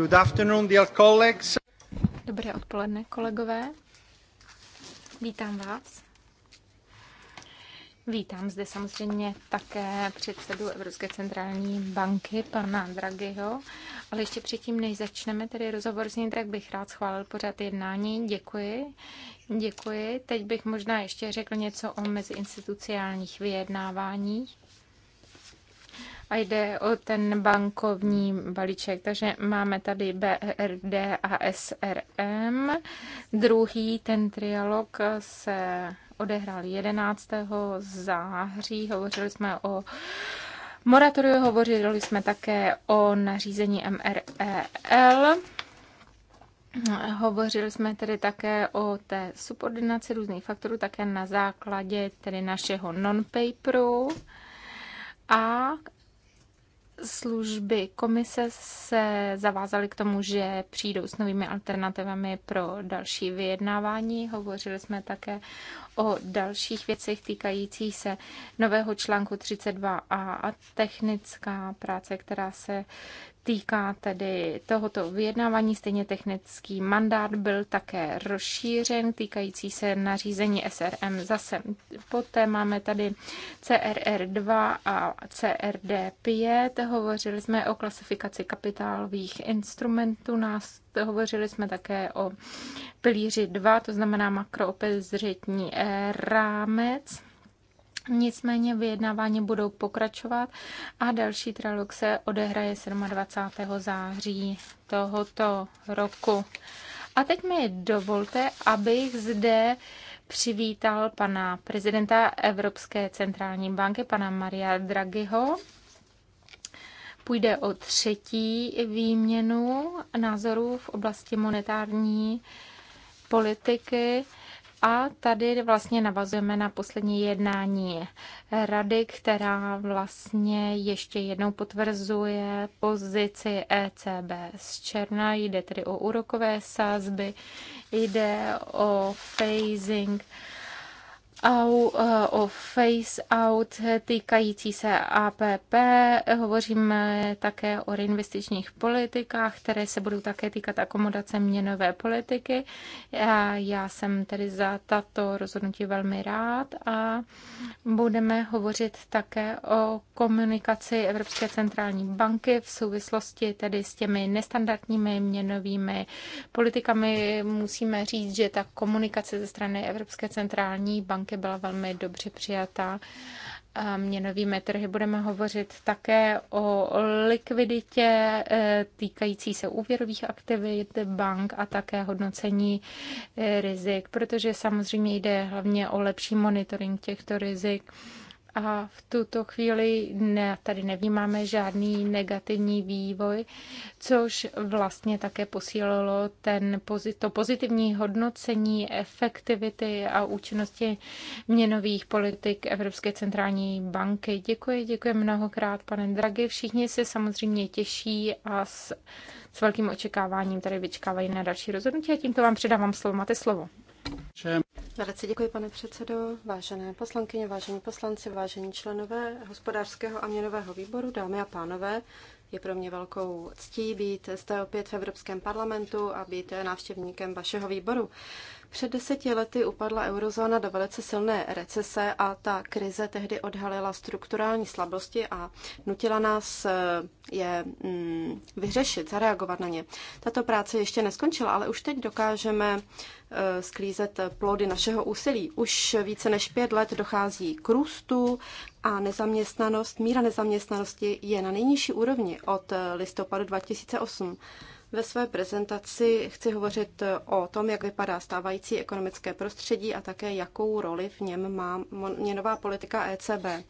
Good afternoon, dear colleagues. Dobré odpoledne, kolegové. Vítám vás. Vítám zde samozřejmě také předsedu Evropské centrální banky, pana Draghiho. Ale ještě předtím, než začneme tedy rozhovor s ním, tak bych rád schválil pořád jednání. Děkuji. Děkuji. Teď bych možná ještě řekl něco o meziinstitucionálních vyjednáváních a jde o ten bankovní balíček. Takže máme tady BRD a SRM. Druhý ten trialog se odehrál 11. září. Hovořili jsme o moratoriu, hovořili jsme také o nařízení MREL. Hovořili jsme tedy také o té subordinaci různých faktorů, také na základě tedy našeho non-paperu. A služby komise se zavázaly k tomu, že přijdou s novými alternativami pro další vyjednávání. Hovořili jsme také o dalších věcech týkajících se nového článku 32a a technická práce, která se týká tedy tohoto vyjednávání, stejně technický mandát byl také rozšířen, týkající se nařízení SRM zase. Poté máme tady CRR2 a CRD5, hovořili jsme o klasifikaci kapitálových instrumentů, nás hovořili jsme také o pilíři 2, to znamená makroopezřetní rámec. Nicméně vyjednávání budou pokračovat a další trilog se odehraje 27. září tohoto roku. A teď mi dovolte, abych zde přivítal pana prezidenta Evropské centrální banky, pana Maria Draghiho. Půjde o třetí výměnu názorů v oblasti monetární politiky. A tady vlastně navazujeme na poslední jednání rady, která vlastně ještě jednou potvrzuje pozici ECB z června. Jde tedy o úrokové sázby, jde o phasing au, eh, o face-out týkající se APP. Hovoříme také o reinvestičních politikách, které se budou také týkat akomodace měnové politiky. Já, já jsem tedy za tato rozhodnutí velmi rád a budeme hovořit také o komunikaci Evropské centrální banky v souvislosti tedy s těmi nestandardními měnovými politikami. Musíme říct, že ta komunikace ze strany Evropské centrální banky myšlenky byla velmi dobře přijatá. Měnovými trhy budeme hovořit také o likviditě e, týkající se úvěrových aktivit bank a také hodnocení e, rizik, protože samozřejmě jde hlavně o lepší monitoring těchto rizik a v tuto chvíli ne, tady nevnímáme žádný negativní vývoj, což vlastně také posílilo ten, to pozitivní hodnocení efektivity a účinnosti měnových politik Evropské centrální banky. Děkuji, děkuji mnohokrát, pane Draghi. Všichni se samozřejmě těší a s, s velkým očekáváním tady vyčkávají na další rozhodnutí a tímto vám předávám slovo. Máte slovo. Velice děkuji, pane předsedo, vážené poslankyně, vážení poslanci, vážení členové hospodářského a měnového výboru, dámy a pánové. Je pro mě velkou ctí být zde opět v Evropském parlamentu a být návštěvníkem vašeho výboru. Před deseti lety upadla eurozóna do velice silné recese a ta krize tehdy odhalila strukturální slabosti a nutila nás eh, je mm, vyřešit, zareagovat na ně. Tato práce ještě neskončila, ale už teď dokážeme eh, sklízet plody našeho úsilí. Už více než pět let dochází k růstu a nezaměstnanost, míra nezaměstnanosti je na nejnižší úrovni od eh, listopadu 2008. Ve své prezentaci chci hovořit o tom, jak vypadá stávající ekonomické prostředí a také jakou roli v něm má měnová politika ECB.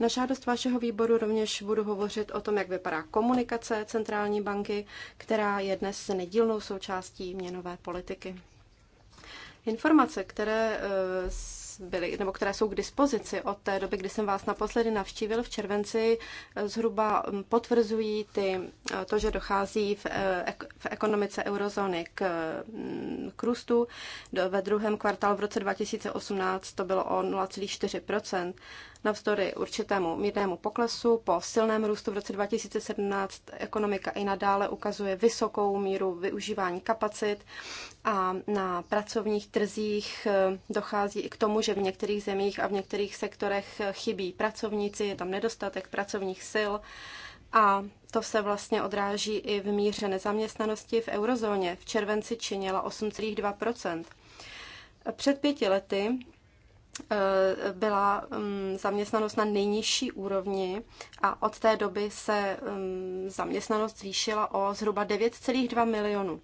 Na žádost vašeho výboru rovněž budu hovořit o tom, jak vypadá komunikace centrální banky, která je dnes nedílnou součástí měnové politiky. Informace, které eh, byly, nebo které jsou k dispozici od té doby, kdy jsem vás naposledy navštívil v červenci, eh, zhruba mm, potvrzují ty, eh, to, že dochází v, eh, v ekonomice eurozóny k, mm, k růstu. Ve druhém kvartálu v roce 2018 to bylo o 0,4 Navzdory určitému mírnému poklesu po silném růstu v roce 2017 ekonomika i nadále ukazuje vysokou míru využívání kapacit a na pracovních trzích eh, dochází i k tomu, že v některých zemích a v některých sektorech eh, chybí pracovníci, je tam nedostatek pracovních sil a to se vlastně odráží i v míře nezaměstnanosti v eurozóně. V červenci činila 8,2 Před pěti lety eh, byla mm, zaměstnanost na nejnižší úrovni a od té doby se mm, zaměstnanost zvýšila o zhruba 9,2 milionů.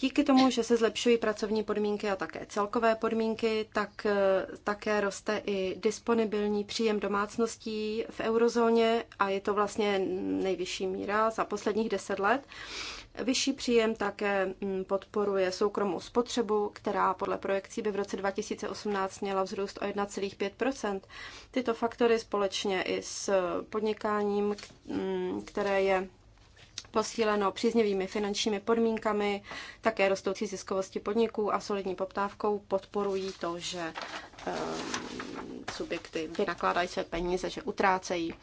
Díky tomu, že se zlepšují pracovní podmínky a také celkové podmínky, tak eh, také roste i disponibilní příjem domácností v eurozóně a je to vlastně nejvyšší míra za posledních deset let. Vyšší příjem také mm, podporuje soukromou spotřebu, která podle projekcí by v roce 2018 měla vzrůst o 1,5 Tyto faktory společně i s podnikáním, mm, které je posíleno příznivými finančními podmínkami, také rostoucí ziskovosti podniků a solidní poptávkou podporují to, že ehm, subjekty vynakládají své peníze, že utrácejí.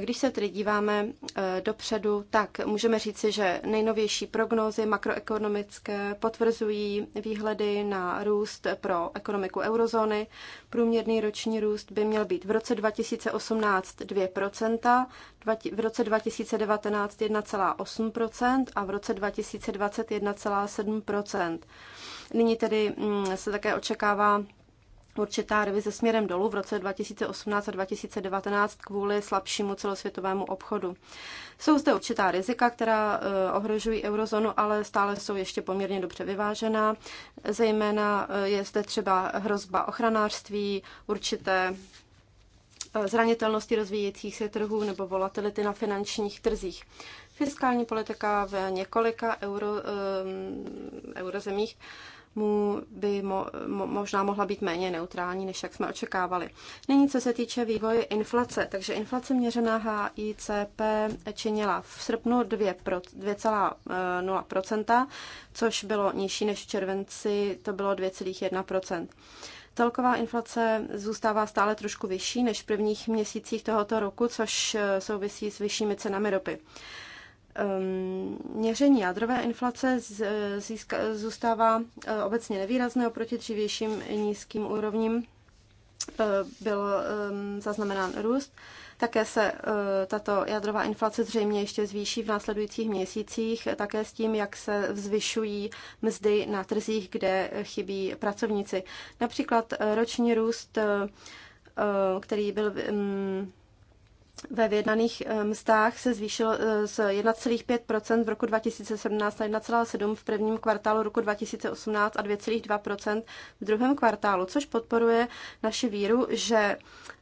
Když se tedy díváme eh, dopředu, tak můžeme říci, že nejnovější prognózy makroekonomické potvrzují výhledy na růst pro ekonomiku eurozóny. Průměrný roční růst by měl být v roce 2018 2%, v roce 2019 1,8% a v roce 2020 1,7%. Nyní tedy mm, se také očekává určitá revize směrem dolů v roce 2018 a 2019 kvůli slabšímu celosvětovému obchodu. Jsou zde určitá rizika, která eh, ohrožují eurozonu, ale stále jsou ještě poměrně dobře vyvážená. Zejména eh, je zde třeba hrozba ochranářství, určité eh, zranitelnosti rozvíjejících se trhů nebo volatility na finančních trzích. Fiskální politika v několika euro, eurozemích mu by mo, mo, možná mohla být méně neutrální, než jak jsme očekávali. Nyní, co se týče vývoje inflace, takže inflace měřená HICP činila v srpnu 2,0%, což bylo nižší než v červenci, to bylo 2,1%. Celková inflace zůstává stále trošku vyšší než v prvních měsících tohoto roku, což souvisí s vyššími cenami ropy. Ehm, měření jádrové inflace e, získa, zůstává e, obecně nevýrazné oproti dřívějším nízkým úrovním. E, byl ehm, zaznamenán růst. Také se tato jádrová inflace zřejmě ještě zvýší v následujících měsících, také s tím, jak se zvyšují mzdy na trzích, kde chybí pracovníci. Například roční růst, který byl ehm, ve vyjednaných eh, mstách se zvýšil eh, z 1,5 v roku 2017 na 1,7 v prvním kvartálu roku 2018 a 2,2 v druhém kvartálu, což podporuje naši víru, že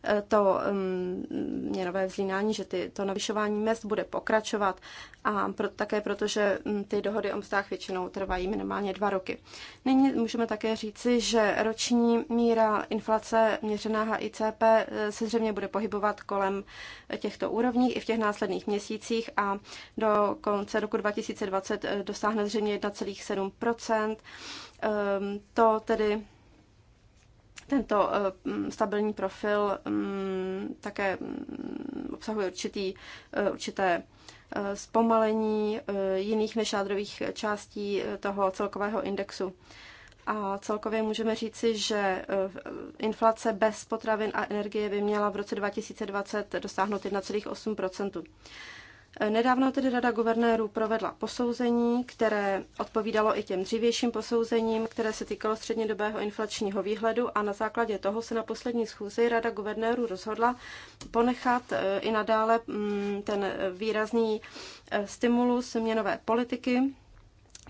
eh, to mm, měnové vzlínání, že ty, to navyšování mest bude pokračovat a pro, také proto, že mm, ty dohody o mstách většinou trvají minimálně dva roky. Nyní můžeme také říci, že roční míra inflace měřená HICP se zřejmě bude pohybovat kolem těchto úrovních i v těch následných měsících a do konce roku 2020 eh, dosáhne zřejmě 1,7 ehm, To tedy tento eh, stabilní profil mm, také mm, obsahuje určitý, eh, určité zpomalení jiných než jádrových částí toho celkového indexu. A celkově můžeme říci, že eh, inflace bez potravin a energie by měla v roce 2020 dosáhnout 1,8 eh, Nedávno tedy Rada guvernérů provedla posouzení, které odpovídalo i těm dřívějším posouzením, které se týkalo střednědobého inflačního výhledu a na základě toho se na poslední schůzi Rada guvernérů rozhodla ponechat eh, i nadále mm, ten výrazný stimulus měnové politiky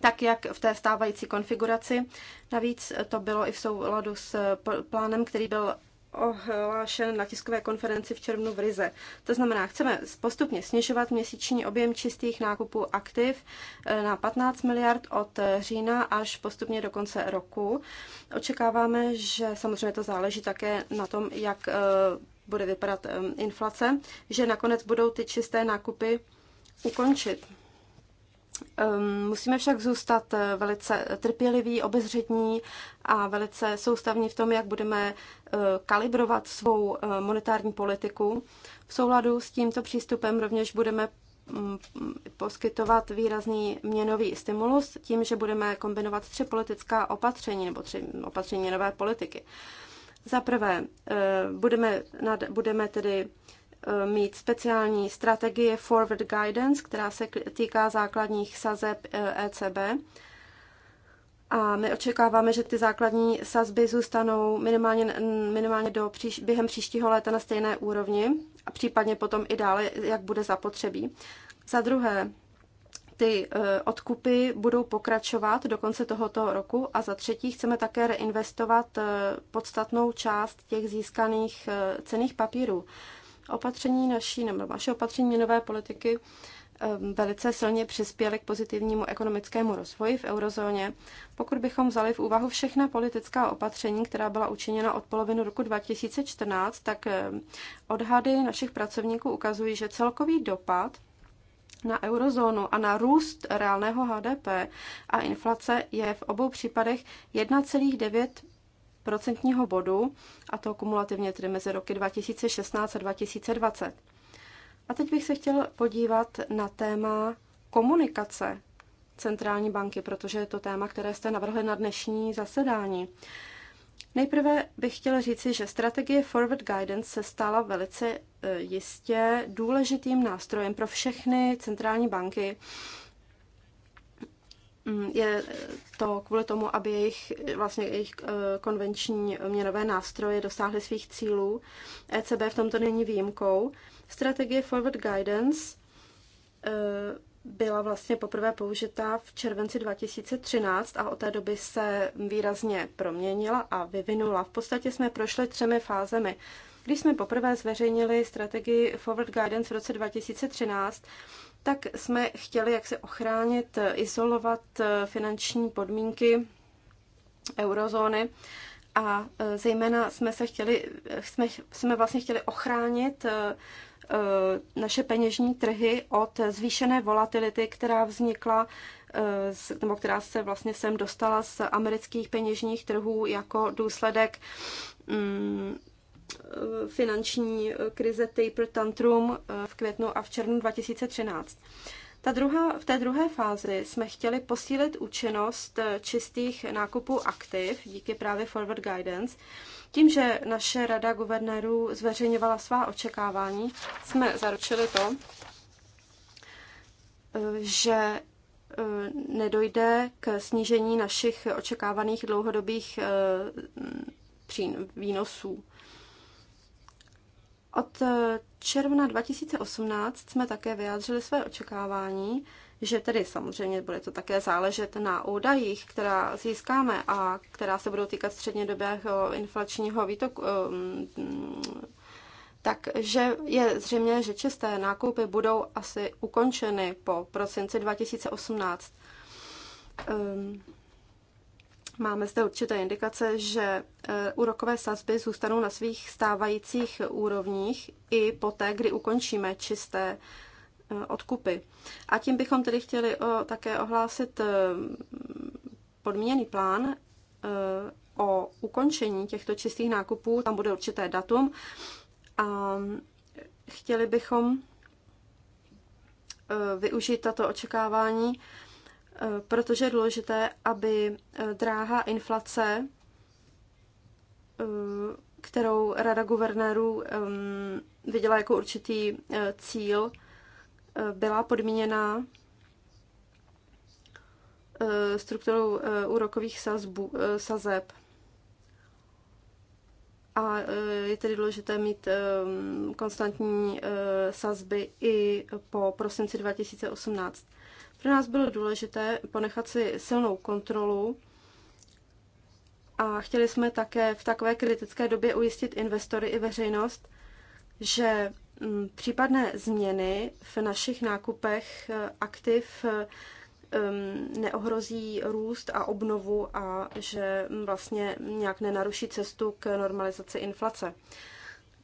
tak jak v té stávající konfiguraci. Navíc to bylo i v souladu s plánem, který byl ohlášen na tiskové konferenci v červnu v Rize. To znamená, chceme postupně snižovat měsíční objem čistých nákupů aktiv eh, na 15 miliard od eh, října až postupně do konce roku. Očekáváme, že samozřejmě to záleží také na tom, jak eh, bude vypadat inflace, že nakonec budou ty čisté nákupy ukončit. Ehm, musíme však zůstat eh, velice trpěliví, obezřetní a velice soustavní v tom, jak budeme eh, kalibrovat svou eh, monetární politiku. V souladu s tímto přístupem rovněž budeme mm, poskytovat výrazný měnový stimulus tím, že budeme kombinovat tři politická opatření nebo tři opatření měnové politiky. Za prvé, budeme, budeme tedy Eh, mít speciální strategie Forward Guidance, která se týká základních sazeb ECB. Eh, e a my očekáváme, že ty základní sazby zůstanou minimálně, minimálně do příš, během příštího léta na stejné úrovni a případně potom i dále, jak bude zapotřebí. Za druhé, ty eh, odkupy budou pokračovat do konce tohoto roku a za třetí chceme také reinvestovat podstatnou část těch získaných cených papírů opatření naší nebo vaše opatření měnové politiky ehm, velice silně přispěly k pozitivnímu ekonomickému rozvoji v eurozóně. Pokud bychom vzali v úvahu všechna politická opatření, která byla učiněna od poloviny roku 2014, tak ehm, odhady našich pracovníků ukazují, že celkový dopad na eurozónu a na růst reálného HDP a inflace je v obou případech 1,9 procentního bodu, a to kumulativně tedy mezi roky 2016 a 2020. A teď bych se chtěl podívat na téma komunikace centrální banky, protože je to téma, které jste navrhli na dnešní zasedání. Nejprve bych chtěla říci, že strategie Forward Guidance se stala velice eh, jistě důležitým nástrojem pro všechny centrální banky, Mm, je to kvůli tomu, aby jejich, vlastně jejich eh, konvenční měnové nástroje dosáhly svých cílů. ECB v tomto není výjimkou. Strategie Forward Guidance eh, byla vlastně poprvé použita v červenci 2013 a od té doby se výrazně proměnila a vyvinula. V podstatě jsme prošli třemi fázemi. Když jsme poprvé zveřejnili strategii Forward Guidance v roce 2013, tak jsme chtěli jak se ochránit, izolovat eh, finanční podmínky eurozóny a eh, zejména jsme se chtěli, eh, jsme, jsme vlastně chtěli ochránit naše peněžní trhy od zvýšené volatility, která vznikla nebo která se vlastně sem dostala z amerických peněžních trhů jako důsledek mm, finanční eh, krize Taper Tantrum eh, v květnu a v červnu 2013. Ta druhá, v té druhé fázi jsme chtěli posílit účinnost eh, čistých nákupů aktiv díky právě Forward Guidance. Tím, že naše rada guvernérů zveřejňovala svá očekávání, jsme zaručili to, že nedojde k snížení našich očekávaných dlouhodobých přínosů. Od eh, června 2018 jsme také vyjádřili své očekávání, že tedy samozřejmě bude to také záležet na údajích, která získáme a která se budou týkat střednědobého inflačního výtoku, ehm, takže je zřejmě, že čisté nákupy budou asi ukončeny po prosinci 2018. Máme zde určité indikace, že e, úrokové sazby zůstanou na svých stávajících úrovních i poté, kdy ukončíme čisté e, odkupy. A tím bychom tedy chtěli o, také ohlásit e, podmíněný plán o ukončení těchto čistých nákupů. Tam bude určité datum a chtěli bychom využít tato očekávání Eh, protože je důležité, aby eh, dráha inflace, eh, kterou Rada guvernérů ehm, viděla jako určitý cíl, byla podmíněna strukturou úrokových sazbu, sazeb. A je tedy důležité mít ehm, konstantní sazby i po prosinci 2018. Pro nás bylo důležité ponechat si silnou kontrolu a chtěli jsme také v takové kritické době ujistit investory i veřejnost, že mm, případné změny v našich nákupech eh, aktiv eh, neohrozí růst a obnovu a že mm, vlastně nějak nenaruší cestu k normalizaci inflace.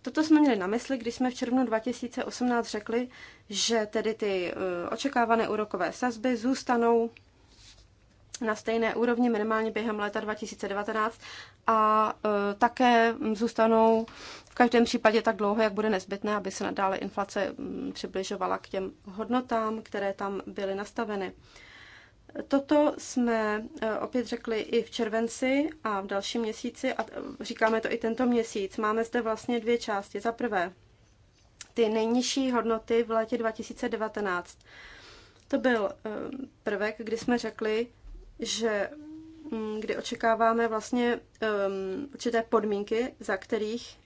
Toto jsme měli na mysli, když jsme v červnu 2018 řekli, že tedy ty eh, očekávané úrokové sazby zůstanou na stejné úrovni minimálně během léta 2019 a eh, také zůstanou v každém případě tak dlouho, jak bude nezbytné, aby se nadále inflace mm, přibližovala k těm hodnotám, které tam byly nastaveny. Toto jsme eh, opět řekli i v červenci a v dalším měsíci a eh, říkáme to i tento měsíc. Máme zde vlastně dvě části. Za prvé, ty nejnižší hodnoty v létě 2019. To byl eh, prvek, kdy jsme řekli, že mm, kdy očekáváme vlastně um, určité podmínky, za kterých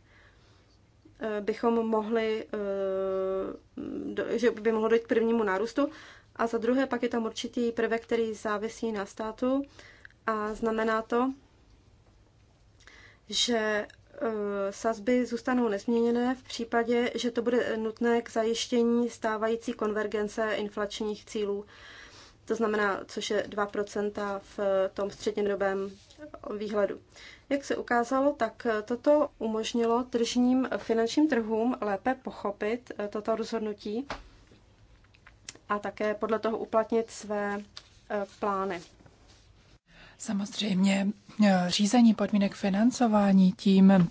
bychom mohli, že by mohlo dojít k prvnímu nárůstu. A za druhé pak je tam určitý prvek, který závisí na státu a znamená to, že e, sazby zůstanou nezměněné v případě, že to bude nutné k zajištění stávající konvergence inflačních cílů. To znamená, což je 2% v e, tom střednědobém výhledu. Jak se ukázalo, tak e, toto umožnilo tržním finančním trhům lépe pochopit toto rozhodnutí a také podle toho uplatnit své e, plány. Samozřejmě e, řízení podmínek financování tím,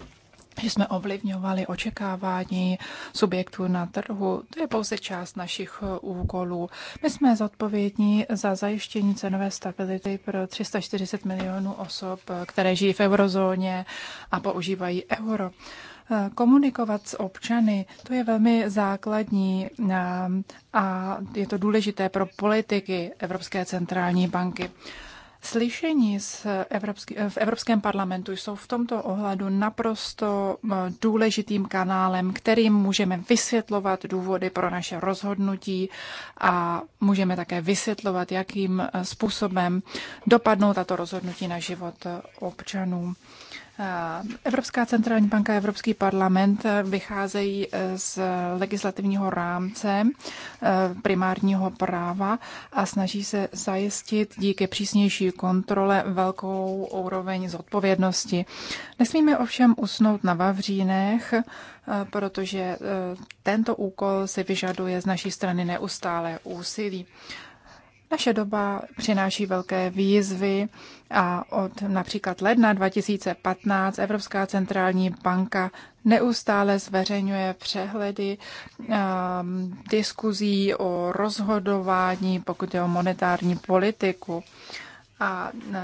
že jsme ovlivňovali očekávání subjektů na trhu. To je pouze část našich e, úkolů. My jsme zodpovědní za zajištění cenové stability pro 340 milionů osob, které žijí v eurozóně a používají euro. Komunikovat s občany, to je velmi základní eh, a je to důležité pro politiky Evropské centrální banky. Slyšení s Evropský, v Evropském parlamentu jsou v tomto ohledu naprosto eh, důležitým kanálem, kterým můžeme vysvětlovat důvody pro naše rozhodnutí a můžeme také vysvětlovat, jakým eh, způsobem dopadnou tato rozhodnutí na život občanů. Eh, Evropská centrální banka a Evropský parlament eh, vycházejí eh, z legislativního rámce primárního práva a snaží se zajistit díky přísnější kontrole velkou úroveň zodpovědnosti. Nesmíme ovšem usnout na Vavřínech, protože tento úkol si vyžaduje z naší strany neustále úsilí. Naše doba přináší velké výzvy a od například ledna 2015 Evropská centrální banka neustále zveřejňuje přehledy um, diskuzí o rozhodování, pokud je o monetární politiku. A ehm,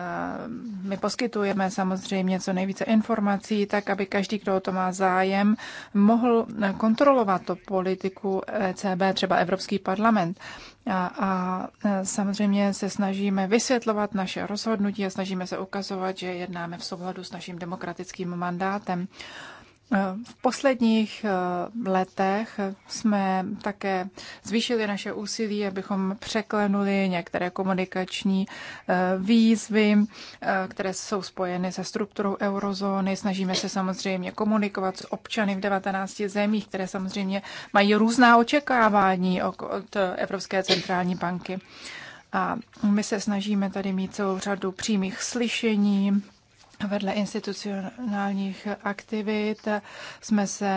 my poskytujeme samozřejmě co nejvíce informací, tak aby každý, kdo o to má zájem, mohl kontrolovat to politiku ECB, třeba Evropský parlament. A, a e, samozřejmě se snažíme vysvětlovat naše rozhodnutí a snažíme se ukazovat, že jednáme v souladu s naším demokratickým mandátem. V posledních eh, letech jsme také zvýšili naše úsilí, abychom překlenuli některé komunikační eh, výzvy, eh, které jsou spojeny se strukturou eurozóny. Snažíme se samozřejmě komunikovat s občany v 19 zemích, které samozřejmě mají různá očekávání od Evropské centrální banky. A my se snažíme tady mít celou řadu přímých slyšení, Vedle institucionálních aktivit jsme se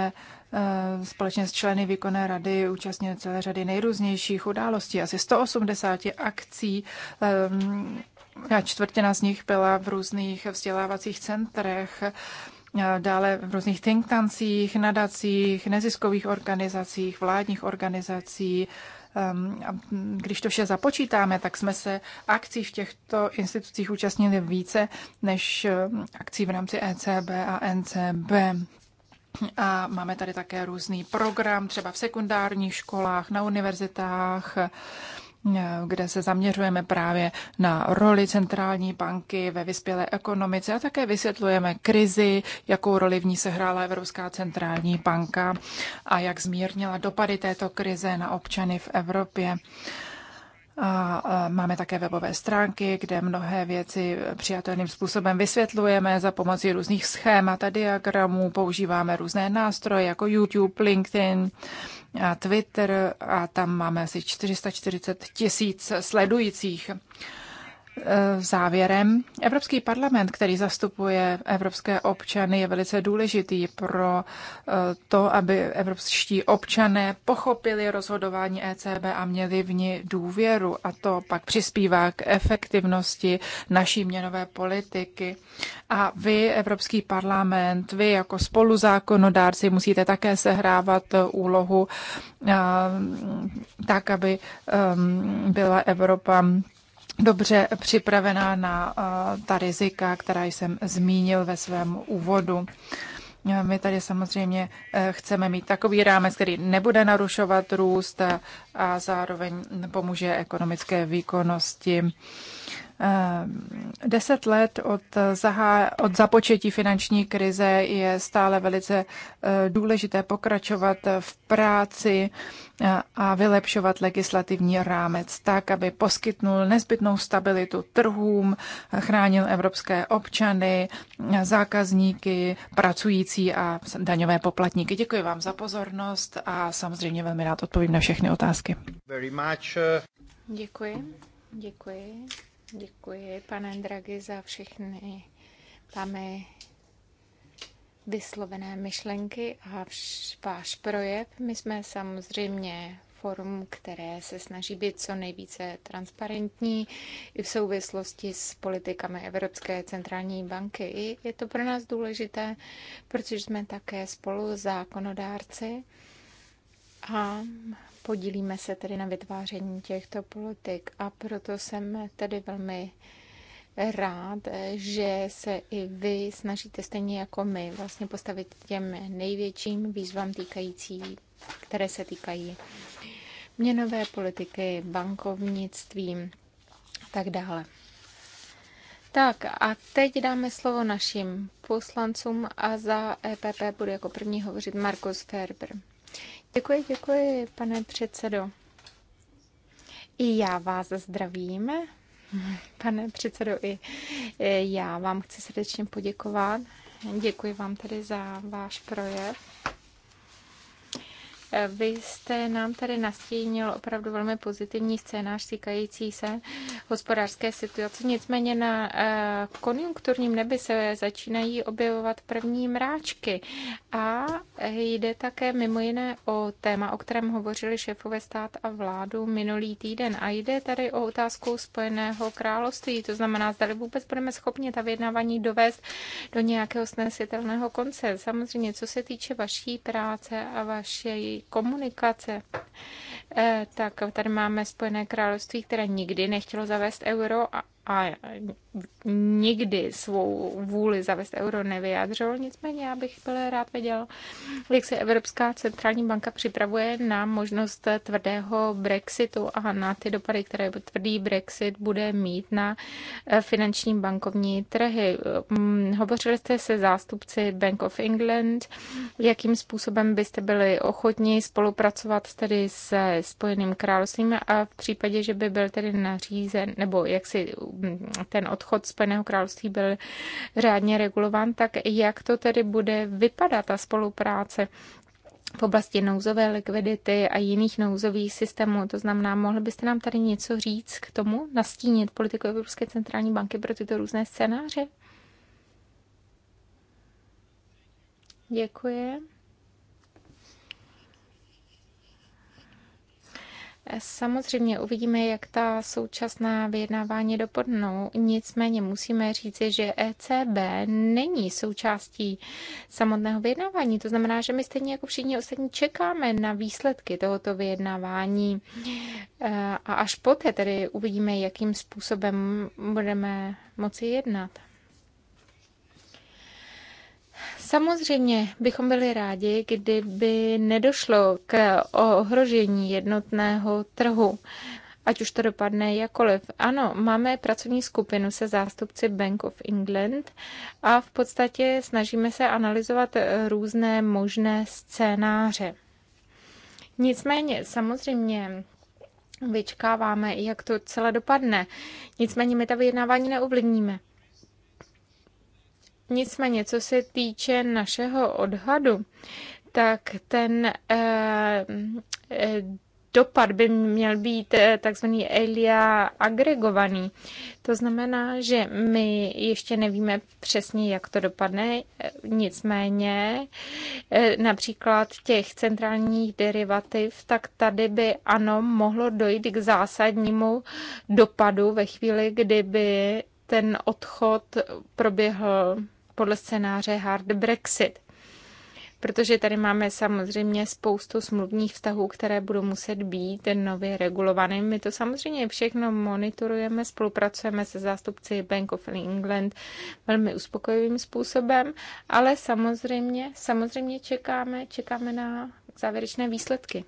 eh, společně s členy výkonné rady účastnili celé řady nejrůznějších událostí, asi 180 akcí. Eh, a čtvrtina z nich byla v různých vzdělávacích centrech, eh, dále v různých think tancích, nadacích, neziskových organizacích, vládních organizacích. Ehm, když to vše započítáme, tak jsme se akcí v těchto institucích účastnili více než ehm, akcí v rámci ECB a NCB. A máme tady také různý program, třeba v sekundárních školách, na univerzitách, Eh, kde se zaměřujeme právě na roli centrální banky ve vyspělé ekonomice a také vysvětlujeme krizi, jakou roli v ní se hrála Evropská centrální banka a jak zmírnila dopady této krize na občany v Evropě. A máme také webové stránky, kde mnohé věci přijatelným způsobem vysvětlujeme za pomocí různých schémat a diagramů. Používáme různé nástroje jako YouTube, LinkedIn Twitter a tam máme asi 440 tisíc sledujících. E, závěrem, Evropský parlament, který zastupuje evropské občany, je velice důležitý pro e, to, aby evropští občané pochopili rozhodování ECB a měli v ní důvěru. A to pak přispívá k efektivnosti naší měnové politiky. A vy, Evropský parlament, vy jako spoluzákonodárci musíte také sehrávat úlohu e, tak, aby byla Evropa dobře připravená na eh, ta rizika, která jsem zmínil ve svém úvodu. Eh, my tady samozřejmě eh, chceme mít takový rámec, který nebude narušovat růst, a zároveň pomůže ekonomické výkonnosti. Ehm, deset let od, zahá, od započetí finanční krize je stále velice e, důležité pokračovat v práci e, a vylepšovat legislativní rámec tak, aby poskytnul nezbytnou stabilitu trhům, chránil evropské občany, zákazníky, pracující a daňové poplatníky. Děkuji vám za pozornost a samozřejmě velmi rád odpovím na všechny otázky otázky. Very much. Děkuji, děkuji, děkuji, pane Dragi, za všechny vámi vyslovené myšlenky a váš projev. My jsme samozřejmě forum, které se snaží být co nejvíce transparentní i v souvislosti s politikami Evropské centrální banky. je to pro nás důležité, protože jsme také spolu zákonodárci a podílíme se tedy na vytváření těchto politik a proto jsem tedy velmi rád, že se i vy snažíte stejně jako my vlastně postavit těm největším výzvám týkající, které se týkají měnové politiky, bankovnictví a tak dále. Tak a teď dáme slovo našim poslancům a za EPP bude jako první hovořit Markus Ferber. Děkuji, děkuji, pane předsedo. I já vás zdravím. Pane předsedo, i já vám chci srdečně poděkovat. Děkuji vám tedy za váš projev. Vy jste nám tady nastínil opravdu velmi pozitivní scénář týkající se hospodářské situace. Nicméně na eh, konjunkturním nebi se začínají objevovat první mráčky a jde také mimo jiné o téma, o kterém hovořili šéfové stát a vládu minulý týden. A jde tady o otázku Spojeného království, to znamená, zda vůbec budeme schopni ta vyjednávání dovést do nějakého snesitelného konce. Samozřejmě, co se týče vaší práce a vaší komunikace. Eh, tak tady máme Spojené království, které nikdy nechtělo zavést euro a a nikdy svou vůli zavést euro nevyjádřil. Nicméně já bych byl rád věděl, jak se Evropská centrální banka připravuje na možnost tvrdého Brexitu a na ty dopady, které tvrdý Brexit bude mít na finanční bankovní trhy. Hovořili jste se zástupci Bank of England, jakým způsobem byste byli ochotni spolupracovat tedy se Spojeným královstvím a v případě, že by byl tedy nařízen, nebo jak si ten odchod Spojeného království byl řádně regulován, tak jak to tedy bude vypadat ta spolupráce v oblasti nouzové likvidity a jiných nouzových systémů. To znamená, mohli byste nám tady něco říct k tomu, nastínit politiku Evropské centrální banky pro tyto různé scénáře? Děkuji. Samozřejmě uvidíme, jak ta současná vyjednávání dopadnou. Nicméně musíme říci, že ECB není součástí samotného vyjednávání. To znamená, že my stejně jako všichni ostatní čekáme na výsledky tohoto vyjednávání. E, a až poté tedy uvidíme, jakým způsobem budeme moci jednat. Samozřejmě bychom byli rádi, kdyby nedošlo k ohrožení jednotného trhu ať už to dopadne jakoliv. Ano, máme pracovní skupinu se zástupci Bank of England a v podstatě snažíme se analyzovat různé možné scénáře. Nicméně, samozřejmě, vyčkáváme, jak to celé dopadne. Nicméně my ta vyjednávání neovlivníme. Nicméně, co se týče našeho odhadu, tak ten eh, eh, dopad by měl být eh, takzvaný Elia agregovaný. To znamená, že my ještě nevíme přesně, jak to dopadne, nicméně eh, například těch centrálních derivativ, tak tady by ano, mohlo dojít k zásadnímu dopadu ve chvíli, kdyby ten odchod proběhl podle scénáře hard Brexit. Protože tady máme samozřejmě spoustu smluvních vztahů, které budou muset být nově regulované. My to samozřejmě všechno monitorujeme, spolupracujeme se zástupci Bank of England velmi uspokojivým způsobem, ale samozřejmě, samozřejmě čekáme, čekáme na závěrečné výsledky.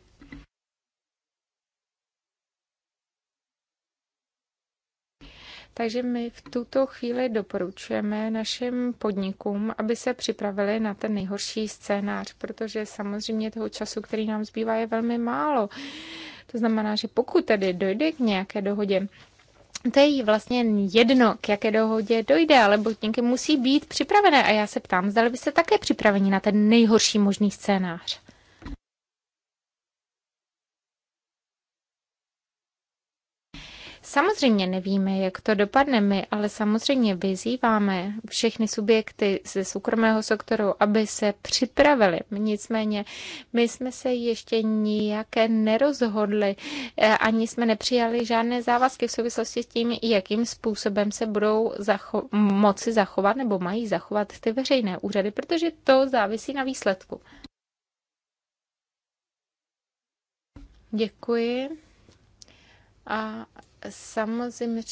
Takže my v tuto chvíli doporučujeme našim podnikům, aby se připravili na ten nejhorší scénář, protože samozřejmě toho času, který nám zbývá, je velmi málo. To znamená, že pokud tedy dojde k nějaké dohodě, to je vlastně jedno, k jaké dohodě dojde, ale botníky musí být připravené. A já se ptám, zdali byste také připraveni na ten nejhorší možný scénář. Samozřejmě nevíme, jak to dopadne my, ale samozřejmě vyzýváme všechny subjekty ze soukromého sektoru, aby se připravili. Nicméně my jsme se ještě nijaké nerozhodli, eh, ani jsme nepřijali žádné závazky v souvislosti s tím, jakým způsobem se budou zacho- moci zachovat nebo mají zachovat ty veřejné úřady, protože to závisí na výsledku. Děkuji. A samozřejmě,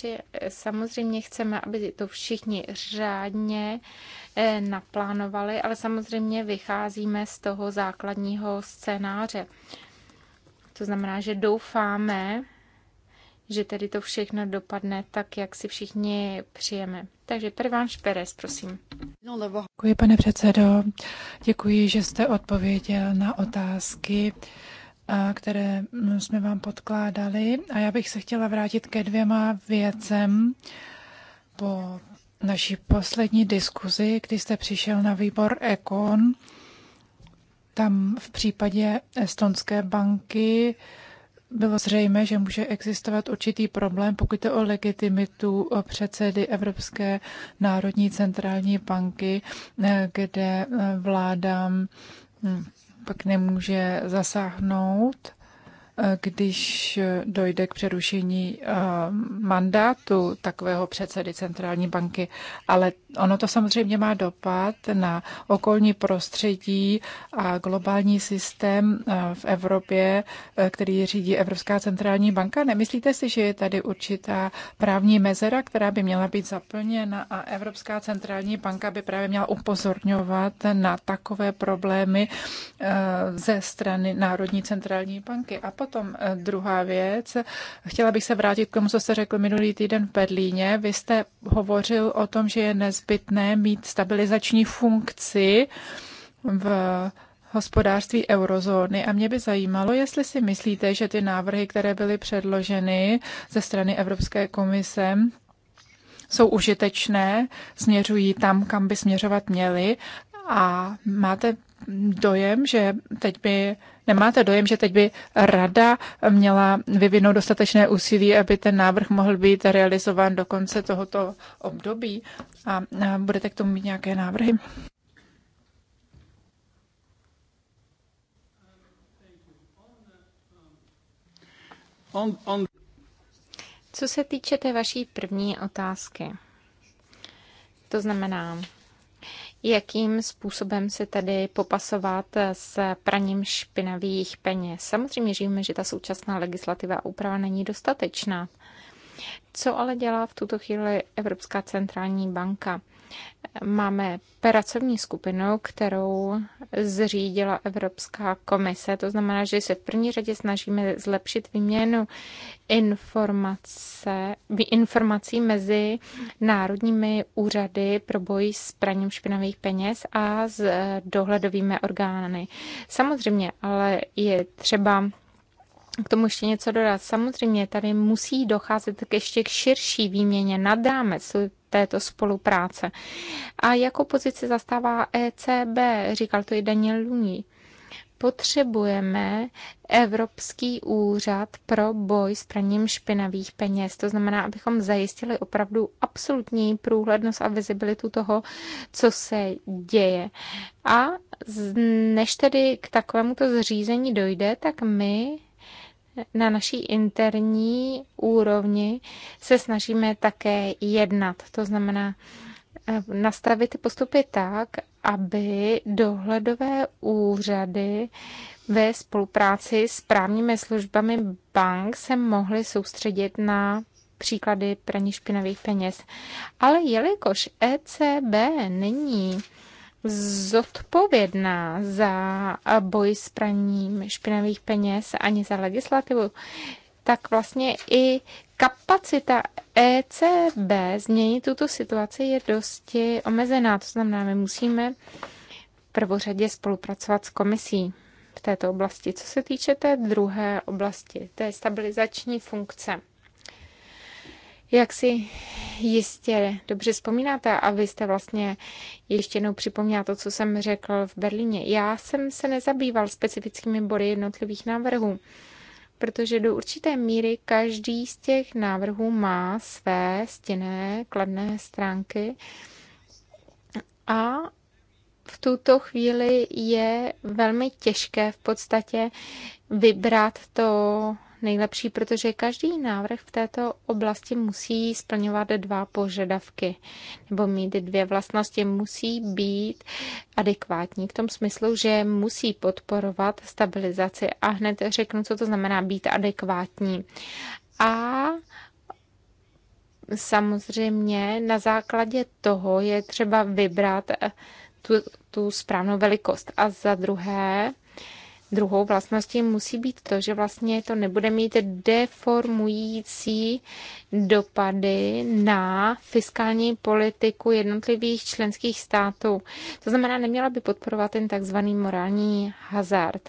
samozřejmě chceme, aby to všichni řádně eh, naplánovali, ale samozřejmě vycházíme z toho základního scénáře. To znamená, že doufáme, že tedy to všechno dopadne tak, jak si všichni přijeme. Takže Perván Šperes, prosím. Děkuji, pane předsedo. Děkuji, že jste odpověděl na otázky které mm, jsme vám podkládali. A já bych se chtěla vrátit ke dvěma věcem po naší poslední diskuzi, kdy jste přišel na výbor Ekon. Tam v případě Estonské banky bylo zřejmé, že může existovat určitý problém, pokud je o legitimitu předsedy Evropské národní centrální banky, eh, kde eh, vládám hm, pak nemůže zasáhnout, eh, když dojde k přerušení eh, mandátu takového předsedy centrální banky. Ale Ono to samozřejmě má dopad na okolní prostředí a globální systém eh, v Evropě, eh, který řídí Evropská centrální banka. Nemyslíte si, že je tady určitá právní mezera, která by měla být zaplněna a Evropská centrální banka by právě měla upozorňovat na takové problémy eh, ze strany Národní centrální banky? A potom druhá věc. Chtěla bych se vrátit k tomu, co jste řekl minulý týden v Berlíně. Vy jste hovořil o tom, že je nez nezbytné mít stabilizační funkci v hospodářství eurozóny a mě by zajímalo, jestli si myslíte, že ty návrhy, které byly předloženy ze strany Evropské komise, jsou užitečné, směřují tam, kam by směřovat měly a máte dojem, že teď by Nemáte dojem, že teď by rada měla vyvinout dostatečné úsilí, aby ten návrh mohl být realizován do konce tohoto období? A budete k tomu mít nějaké návrhy? Co se týče té vaší první otázky, to znamená, jakým způsobem se tedy popasovat s praním špinavých peněz. Samozřejmě říme, že ta současná legislativa a úprava není dostatečná. Co ale dělá v tuto chvíli Evropská centrální banka? Máme pracovní skupinu, kterou zřídila Evropská komise. To znamená, že se v první řadě snažíme zlepšit výměnu informace, informací mezi národními úřady pro boj s praním špinavých peněz a s dohledovými orgány. Samozřejmě, ale je třeba k tomu ještě něco dodat. Samozřejmě tady musí docházet k ještě k širší výměně nad rámec této spolupráce. A jako pozici zastává ECB, říkal to i Daniel Luní potřebujeme Evropský úřad pro boj s praním špinavých peněz. To znamená, abychom zajistili opravdu absolutní průhlednost a vizibilitu toho, co se děje. A než tedy k takovému to zřízení dojde, tak my na naší interní úrovni se snažíme také jednat. To znamená eh, nastavit ty postupy tak, aby dohledové úřady ve spolupráci s právními službami bank se mohly soustředit na příklady praní špinavých peněz. Ale jelikož ECB není zodpovědná za boj s praním špinavých peněz ani za legislativu, tak vlastně i kapacita ECB změnit tuto situaci je dosti omezená. To znamená, my musíme v prvořadě spolupracovat s komisí v této oblasti. Co se týče té druhé oblasti, té stabilizační funkce, jak si jistě dobře vzpomínáte a vy jste vlastně ještě jednou připomněla to, co jsem řekl v Berlíně. Já jsem se nezabýval specifickými body jednotlivých návrhů, protože do určité míry každý z těch návrhů má své stěné kladné stránky a v tuto chvíli je velmi těžké v podstatě vybrat to nejlepší, protože každý návrh v této oblasti musí splňovat dva požadavky nebo mít dvě vlastnosti. Musí být adekvátní v tom smyslu, že musí podporovat stabilizaci. A hned řeknu, co to znamená být adekvátní. A samozřejmě na základě toho je třeba vybrat tu, tu správnou velikost. A za druhé, Druhou vlastností musí být to, že vlastně to nebude mít deformující dopady na fiskální politiku jednotlivých členských států. To znamená, neměla by podporovat ten takzvaný morální hazard.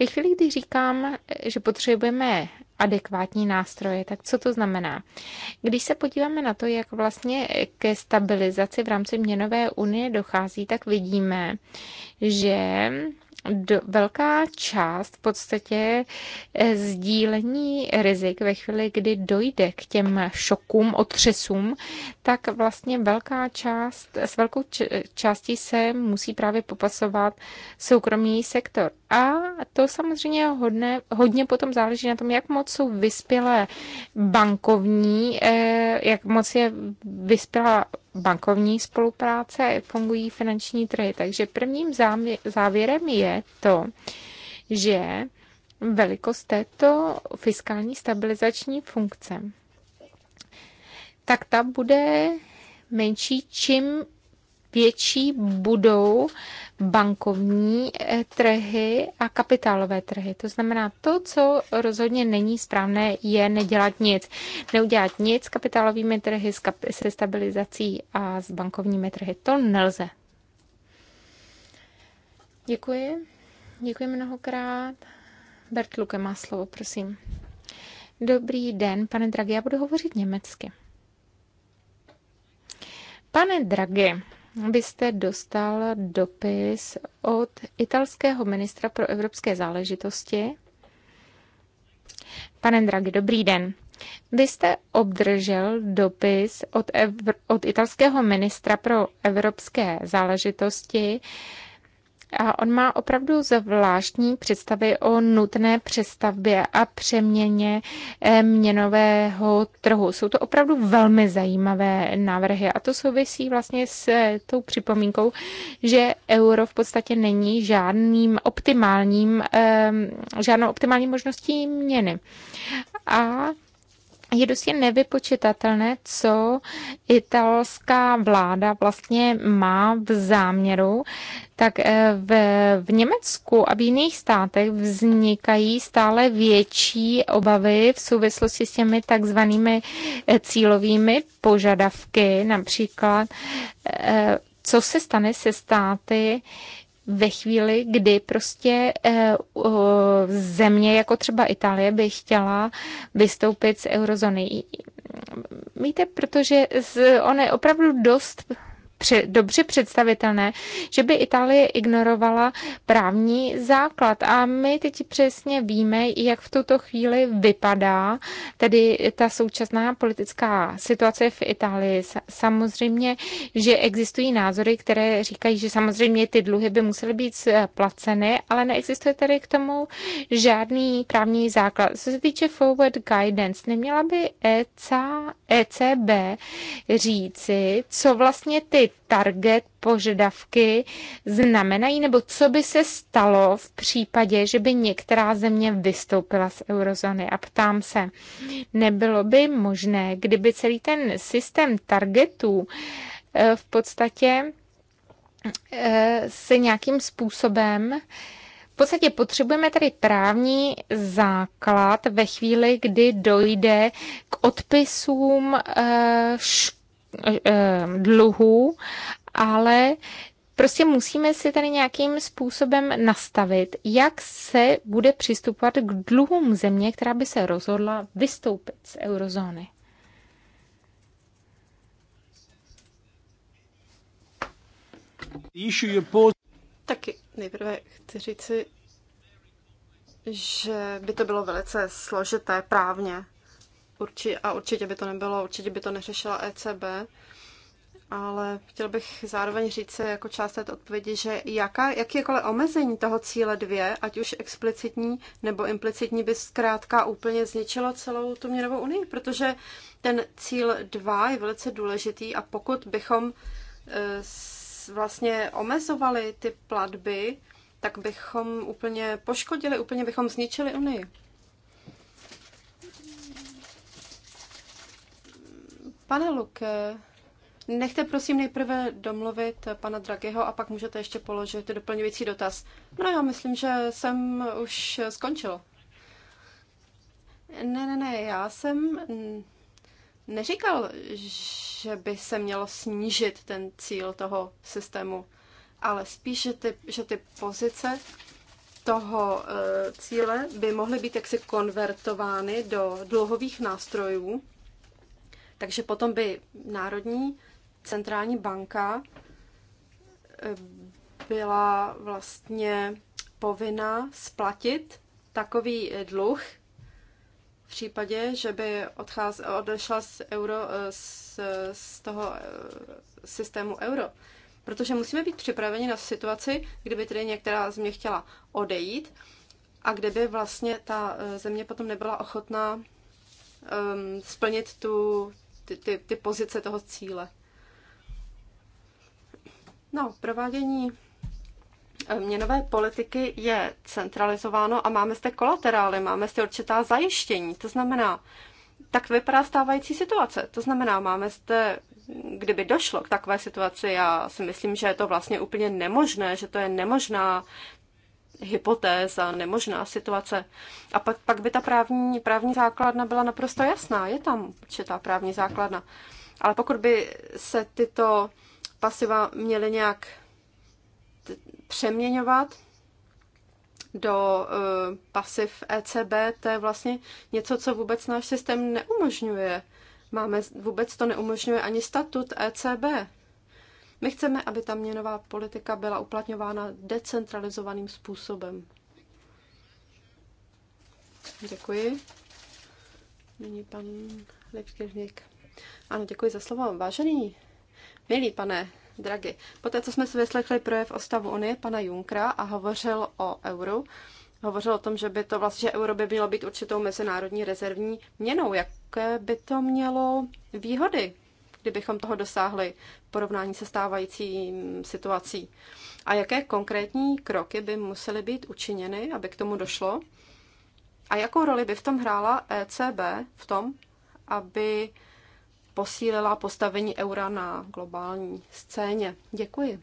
Ve chvíli, kdy říkám, že potřebujeme adekvátní nástroje, tak co to znamená? Když se podíváme na to, jak vlastně ke stabilizaci v rámci měnové unie dochází, tak vidíme, že do, velká část v podstatě eh, sdílení rizik ve chvíli, kdy dojde k těm šokům, otřesům, tak vlastně velká část, s velkou částí se musí právě popasovat soukromý sektor. A to samozřejmě hodně, hodně potom záleží na tom, jak moc jsou vyspělé bankovní, eh, jak moc je vyspělá bankovní spolupráce, fungují finanční trhy. Takže prvním závěrem je to, že velikost této fiskální stabilizační funkce, tak ta bude menší, čím větší budou bankovní eh, trhy a kapitálové trhy. To znamená, to, co rozhodně není správné, je nedělat nic. Neudělat nic s kapitálovými trhy, se stabilizací a s bankovními trhy. To nelze. Děkuji. Děkuji mnohokrát. Bert Luke má slovo, prosím. Dobrý den, pane Dragi, já budu hovořit německy. Pane Dragi byste dostal dopis od italského ministra pro evropské záležitosti. Pane Draghi, dobrý den. Vy jste obdržel dopis od, Evr- od italského ministra pro evropské záležitosti, a on má opravdu zvláštní představy o nutné přestavbě a přeměně eh, měnového trhu. Jsou to opravdu velmi zajímavé návrhy a to souvisí vlastně s eh, tou připomínkou, že euro v podstatě není žádným optimálním, eh, žádnou optimální možností měny. A je dosti nevypočitatelné, co italská vláda vlastně má v záměru, tak eh, v, v Německu a v jiných státech vznikají stále větší obavy v souvislosti s těmi takzvanými eh, cílovými požadavky, například eh, co se stane se státy, ve chvíli, kdy prostě eh, země jako třeba Itálie by chtěla vystoupit z eurozóny. Víte, protože on je opravdu dost dobře představitelné, že by Itálie ignorovala právní základ. A my teď přesně víme, jak v tuto chvíli vypadá tedy ta současná politická situace v Itálii. Samozřejmě, že existují názory, které říkají, že samozřejmě ty dluhy by musely být placeny, ale neexistuje tady k tomu žádný právní základ. Co se týče forward guidance, neměla by ECA, ECB říci, co vlastně ty target požadavky znamenají, nebo co by se stalo v případě, že by některá země vystoupila z eurozóny. A ptám se, nebylo by možné, kdyby celý ten systém targetů eh, v podstatě eh, se nějakým způsobem v podstatě potřebujeme tady právní základ ve chvíli, kdy dojde k odpisům eh, škol, Eh, dluhů, ale prostě musíme si tady nějakým způsobem nastavit, jak se bude přistupovat k dluhům země, která by se rozhodla vystoupit z eurozóny. Taky nejprve chci říci, že by to bylo velice složité právně Urči, a určitě by to nebylo, určitě by to neřešila ECB, ale chtěl bych zároveň říct se jako část této odpovědi, že jaká, jakékoliv omezení toho cíle dvě, ať už explicitní nebo implicitní, by zkrátka úplně zničilo celou tu měnovou unii, protože ten cíl dva je velice důležitý a pokud bychom e, vlastně omezovali ty platby, tak bychom úplně poškodili, úplně bychom zničili Unii. Pane Luke, nechte prosím nejprve domluvit pana Dragiho a pak můžete ještě položit doplňující dotaz. No já myslím, že jsem už skončil. Ne, ne, ne, já jsem neříkal, že by se mělo snížit ten cíl toho systému, ale spíš, že ty, že ty pozice toho eh, cíle by mohly být jaksi konvertovány do dluhových nástrojů, takže potom by Národní centrální banka eh, byla vlastně povinna splatit takový eh, dluh v případě, že by odcház, odešla z, euro, eh, z, z toho systému euro. Protože musíme být připraveni na situaci, kdyby tedy některá země chtěla odejít a kdyby vlastně ta země potom nebyla ochotná um, splnit tu, ty, ty, ty pozice toho cíle. No, provádění eh, měnové politiky je centralizováno a máme zde kolaterály, máme zde určitá zajištění. To znamená, tak vypadá stávající situace. To znamená, máme zde, kdyby došlo k takové situaci, já si myslím, že je to vlastně úplně nemožné, že to je nemožná hypotéz a nemožná situace. A pak, pak by ta právní, právní základna byla naprosto jasná. Je tam určitá právní základna. Ale pokud by se tyto pasiva měly nějak přeměňovat do uh, pasiv ECB, to je vlastně něco, co vůbec náš systém neumožňuje. Máme, vůbec to neumožňuje ani statut ECB. My chceme, aby ta měnová politika byla uplatňována decentralizovaným způsobem. Děkuji. Nyní pan Lipskirník. Ano, děkuji za slovo. Vážený, milý pane Dragi, poté, co jsme si vyslechli projev o stavu Unie pana Junkra a hovořil o euru, hovořil o tom, že by to vlastně, že euro by mělo být určitou mezinárodní rezervní měnou. Jaké by to mělo výhody? kdybychom toho dosáhli v porovnání se stávající situací? A jaké konkrétní kroky by musely být učiněny, aby k tomu došlo? A jakou roli by v tom hrála ECB v tom, aby posílila postavení eura na globální scéně? Děkuji.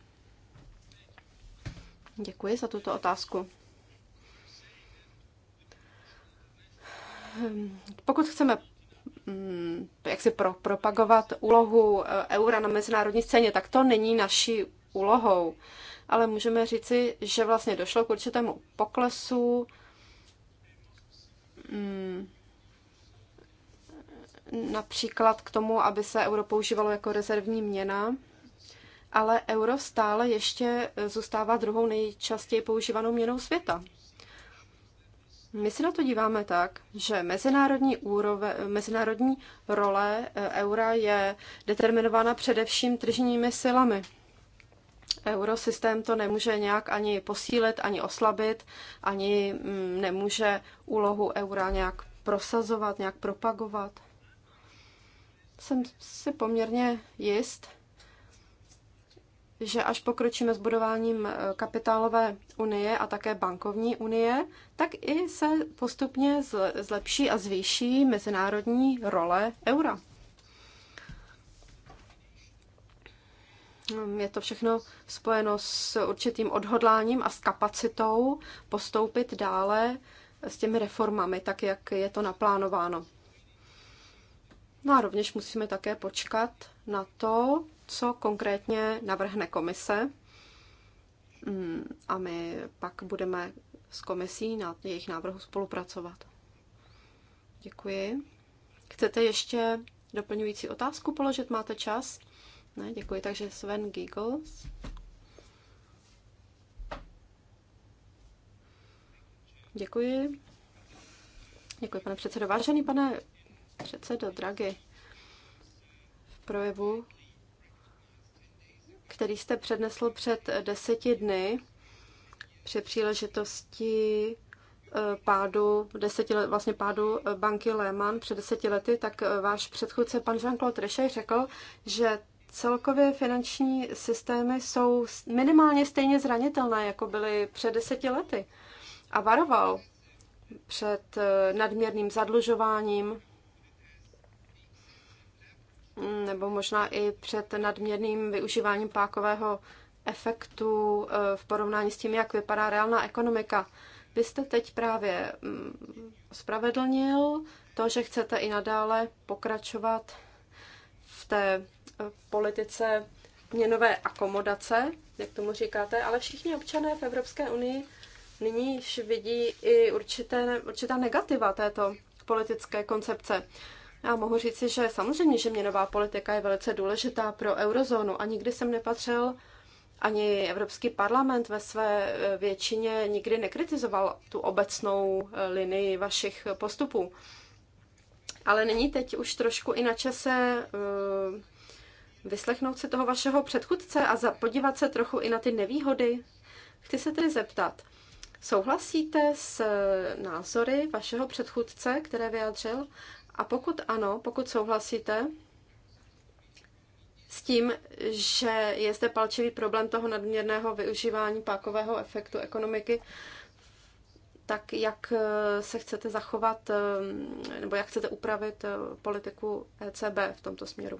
Děkuji za tuto otázku. Hm, pokud chceme Mm, jak si pro, propagovat úlohu eh, eura na mezinárodní scéně, tak to není naší úlohou. Ale můžeme říci, že vlastně došlo k určitému poklesu. Mm, například k tomu, aby se euro používalo jako rezervní měna, ale euro stále ještě eh, zůstává druhou nejčastěji používanou měnou světa. My se na to díváme tak, že mezinárodní, úrove, mezinárodní role eh, eura je determinována především tržními silami. Eurosystém to nemůže nějak ani posílit, ani oslabit, ani mm, nemůže úlohu eura nějak prosazovat, nějak propagovat. Jsem si poměrně jist, že až pokročíme s budováním eh, kapitálové unie a také bankovní unie, tak i se postupně zlepší a zvýší mezinárodní role eura. Hmm, je to všechno spojeno s určitým odhodláním a s kapacitou postoupit dále s těmi reformami, tak jak je to naplánováno. No a rovněž musíme také počkat na to, co konkrétně navrhne komise hmm, a my pak budeme s komisí na jejich návrhu spolupracovat. Děkuji. Chcete ještě doplňující otázku položit? Máte čas? Ne, děkuji. Takže Sven Giggles. Děkuji. Děkuji, pane předsedo. Vážený pane předsedo, Dragi, v projevu který jste přednesl před eh, deseti dny při příležitosti eh, pádu, deseti let, vlastně pádu eh, banky Lehman před deseti lety, tak váš předchůdce pan Jean-Claude Trichet řekl, že celkově finanční systémy jsou minimálně stejně zranitelné, jako byly před deseti lety. A varoval před nadměrným zadlužováním, nebo možná i před nadměrným využíváním pákového efektu eh, v porovnání s tím, jak vypadá reálná ekonomika. Vy jste teď právě mm, spravedlnil to, že chcete i nadále pokračovat v té eh, politice měnové akomodace, jak tomu říkáte, ale všichni občané v Evropské unii nyní již vidí i určité, určitá negativa této politické koncepce. Já mohu říci, že samozřejmě, že měnová politika je velice důležitá pro eurozónu a nikdy jsem nepatřil ani Evropský parlament ve své e, většině nikdy nekritizoval tu obecnou e, linii vašich postupů. Ale není teď už trošku i na čase e, vyslechnout si toho vašeho předchůdce a podívat se trochu i na ty nevýhody? Chci se tedy zeptat, souhlasíte s názory vašeho předchůdce, které vyjádřil? A pokud ano, pokud souhlasíte s tím, že je zde palčivý problém toho nadměrného využívání pákového efektu ekonomiky, tak jak eh, se chcete zachovat eh, nebo jak chcete upravit eh, politiku ECB v tomto směru?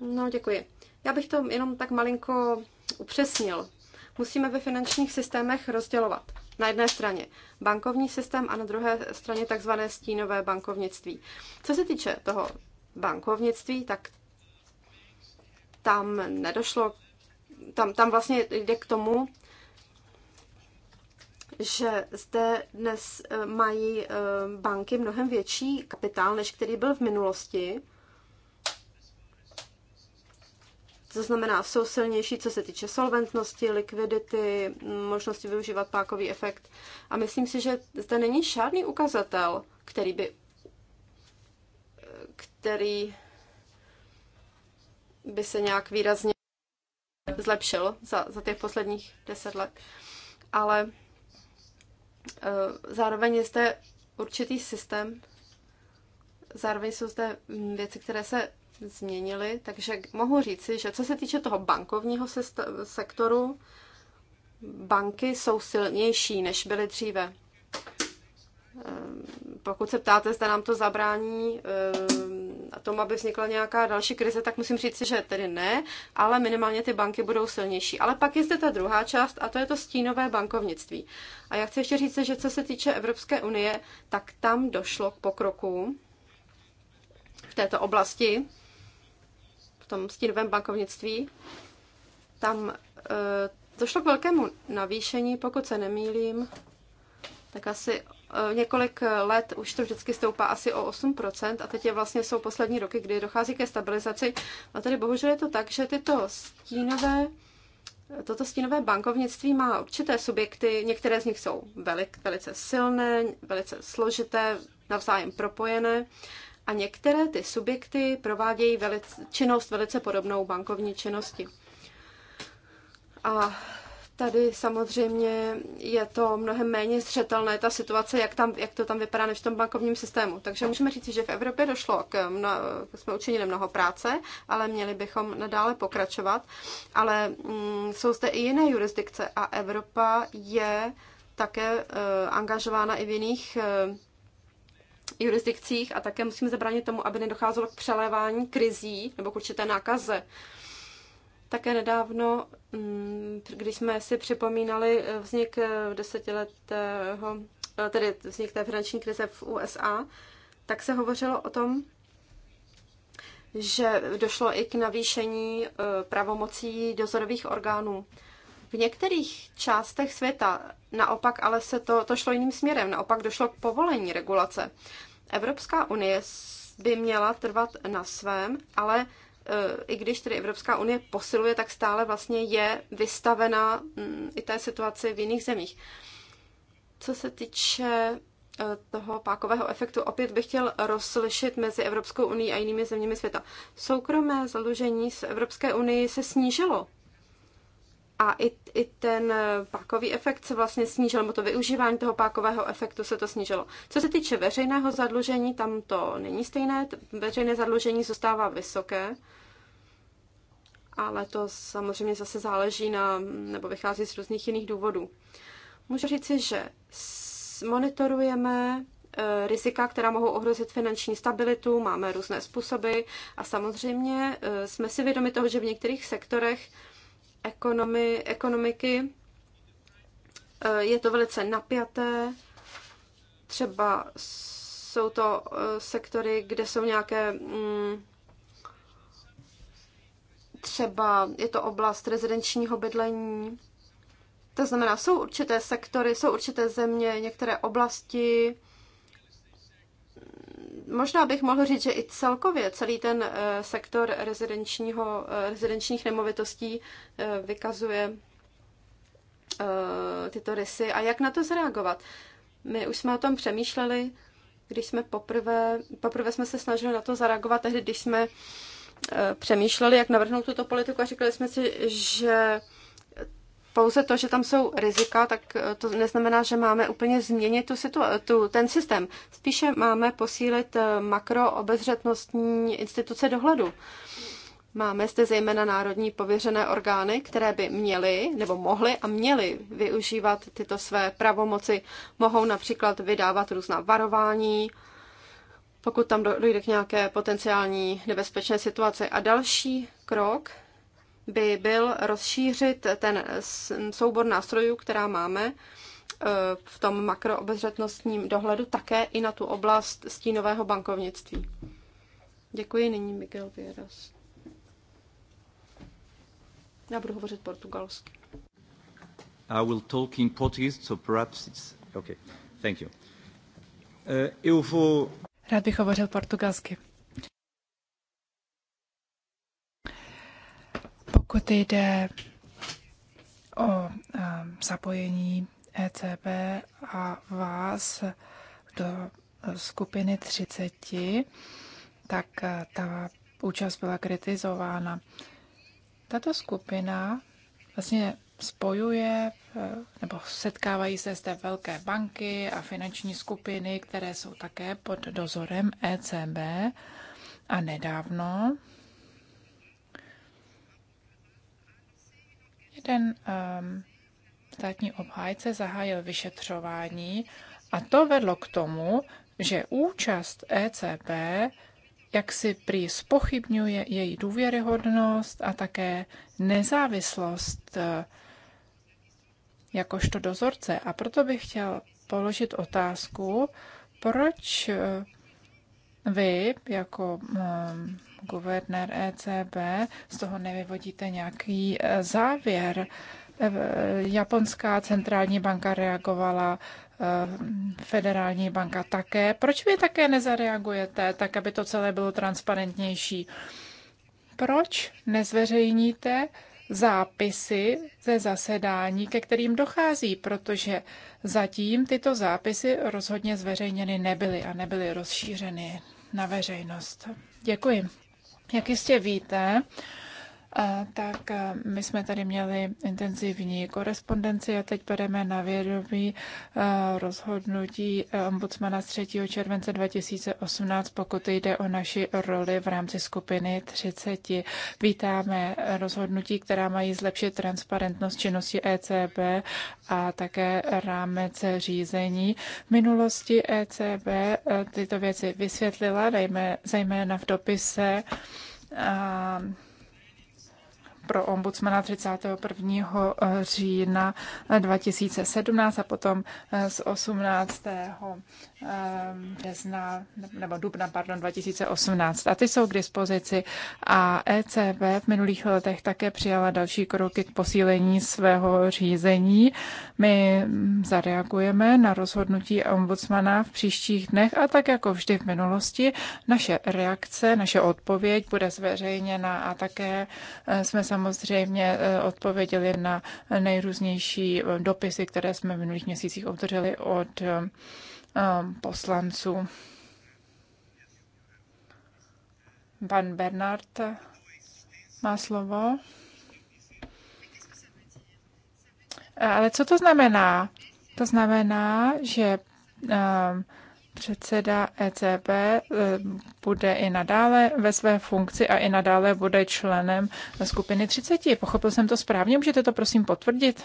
No, děkuji. Já bych to jenom tak malinko upřesnil. Musíme ve finančních systémech rozdělovat na jedné straně bankovní systém a na druhé straně takzvané stínové bankovnictví. Co se týče toho bankovnictví, tak tam nedošlo, tam, tam vlastně jde k tomu, že zde dnes eh, mají eh, banky mnohem větší kapitál, než který byl v minulosti. To znamená, jsou silnější, co se týče solventnosti, likvidity, možnosti využívat pákový efekt. A myslím si, že zde není žádný ukazatel, který by který by se nějak výrazně zlepšil za, za těch posledních deset let. Ale eh, zároveň je zde určitý systém, zároveň jsou zde věci, které se změnily, takže mohu říci, že co se týče toho bankovního sektoru, banky jsou silnější, než byly dříve. Ehm, pokud se ptáte, zda nám to zabrání ehm, a tomu, aby vznikla nějaká další krize, tak musím říct, že tedy ne, ale minimálně ty banky budou silnější. Ale pak je zde ta druhá část a to je to stínové bankovnictví. A já chci ještě říct, že co se týče Evropské unie, tak tam došlo k pokroku v této oblasti v tom stínovém bankovnictví, tam e, došlo k velkému navýšení, pokud se nemýlím, tak asi e, několik let už to vždycky stoupá asi o 8% a teď je vlastně jsou poslední roky, kdy dochází ke stabilizaci. A tady bohužel je to tak, že tyto stínové Toto stínové bankovnictví má určité subjekty, některé z nich jsou velik, velice silné, velice složité, navzájem propojené a některé ty subjekty provádějí velice, činnost velice podobnou bankovní činnosti. A tady samozřejmě je to mnohem méně zřetelné, ta situace, jak, tam, jak to tam vypadá, než v tom bankovním systému. Takže můžeme říct, že v Evropě došlo k, mno, jsme učinili mnoho práce, ale měli bychom nadále pokračovat. Ale mm, jsou zde i jiné jurisdikce a Evropa je také uh, angažována i v jiných uh, jurisdikcích a také musíme zabránit tomu, aby nedocházelo k přelévání krizí nebo k určité nákaze. Také nedávno, mm, když jsme si připomínali vznik desetiletého, tedy vznik té finanční krize v USA, tak se hovořilo o tom, že došlo i k navýšení eh, pravomocí dozorových orgánů. V některých částech světa naopak ale se to, to šlo jiným směrem, naopak došlo k povolení regulace. Evropská unie by měla trvat na svém, ale e, i když tedy Evropská unie posiluje, tak stále vlastně je vystavena mm, i té situaci v jiných zemích. Co se týče e, toho pákového efektu, opět bych chtěl rozlišit mezi Evropskou unii a jinými zeměmi světa. Soukromé zadlužení z Evropské unii se snížilo a i, i ten pákový efekt se vlastně snížil, nebo to využívání toho pákového efektu se to snížilo. Co se týče veřejného zadlužení, tam to není stejné. Veřejné zadlužení zůstává vysoké, ale to samozřejmě zase záleží na, nebo vychází z různých jiných důvodů. Můžu říci, že monitorujeme eh, rizika, která mohou ohrozit finanční stabilitu, máme různé způsoby a samozřejmě eh, jsme si vědomi toho, že v některých sektorech ekonomi, ekonomiky. Eh, je to velice napjaté, třeba jsou to eh, sektory, kde jsou nějaké mm, třeba je to oblast rezidenčního bydlení. To znamená, jsou určité sektory, jsou určité země, některé oblasti, Možná bych mohl říct, že i celkově celý ten eh, sektor rezidenčního, eh, rezidenčních nemovitostí eh, vykazuje tyto rysy a jak na to zareagovat. My už jsme o tom přemýšleli, když jsme poprvé, poprvé jsme se snažili na to zareagovat tehdy, když jsme přemýšleli, jak navrhnout tuto politiku a říkali jsme si, že pouze to, že tam jsou rizika, tak eh, to neznamená, že máme úplně změnit tu situa- tu, ten systém. Spíše máme posílit eh, makroobezřetnostní instituce dohledu. Máme zde zejména národní pověřené orgány, které by měly nebo mohly a měly využívat tyto své pravomoci. Mohou například vydávat různá varování, pokud tam dojde k nějaké potenciální nebezpečné situaci. A další krok by byl rozšířit ten soubor nástrojů, která máme e, v tom makroobezřetnostním dohledu také i na tu oblast stínového bankovnictví. Děkuji, nyní Miguel Vieras. Já budu hovořit portugalsky. I will talk in Portuguese, so perhaps it's... Okay, thank you. Uh, eu vou... Rád bych hovořil portugalsky. Pokud jde o um, zapojení ECB a vás do skupiny 30, tak eh, ta účast byla kritizována. Tato skupina vlastně spojuje eh, nebo setkávají se zde velké banky a finanční skupiny, které jsou také pod dozorem ECB. A nedávno jeden um, ehm, státní obhájce zahájil vyšetřování a to vedlo k tomu, že účast ECB jak si prý spochybňuje její důvěryhodnost a také nezávislost eh, jakožto dozorce. A proto bych chtěl položit otázku, proč eh, vy jako ehm, guvernér ECB, z toho nevyvodíte nějaký e, závěr. E, japonská centrální banka reagovala, e, federální banka také. Proč vy také nezareagujete, tak aby to celé bylo transparentnější? Proč nezveřejníte zápisy ze zasedání, ke kterým dochází, protože zatím tyto zápisy rozhodně zveřejněny nebyly a nebyly rozšířeny na veřejnost. Děkuji. Jak jistě víte, tak eh, my jsme tady měli intenzivní korespondenci a teď bereme na vědomí eh, rozhodnutí eh, ombudsmana z 3. července 2018, pokud jde o naši roli v rámci skupiny 30. Vítáme rozhodnutí, která mají zlepšit transparentnost činnosti ECB a také rámec řízení. V minulosti ECB tyto věci vysvětlila, dejme, zejména v dopise a pro ombudsmana 31. Eh, října 2017 eh, a potom eh, z 18. Ehm, března, nebo dubna, pardon, 2018. A ty jsou k dispozici. A ECB v minulých letech také přijala další kroky k posílení svého řízení. My zareagujeme na rozhodnutí ombudsmana v příštích dnech a tak jako vždy v minulosti. Naše reakce, naše odpověď bude zveřejněna a také eh, jsme samozřejmě eh, odpověděli na nejrůznější eh, dopisy, které jsme v minulých měsících obdrželi od Ehm, poslanců. Pan Bernard má slovo. Eh, ale co to znamená? To znamená, že ehm, předseda ECB ehm, bude i nadále ve své funkci a i nadále bude členem skupiny 30. Pochopil jsem to správně, můžete to prosím potvrdit?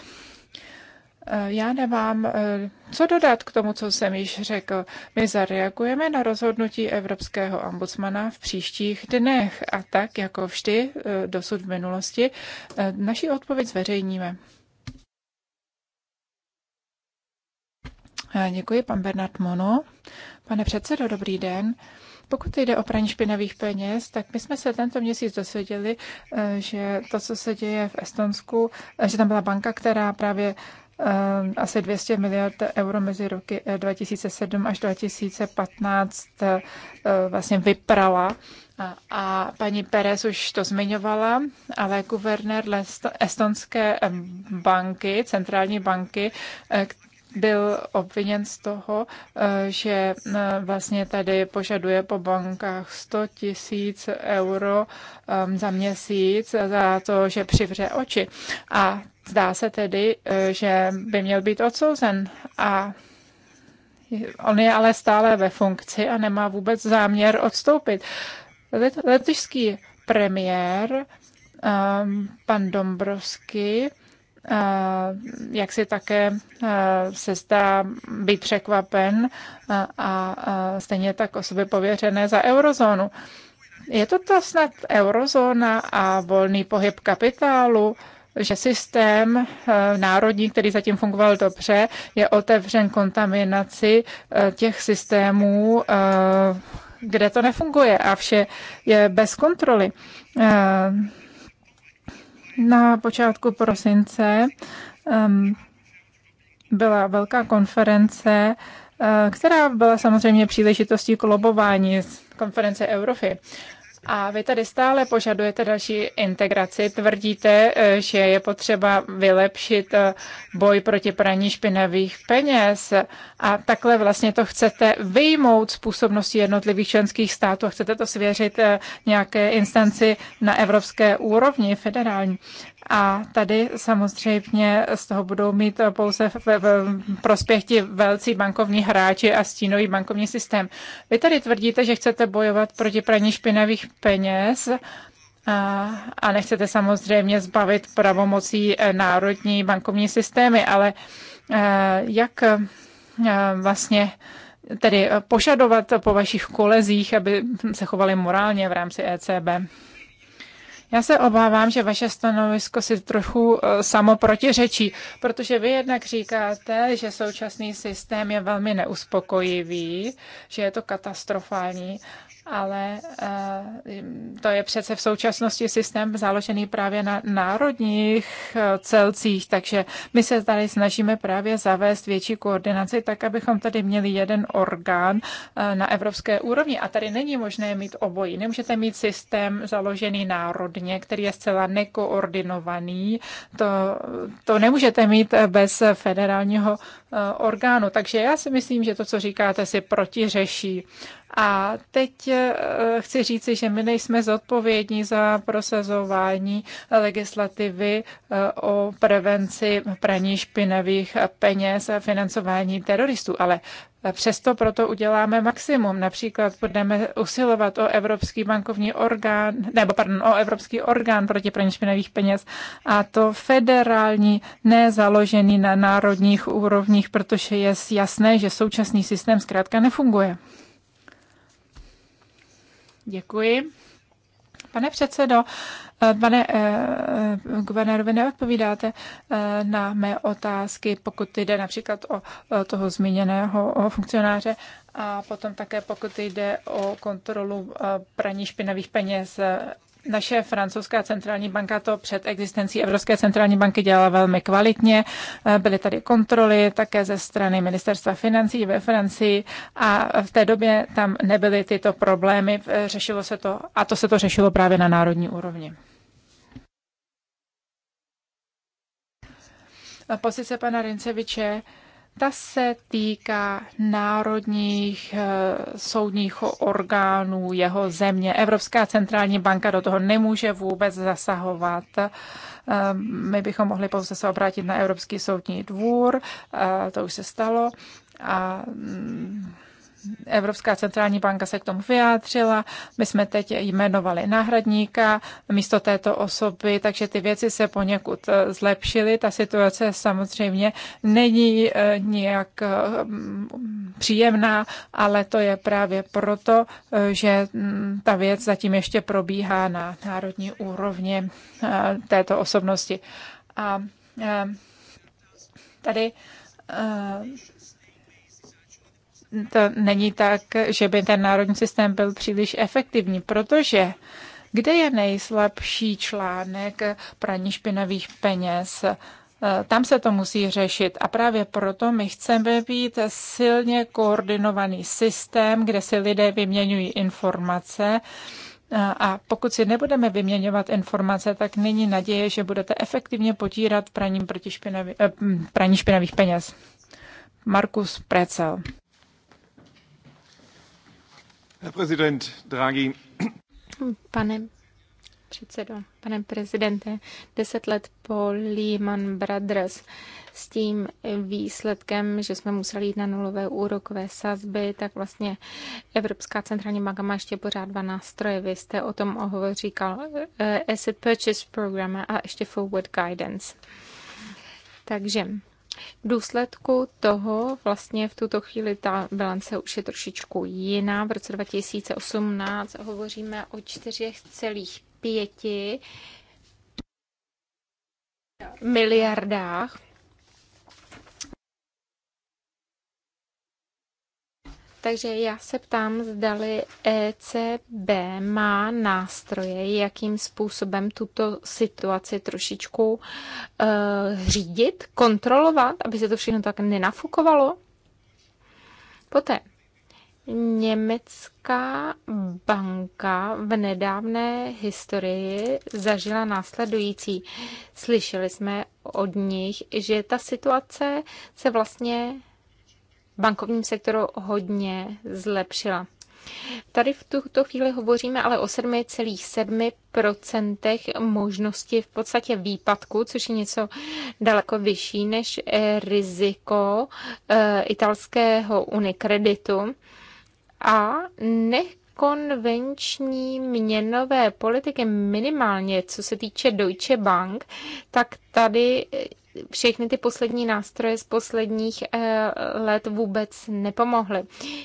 Eh, já nemám eh, co dodat k tomu, co jsem již řekl. My zareagujeme na rozhodnutí Evropského ombudsmana v příštích dnech a tak, jako vždy eh, dosud v minulosti, naši odpověď zveřejníme. Děkuji, pan Bernard Mono. Pane předsedo, dobrý den. Pokud jde o praní špinavých peněz, tak my jsme se tento měsíc dosvěděli, že to, co se děje v Estonsku, že tam byla banka, která právě Eh, asi 200 miliard euro mezi roky 2007 eh, až 2015 eh, vlastně vyprala. A paní Perez už to zmiňovala, ale guvernér Estonské banky, centrální banky, byl obviněn z toho, že vlastně tady požaduje po bankách 100 tisíc euro za měsíc za to, že přivře oči. A Zdá se tedy, eh, že by měl být odsouzen a on je ale stále ve funkci a nemá vůbec záměr odstoupit. Letyšský premiér ehm, pan Dombrovský eh, jak si také eh, se zdá být překvapen a stejně tak osoby pověřené za eurozónu. Je to ta snad eurozóna a volný pohyb kapitálu? že systém eh, národní, který zatím fungoval dobře, je otevřen kontaminaci eh, těch systémů, eh, kde to nefunguje a vše je bez kontroly. Na počátku prosince ehm, byla velká konference, která byla samozřejmě příležitostí k lobování z konference Eurofy. A vy tady stále požadujete další integraci. Tvrdíte, eh, že je potřeba vylepšit eh, boj proti praní špinavých peněz. A takhle vlastně to chcete vyjmout z působnosti jednotlivých členských států a chcete to svěřit eh, nějaké instanci na evropské úrovni, federální. A tady samozřejmě z toho budou mít pouze v, prospěch ti velcí bankovní hráči a stínový bankovní systém. Vy tady tvrdíte, že chcete bojovat proti praní špinavých peněz a nechcete samozřejmě zbavit pravomocí e, národní bankovní systémy, ale e, jak e, vlastně tedy požadovat po vašich kolezích, aby se chovali morálně v rámci ECB? Já se obávám, že vaše stanovisko si trochu samo protiřečí, protože vy jednak říkáte, že současný systém je velmi neuspokojivý, že je to katastrofální, ale eh, to je přece v současnosti systém založený právě na národních eh, celcích, takže my se tady snažíme právě zavést větší koordinaci, tak abychom tady měli jeden orgán eh, na evropské úrovni. A tady není možné mít obojí. Nemůžete mít systém založený národně, který je zcela nekoordinovaný. To, to nemůžete mít bez federálního orgánu. Takže já si myslím, že to, co říkáte, si protiřeší. A teď eh, chci říci, že my nejsme zodpovědní za prosazování legislativy eh, o prevenci praní špinavých peněz a financování teroristů, ale Přesto proto uděláme maximum. Například budeme usilovat o Evropský bankovní orgán, nebo pardon, o Evropský orgán proti praní špinavých peněz a to federální, nezaložený na národních úrovních, protože je jasné, že současný systém zkrátka nefunguje. Děkuji. Pane předsedo, eh, pane eh, eh guvernér, vy neodpovídáte eh, na mé otázky, pokud jde například o, o eh, toho zmíněného o funkcionáře a potom také pokud jde o kontrolu eh, praní špinavých peněz naše francouzská centrální banka to před existencí Evropské centrální banky dělala velmi kvalitně. Eh, Byly tady kontroly také ze strany ministerstva financí ve Francii a v té době tam nebyly tyto problémy. Eh, řešilo se to a to se to řešilo právě na národní úrovni. Pozice pana Rinceviče ta se týká národních eh, soudních orgánů jeho země. Evropská centrální banka do toho nemůže vůbec zasahovat. Eh, my bychom mohli pouze se obrátit na Evropský soudní dvůr, eh, to už se stalo. A mm, Evropská centrální banka se k tomu vyjádřila, my jsme teď jmenovali náhradníka místo této osoby, takže ty věci se poněkud eh, zlepšily. Ta situace samozřejmě není eh, nijak eh, příjemná, ale to je právě proto, že mm, ta věc zatím ještě probíhá na národní úrovni této osobnosti. A tady to není tak, že by ten národní systém byl příliš efektivní, protože kde je nejslabší článek praní špinavých peněz? Eh, tam se to musí řešit a právě proto my chceme být silně koordinovaný systém, kde si lidé vyměňují informace. Eh, a pokud si nebudeme vyměňovat informace, tak není naděje, že budete efektivně potírat praní, proti špinavý, eh, praní špinavých peněz. Markus Precel. Draghi. Pane předsedo, pane prezidente, deset let po Lehman Brothers s tím výsledkem, že jsme museli jít na nulové úrokové sazby, tak vlastně Evropská centrální banka má ještě pořád dva nástroje. Vy jste o tom říkal eh, Asset Purchase Program a ještě Forward Guidance. Takže v důsledku toho vlastně v tuto chvíli ta bilance už je trošičku jiná. V roce 2018 hovoříme o 4,5 miliardách Takže já se ptám, zdali ECB má nástroje, jakým způsobem tuto situaci trošičku uh, řídit, kontrolovat, aby se to všechno tak nenafukovalo. Poté Německá banka v nedávné historii zažila následující. Slyšeli jsme od nich, že ta situace se vlastně bankovním sektoru hodně zlepšila. Tady v tuto chvíli hovoříme ale o 7,7% možnosti v podstatě výpadku, což je něco daleko vyšší než eh, riziko eh, italského Unikreditu. A ne, nekonvenční měnové politiky, minimálně co se týče Deutsche Bank, tak tady eh, všechny ty poslední nástroje z posledních eh, let vůbec nepomohly.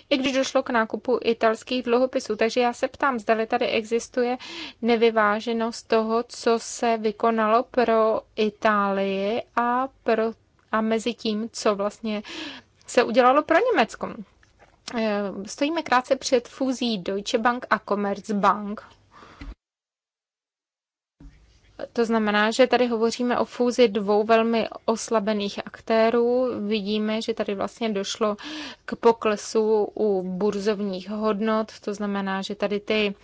I když došlo k nákupu italských dluhopisů, takže já se ptám, zda tady existuje nevyváženost toho, co se vykonalo pro Itálii a, pro, a mezi tím, co vlastně se udělalo pro Německo. Eh, stojíme krátce před fúzí Deutsche Bank a Commerzbank. To znamená, že tady hovoříme o fúzi dvou velmi oslabených aktérů. Vidíme, že tady vlastně došlo k poklesu u burzovních hodnot. To znamená, že tady ty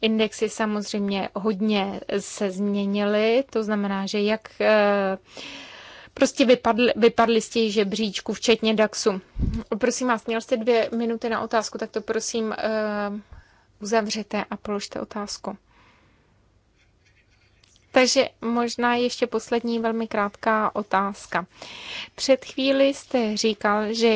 indexy samozřejmě hodně se změnily. To znamená, že jak eh, prostě vypadli, vypadli z těch žebříčků, včetně DAXu. Prosím vás, měl jste dvě minuty na otázku, tak to prosím eh, uzavřete a položte otázku. Takže možná ještě poslední velmi krátká otázka. Před chvíli jste říkal, že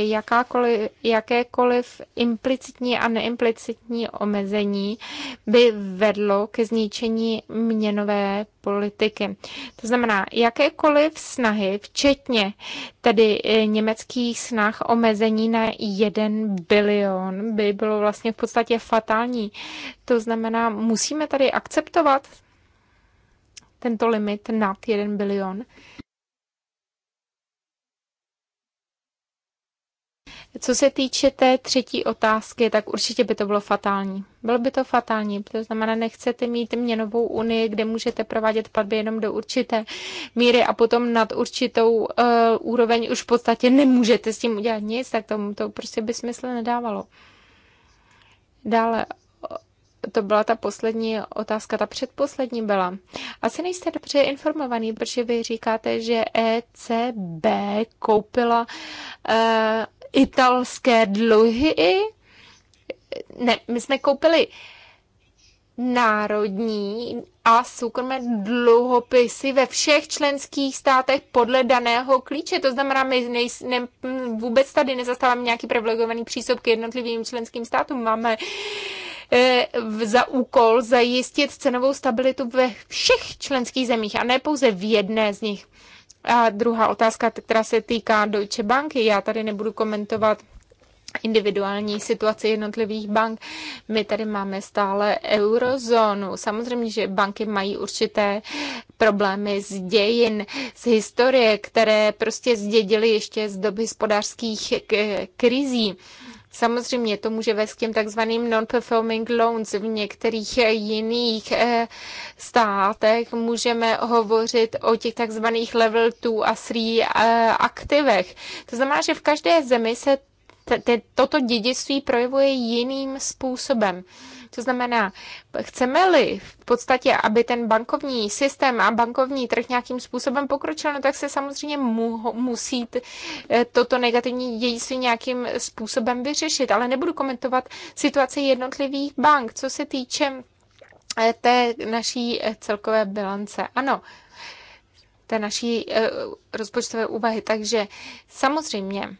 jakékoliv implicitní a neimplicitní omezení by vedlo ke zničení měnové politiky. To znamená, jakékoliv snahy, včetně tedy e, německých snah omezení na jeden bilion, by bylo vlastně v podstatě fatální. To znamená, musíme tady akceptovat tento limit nad 1 bilion. Co se týče té třetí otázky, tak určitě by to bylo fatální. Bylo by to fatální, to znamená, nechcete mít měnovou unii, kde můžete provádět platby jenom do určité míry a potom nad určitou uh, úroveň už v podstatě nemůžete s tím udělat nic, tak tomu to prostě by smysl nedávalo. Dále to byla ta poslední otázka, ta předposlední byla. Asi nejste dobře informovaný, protože vy říkáte, že ECB koupila uh, italské dluhy. Ne, my jsme koupili národní a soukromé dluhopisy ve všech členských státech podle daného klíče. To znamená, my nej, ne, vůbec tady nezastáváme nějaký privilegovaný přístup k jednotlivým členským státům. Máme uh, E, za úkol zajistit cenovou stabilitu ve všech členských zemích a ne pouze v jedné z nich. A druhá otázka, která se týká Deutsche Banky, já tady nebudu komentovat individuální situaci jednotlivých bank. My tady máme stále eurozónu. Samozřejmě, že banky mají určité problémy z dějin, z historie, které prostě zdědili ještě z doby hospodářských krizí. Samozřejmě to může vést k těm takzvaným non-performing loans. V některých jiných eh, státech můžeme hovořit o těch takzvaných level 2 a 3 eh, aktivech. To znamená, že v každé zemi se toto dědictví projevuje jiným způsobem. To znamená, chceme-li v podstatě, aby ten bankovní systém a bankovní trh nějakým způsobem pokročil, no tak se samozřejmě mu, musí eh, toto negativní dějství nějakým způsobem vyřešit. Ale nebudu komentovat situaci jednotlivých bank, co se týče eh, té naší eh, celkové bilance. Ano, té naší rozpočtové úvahy. Takže samozřejmě,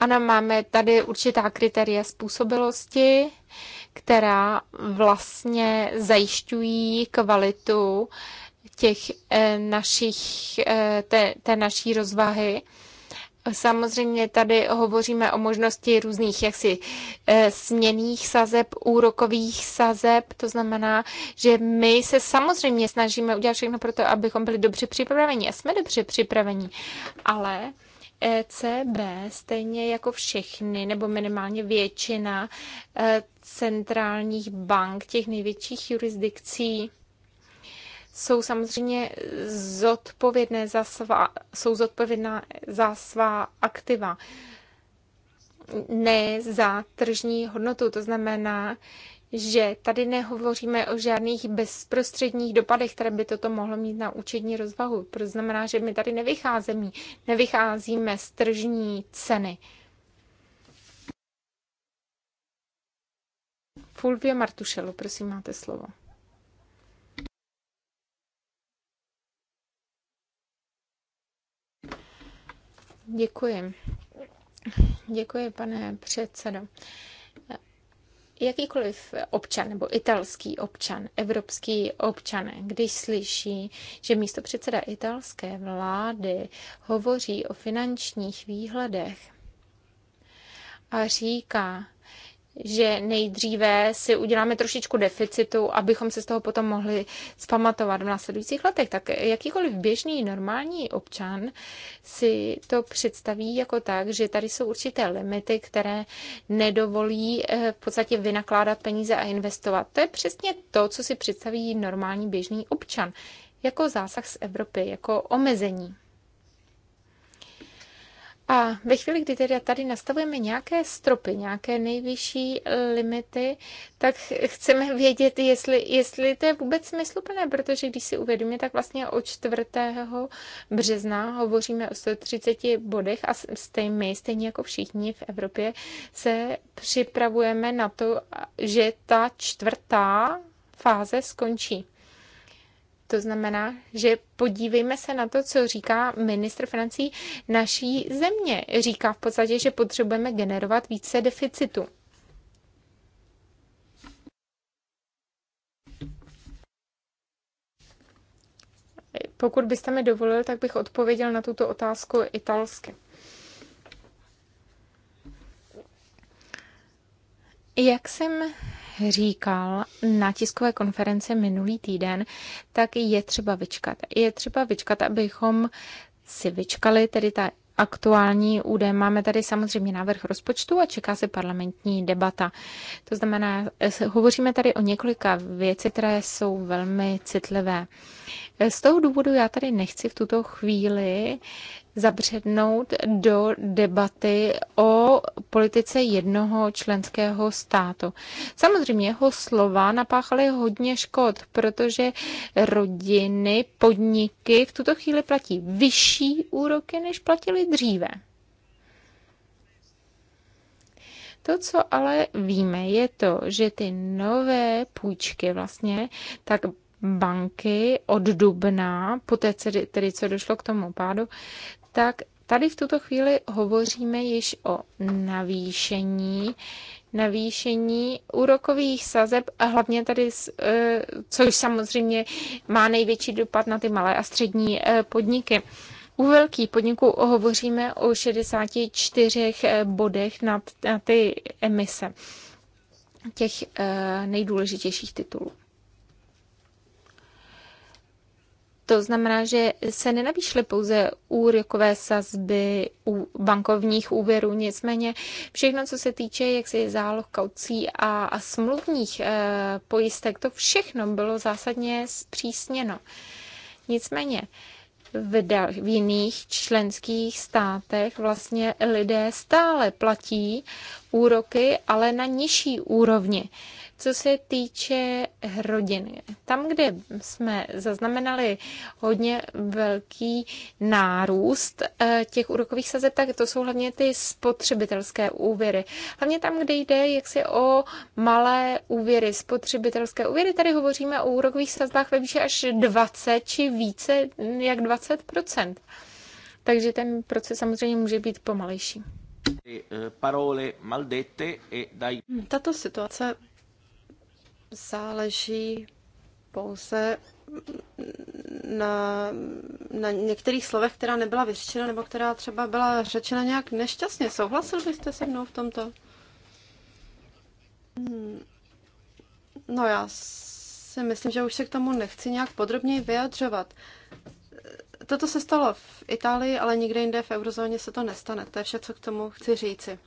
ano, máme tady určitá kritéria způsobilosti, která vlastně zajišťují kvalitu těch eh, našich, eh, té, té naší rozvahy. Samozřejmě tady hovoříme o možnosti různých jaksi eh, směných sazeb, úrokových sazeb, to znamená, že my se samozřejmě snažíme udělat všechno pro to, abychom byli dobře připraveni a jsme dobře připraveni, ale ECB, stejně jako všechny, nebo minimálně většina eh, centrálních bank těch největších jurisdikcí, jsou samozřejmě zodpovědné za svá, jsou zodpovědná za svá aktiva, ne za tržní hodnotu. To znamená, že tady nehovoříme o žádných bezprostředních dopadech, které by toto mohlo mít na účetní rozvahu. To znamená, že my tady nevycházíme, nevycházíme z tržní ceny. Fulvio Martušelo, prosím, máte slovo. Děkuji. Děkuji, pane předsedo jakýkoliv občan nebo italský občan, evropský občan, když slyší, že místo předseda italské vlády hovoří o finančních výhledech a říká, že nejdříve si uděláme trošičku deficitu, abychom se z toho potom mohli zpamatovat v následujících letech. Tak jakýkoliv běžný normální občan si to představí jako tak, že tady jsou určité limity, které nedovolí eh, v podstatě vynakládat peníze a investovat. To je přesně to, co si představí normální běžný občan jako zásah z Evropy, jako omezení. A ve chvíli, kdy teda tady nastavujeme nějaké stropy, nějaké nejvyšší eh, limity, tak chceme vědět, jestli, jestli to je vůbec smysluplné, protože když si uvědomíme, tak vlastně od 4. března hovoříme o 130 bodech a stejně, stejně jako všichni v Evropě, se připravujeme na to, že ta čtvrtá fáze skončí. To znamená, že podívejme se na to, co říká ministr financí naší země. Říká v podstatě, že potřebujeme generovat více deficitu. Pokud byste mi dovolil, tak bych odpověděl na tuto otázku italsky. Jak jsem říkal na tiskové konferenci minulý týden, tak je třeba vyčkat. Je třeba vyčkat, abychom si vyčkali tedy ta aktuální údaje. Máme tady samozřejmě návrh rozpočtu a čeká se parlamentní debata. To znamená, hovoříme tady o několika věcech, které jsou velmi citlivé. Z toho důvodu já tady nechci v tuto chvíli zabřednout do debaty o politice jednoho členského státu. Samozřejmě jeho slova napáchaly hodně škod, protože rodiny, podniky v tuto chvíli platí vyšší úroky, než platili dříve. To, co ale víme, je to, že ty nové půjčky vlastně, tak banky od dubna, poté tedy, co došlo k tomu pádu, tak tady v tuto chvíli hovoříme již o navýšení, navýšení úrokových sazeb a hlavně tady, e, což samozřejmě má největší dopad na ty malé a střední e, podniky. U velkých podniků hovoříme o 64 e, bodech na, na ty emise těch nejdůležitějších titulů. To znamená, že se nenavýšily pouze úrokové sazby u bankovních úvěrů, nicméně všechno, co se týče jak si záloh kaucí a, a smluvních e, pojistek, to všechno bylo zásadně zpřísněno. Nicméně v, dal, v jiných členských státech vlastně lidé stále platí úroky, ale na nižší úrovni. Co se týče rodiny, tam, kde jsme zaznamenali hodně velký nárůst eh, těch úrokových sazeb, tak to jsou hlavně ty spotřebitelské úvěry. Hlavně tam, kde jde jaksi o malé úvěry, spotřebitelské úvěry, tady hovoříme o úrokových sazbách ve výši až 20 či více jak 20 takže ten proces samozřejmě může být pomalejší. Eh, e Tato situace záleží pouze na, na některých slovech, která nebyla vyřčena, nebo která třeba byla řečena nějak nešťastně. Souhlasil byste se mnou v tomto? Hmm. No já si myslím, že už se k tomu nechci nějak podrobněji vyjadřovat. Toto se stalo v Itálii, ale nikde jinde v eurozóně se to nestane. To je vše, co k tomu chci říci.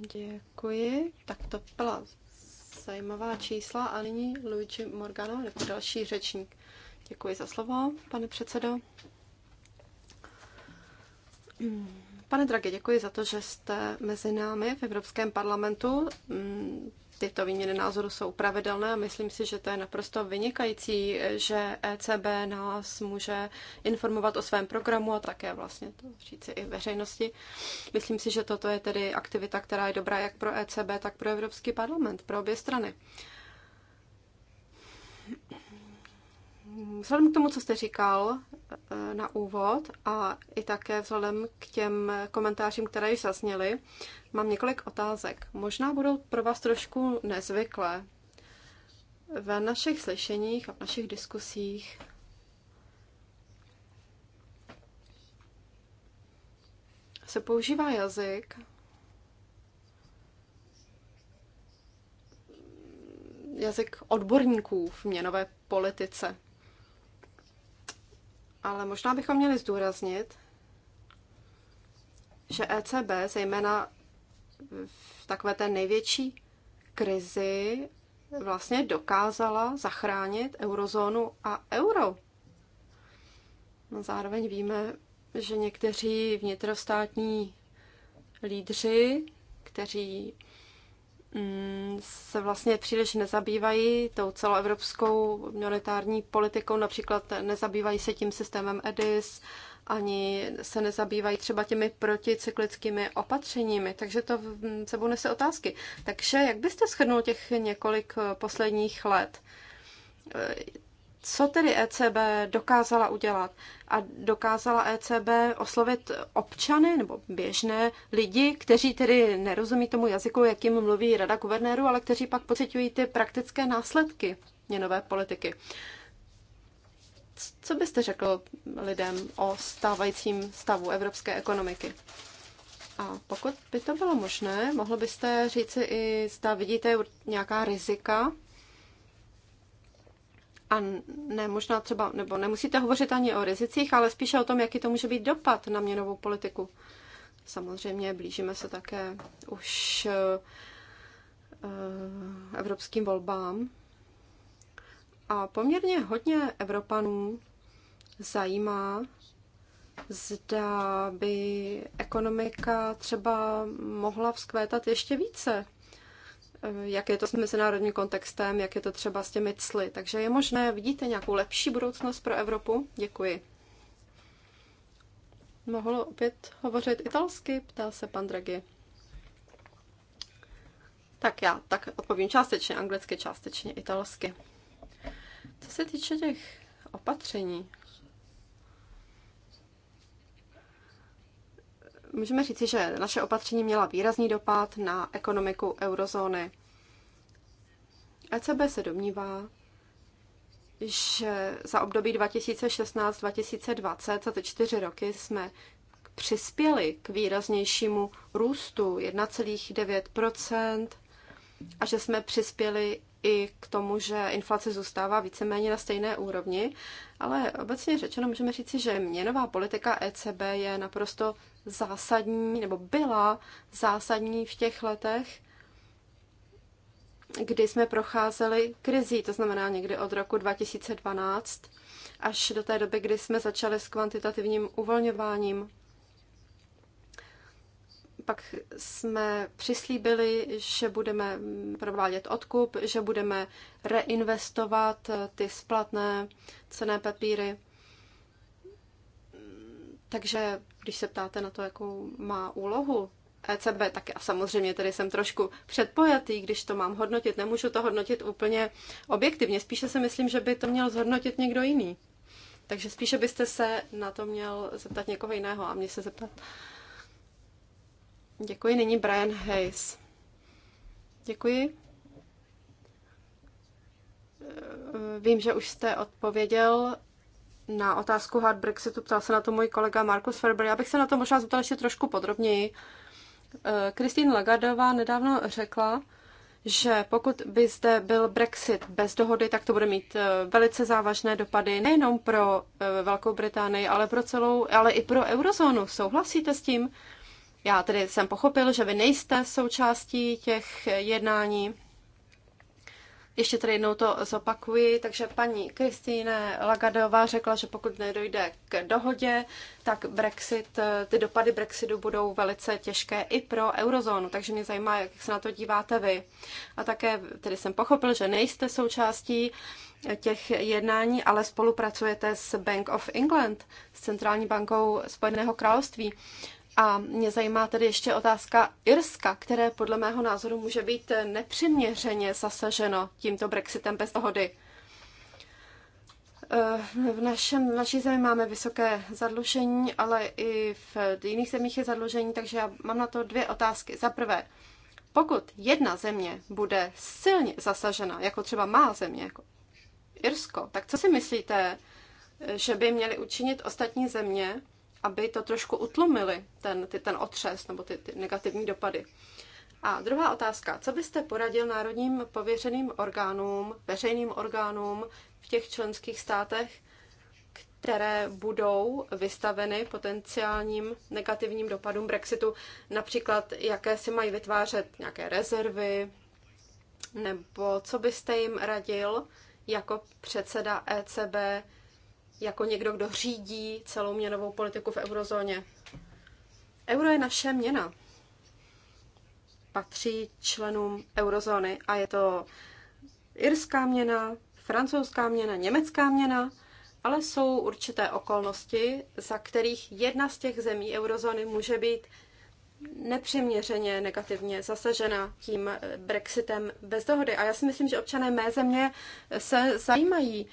Děkuji. Tak to byla zajímavá čísla. A nyní Luigi Morgano jako další řečník. Děkuji za slovo, pane předsedo. Pane Dragi, děkuji za to, že jste mezi námi v Evropském parlamentu tyto výměny názorů jsou pravidelné a myslím si, že to je naprosto vynikající, že ECB nás může informovat o svém programu a také vlastně to říci i veřejnosti. Myslím si, že toto je tedy aktivita, která je dobrá jak pro ECB, tak pro Evropský parlament, pro obě strany. Vzhledem k tomu, co jste říkal eh, na úvod a i také vzhledem k těm komentářím, které již zazněly, mám několik otázek. Možná budou pro vás trošku nezvyklé. Ve našich slyšeních a v našich diskusích se používá jazyk, jazyk odborníků v měnové politice ale možná bychom měli zdůraznit, že ECB, zejména v takové té největší krizi, vlastně dokázala zachránit eurozónu a euro. No zároveň víme, že někteří vnitrostátní lídři, kteří Mm, se vlastně příliš nezabývají tou celoevropskou monetární politikou, například nezabývají se tím systémem EDIS, ani se nezabývají třeba těmi proticyklickými opatřeními, takže to mm, sebou nese otázky. Takže jak byste shrnul těch několik eh, posledních let? Eh, co tedy ECB dokázala udělat? A dokázala ECB oslovit občany nebo běžné lidi, kteří tedy nerozumí tomu jazyku, jakým mluví rada guvernéru, ale kteří pak pocitují ty praktické následky měnové politiky. Co byste řekl lidem o stávajícím stavu evropské ekonomiky? A pokud by to bylo možné, mohl byste říci i, zda vidíte nějaká rizika a ne, možná třeba, nebo nemusíte hovořit ani o rizicích, ale spíše o tom, jaký to může být dopad na měnovou politiku. Samozřejmě blížíme se také už eh, eh, evropským volbám. A poměrně hodně Evropanů zajímá, zda by ekonomika třeba mohla vzkvétat ještě více Eh, jak je to s mezinárodním kontextem, jak je to třeba s těmi cly. Takže je možné, vidíte nějakou lepší budoucnost pro Evropu? Děkuji. Mohlo opět hovořit italsky, ptal se pan Draghi. Tak já tak odpovím částečně anglicky, částečně italsky. Co se týče těch opatření, můžeme říci, že naše opatření měla výrazný dopad na ekonomiku eurozóny. ECB se domnívá, že za období 2016-2020, za ty čtyři roky, jsme přispěli k výraznějšímu růstu 1,9 a že jsme přispěli i k tomu, že inflace zůstává víceméně na stejné úrovni, ale obecně řečeno můžeme říci, že měnová politika ECB je naprosto zásadní, nebo byla zásadní v těch letech, kdy jsme procházeli krizí, to znamená někdy od roku 2012 až do té doby, kdy jsme začali s kvantitativním uvolňováním pak jsme přislíbili, že budeme provádět odkup, že budeme reinvestovat eh, ty splatné cené papíry. Takže když se ptáte na to, jakou má úlohu ECB, tak já samozřejmě tady jsem trošku předpojatý, když to mám hodnotit. Nemůžu to hodnotit úplně objektivně. Spíše si myslím, že by to měl zhodnotit někdo jiný. Takže spíše byste se na to měl zeptat někoho jiného a mě se zeptat Děkuji, nyní Brian Hayes. Děkuji. Vím, že už jste odpověděl na otázku hard Brexitu, ptal se na to můj kolega Markus Ferber. Já bych se na to možná zeptal ještě trošku podrobněji. Kristýn Lagardová nedávno řekla, že pokud by zde byl Brexit bez dohody, tak to bude mít eh, velice závažné dopady nejenom pro eh, Velkou Británii, ale pro celou, ale i pro eurozónu. Souhlasíte s tím? Já tedy jsem pochopil, že vy nejste součástí těch jednání. Ještě tady jednou to zopakuji. Takže paní Kristýne Lagadová řekla, že pokud nedojde k dohodě, tak Brexit, ty dopady Brexitu budou velice těžké i pro eurozónu. Takže mě zajímá, jak se na to díváte vy. A také tedy jsem pochopil, že nejste součástí těch jednání, ale spolupracujete s Bank of England, s Centrální bankou Spojeného království. A mě zajímá tedy ještě otázka Irska, které podle mého názoru může být nepřiměřeně zasaženo tímto Brexitem bez dohody. Eh, v našem, v naší zemi máme vysoké zadlužení, ale i v jiných zemích je zadlužení, takže já mám na to dvě otázky. Za prvé, pokud jedna země bude silně zasažena, jako třeba má země, jako Irsko, tak co si myslíte, že by měly učinit ostatní země, aby to trošku utlumili, ten, ty, ten otřes nebo ty, ty negativní dopady. A druhá otázka. Co byste poradil národním pověřeným orgánům, veřejným orgánům v těch členských státech, které budou vystaveny potenciálním negativním dopadům Brexitu, například jaké si mají vytvářet nějaké rezervy, nebo co byste jim radil jako předseda ECB jako někdo, kdo řídí celou měnovou politiku v eurozóně. Euro je naše měna. Patří členům eurozóny a je to irská měna, francouzská měna, německá měna, ale jsou určité okolnosti, za kterých jedna z těch zemí eurozóny může být nepřiměřeně negativně zasažena tím Brexitem bez dohody. A já si myslím, že občané mé země se zajímají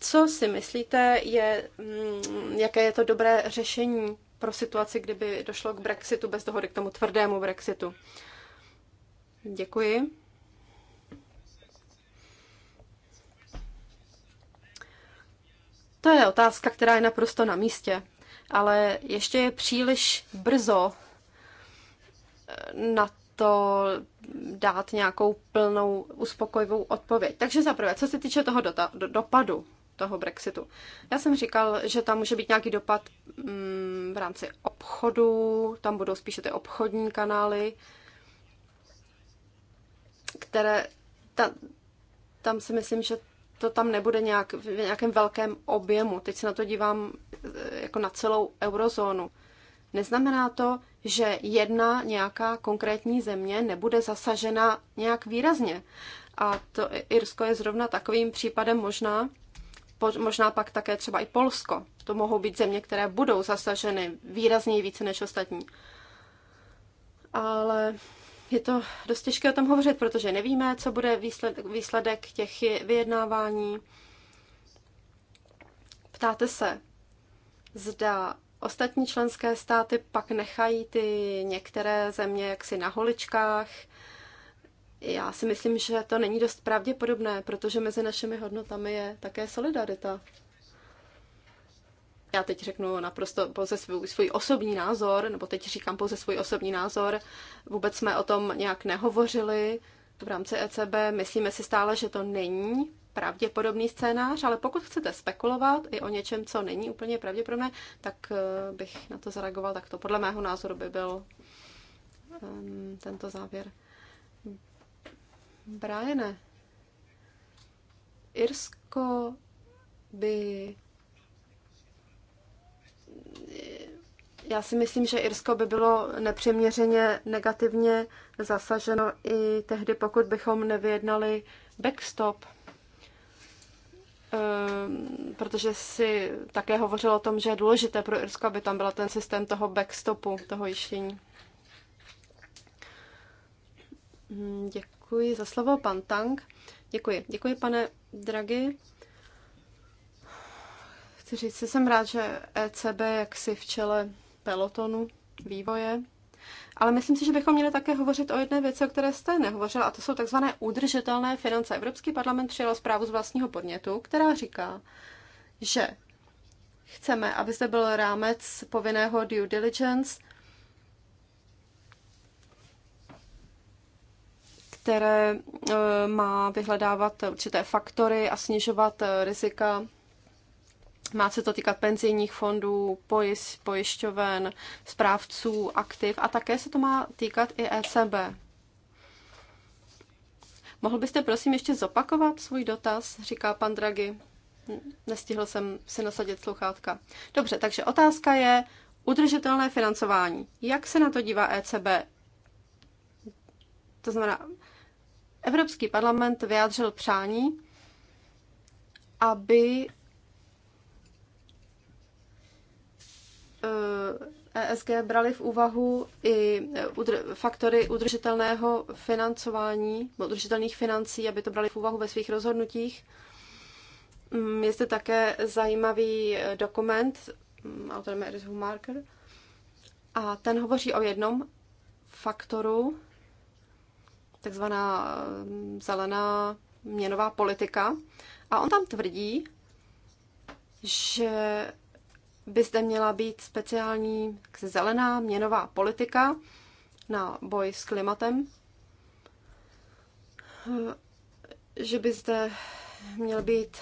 co si myslíte, je, mm, jaké je to dobré řešení pro situaci, kdyby došlo k Brexitu bez dohody, k tomu tvrdému Brexitu? Děkuji. To je otázka, která je naprosto na místě, ale ještě je příliš brzo eh, na to dát nějakou plnou uspokojivou odpověď. Takže zaprvé, co se týče toho do, do, dopadu, toho Brexitu. Já jsem říkal, že tam může být nějaký dopad mm, v rámci obchodu, tam budou spíše ty obchodní kanály, které ta, tam si myslím, že to tam nebude nějak v nějakém velkém objemu. Teď se na to dívám eh, jako na celou eurozónu. Neznamená to, že jedna nějaká konkrétní země nebude zasažena nějak výrazně. A to Irsko je zrovna takovým případem možná, možná pak také třeba i Polsko. To mohou být země, které budou zasaženy výrazněji více než ostatní. Ale je to dost těžké o tom hovořit, protože nevíme, co bude výsledek, výsledek těch vyjednávání. Ptáte se, zda ostatní členské státy pak nechají ty některé země jaksi na holičkách, já si myslím, že to není dost pravděpodobné, protože mezi našimi hodnotami je také solidarita. Já teď řeknu naprosto pouze svůj, svůj osobní názor, nebo teď říkám pouze svůj osobní názor. Vůbec jsme o tom nějak nehovořili v rámci ECB. Myslíme si stále, že to není pravděpodobný scénář, ale pokud chcete spekulovat i o něčem, co není úplně pravděpodobné, tak eh, bych na to zareagoval Tak to Podle mého názoru by byl um, tento závěr. Briane, Irsko by... Já si myslím, že Irsko by bylo nepřiměřeně negativně zasaženo i tehdy, pokud bychom nevyjednali backstop ehm, protože si také hovořilo o tom, že je důležité pro Irsko, aby tam byl ten systém toho backstopu, toho jištění. Hmm, děkuji. Děkuji za slovo, pan Tank. Děkuji. Děkuji, pane Dragi. Chci říct, jsem rád, že ECB jaksi v čele pelotonu vývoje. Ale myslím si, že bychom měli také hovořit o jedné věci, o které jste nehovořil, a to jsou takzvané udržitelné finance. Evropský parlament přijal zprávu z vlastního podnětu, která říká, že chceme, aby zde byl rámec povinného due diligence které eh, má vyhledávat určité faktory a snižovat eh, rizika. Má se to týkat penzijních fondů, pojist, pojišťoven, správců, aktiv a také se to má týkat i ECB. Mohl byste prosím ještě zopakovat svůj dotaz, říká pan Draghi. Nestihl jsem si nasadit sluchátka. Dobře, takže otázka je udržitelné financování. Jak se na to dívá ECB? To znamená, Evropský parlament vyjádřil přání, aby ESG eh, e brali v úvahu i faktory udržitelného financování, udržitelných financí, aby to brali v úvahu ve svých rozhodnutích. Mm, je zde také zajímavý eh, dokument, mm, autorem je Marker, a ten hovoří o jednom faktoru, takzvaná eh, zelená měnová politika. A on tam tvrdí, že by zde měla být speciální zelená měnová politika na boj s klimatem, eh, že by zde měl být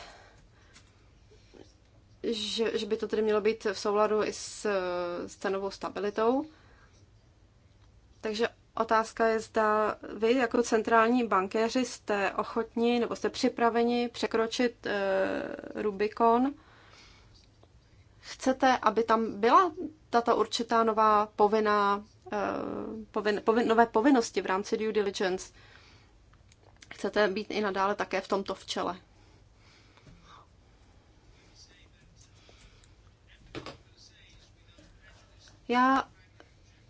že, že by to tedy mělo být v souladu i s, s cenovou stabilitou. Takže Otázka je, zda vy jako centrální bankéři jste ochotni nebo jste připraveni překročit e, eh, Rubikon. Chcete, aby tam byla tato určitá nová povinná, e, povin, povin, nové povinnosti v rámci due diligence? Chcete být i nadále také v tomto včele? Já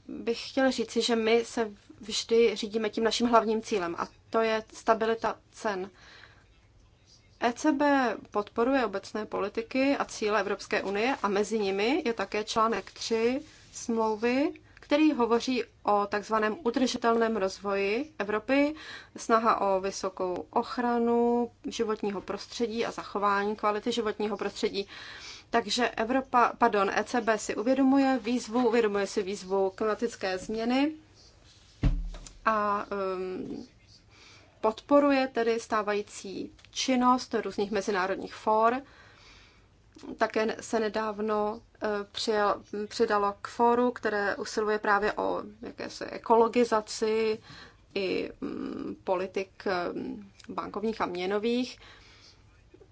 bych chtěla říci, že my se vždy řídíme tím naším hlavním cílem a to je stabilita cen. ECB podporuje obecné politiky a cíle Evropské unie a mezi nimi je také článek 3 smlouvy, který hovoří o takzvaném udržitelném rozvoji Evropy, snaha o vysokou ochranu životního prostředí a zachování kvality životního prostředí. Takže Evropa, pardon, ECB si uvědomuje výzvu, uvědomuje si výzvu klimatické změny a um, podporuje tedy stávající činnost různých mezinárodních fór. Také se nedávno eh, přijel, přidalo k fóru, které usiluje právě o jakési ekologizaci i mm, politik eh, bankovních a měnových.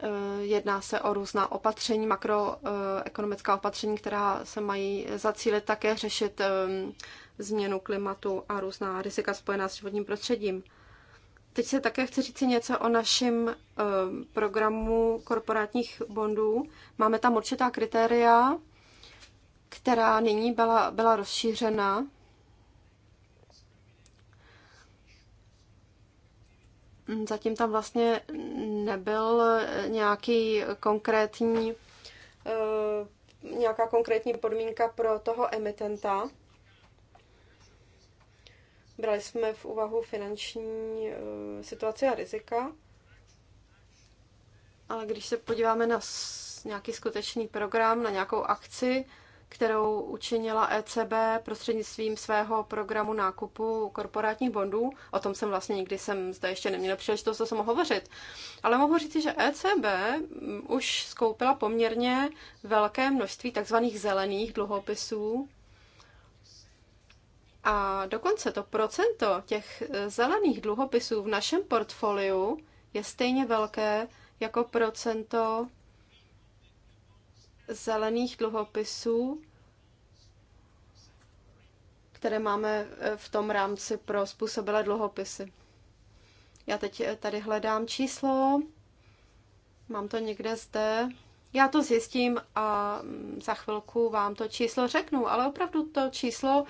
Eh, jedná se o různá opatření, makroekonomická opatření, která se mají zacílit také řešit ehm, změnu klimatu a různá rizika spojená s životním prostředím. Teď se také chci říct něco o našem ehm, programu korporátních bondů. Máme tam určitá kritéria, která nyní byla, byla rozšířena Zatím tam vlastně nebyl nějaký konkrétní, eh, nějaká konkrétní podmínka pro toho emitenta. Brali jsme v úvahu finanční eh, situaci a rizika. Ale když se podíváme na nějaký skutečný program, na nějakou akci, kterou učinila ECB prostřednictvím svého programu nákupu korporátních bondů. O tom jsem vlastně nikdy jsem zde ještě neměla příležitost o tom hovořit. Ale mohu říct, že ECB mm, už skoupila poměrně velké množství takzvaných zelených dluhopisů. A dokonce to procento těch e, zelených dluhopisů v našem portfoliu je stejně velké jako procento zelených dluhopisů, které máme eh, v tom rámci pro způsobilé dluhopisy. Já teď eh, tady hledám číslo, mám to někde zde. Já to zjistím a mm, za chvilku vám to číslo řeknu, ale opravdu to číslo,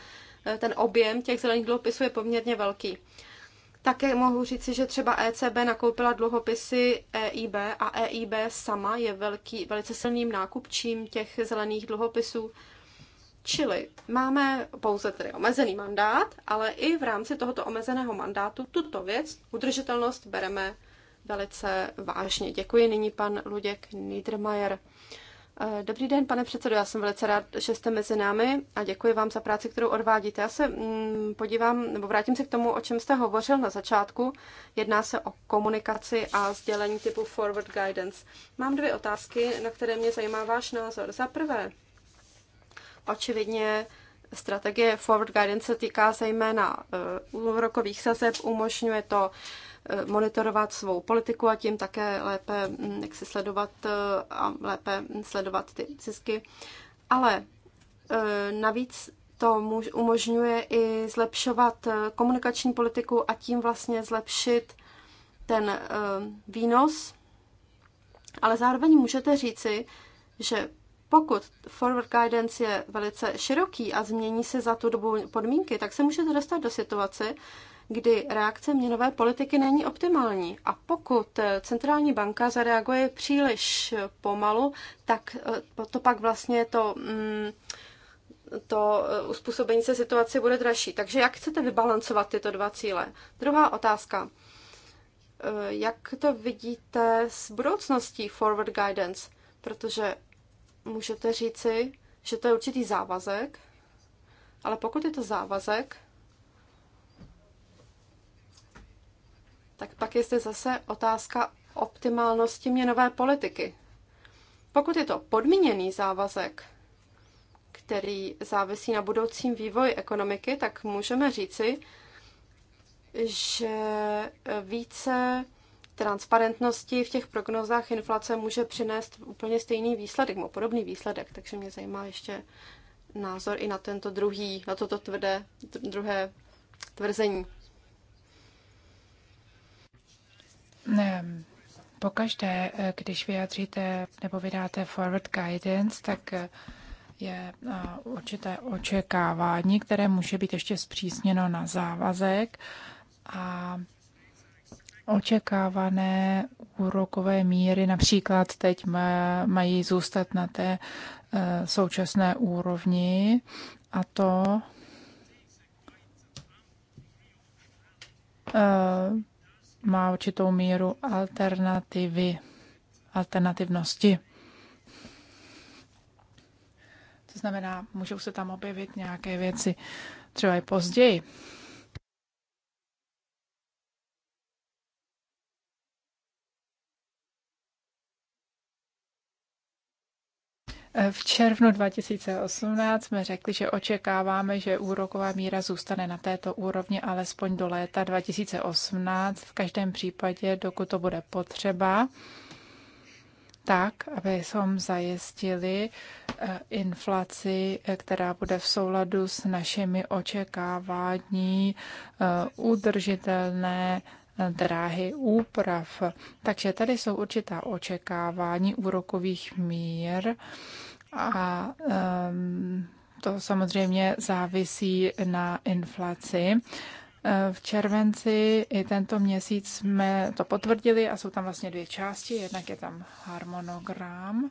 eh, ten objem těch zelených dluhopisů je poměrně velký. Také mohu říci, že třeba ECB nakoupila dluhopisy EIB a EIB sama je velký, velice silným nákupčím těch zelených dluhopisů. Čili máme pouze tedy omezený mandát, ale i v rámci tohoto omezeného mandátu tuto věc, udržitelnost, bereme velice vážně. Děkuji nyní pan Luděk Niedermayer. Eh, dobrý den, pane předsedo, já jsem velice rád, že jste mezi námi a děkuji vám za práci, kterou odvádíte. Já se mm, podívám, nebo vrátím se k tomu, o čem jste hovořil na začátku. Jedná se o komunikaci a sdělení typu forward guidance. Mám dvě otázky, na které mě zajímá váš názor. Za prvé, očividně strategie forward guidance se týká zejména eh, úrokových sazeb, umožňuje to uh, Eh, monitorovat svou politiku a tím také lépe mm, jak si sledovat eh, a lépe sledovat ty zisky. Ale eh, navíc to umožňuje i zlepšovat komunikační politiku a tím vlastně zlepšit ten výnos. Ale zároveň můžete říci, že pokud forward guidance je velice široký a změní se za tu dobu podmínky, tak se můžete dostat do situace, kdy reakce měnové politiky není optimální. A pokud eh, centrální banka zareaguje příliš eh, pomalu, tak eh, to pak vlastně to, mm, to uspůsobení se situaci bude dražší. Takže jak chcete vybalancovat tyto dva cíle? Druhá otázka. Jak to vidíte s budoucností forward guidance? Protože můžete říci, že to je určitý závazek, ale pokud je to závazek, tak pak je zde zase otázka optimálnosti měnové politiky. Pokud je to podmíněný závazek, který závisí na budoucím vývoji ekonomiky, tak můžeme říci, že více transparentnosti v těch prognozách inflace může přinést úplně stejný výsledek, nebo podobný výsledek, takže mě zajímá ještě názor i na tento druhý, na toto tvrdé, druhé tvrzení. ne, pokaždé, eh, když vyjadříte nebo vydáte forward guidance, tak eh, je eh, určité očekávání, které může být ještě zpřísněno na závazek a očekávané úrokové míry například teď mají zůstat na té současné úrovni a to má určitou míru alternativy, alternativnosti. To znamená, můžou se tam objevit nějaké věci třeba i později. V červnu 2018 jsme řekli, že očekáváme, že úroková míra zůstane na této úrovni alespoň do léta 2018, v každém případě, dokud to bude potřeba, tak, abychom zajistili eh, inflaci, eh, která bude v souladu s našimi očekávání eh, udržitelné dráhy úprav. Takže tady jsou určitá očekávání úrokových mír a ehm, to samozřejmě závisí na inflaci. Ehm, v červenci i tento měsíc jsme to potvrdili a jsou tam vlastně dvě části. Jednak je tam harmonogram.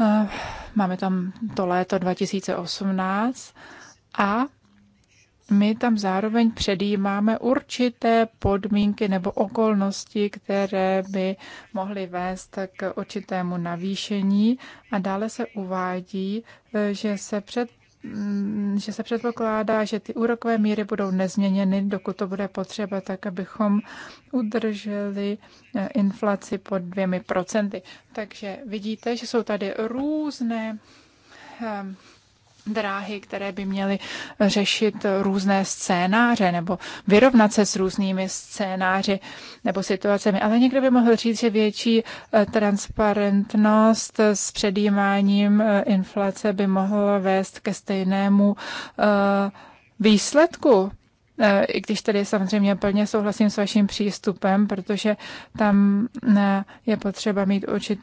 Ehm, máme tam to léto 2018 a my tam zároveň předjímáme určité podmínky nebo okolnosti, které by mohly vést k určitému navýšení a dále se uvádí, že se před že se předpokládá, že ty úrokové míry budou nezměněny, dokud to bude potřeba, tak abychom udrželi eh, inflaci pod dvěmi procenty. Takže vidíte, že jsou tady různé eh, dráhy, které by měly řešit různé scénáře nebo vyrovnat se s různými scénáři nebo situacemi. Ale někdo by mohl říct, že větší eh, transparentnost s předjímáním eh, inflace by mohla vést ke stejnému eh, výsledku. I když tady samozřejmě plně souhlasím s vaším přístupem, protože tam je potřeba mít určitý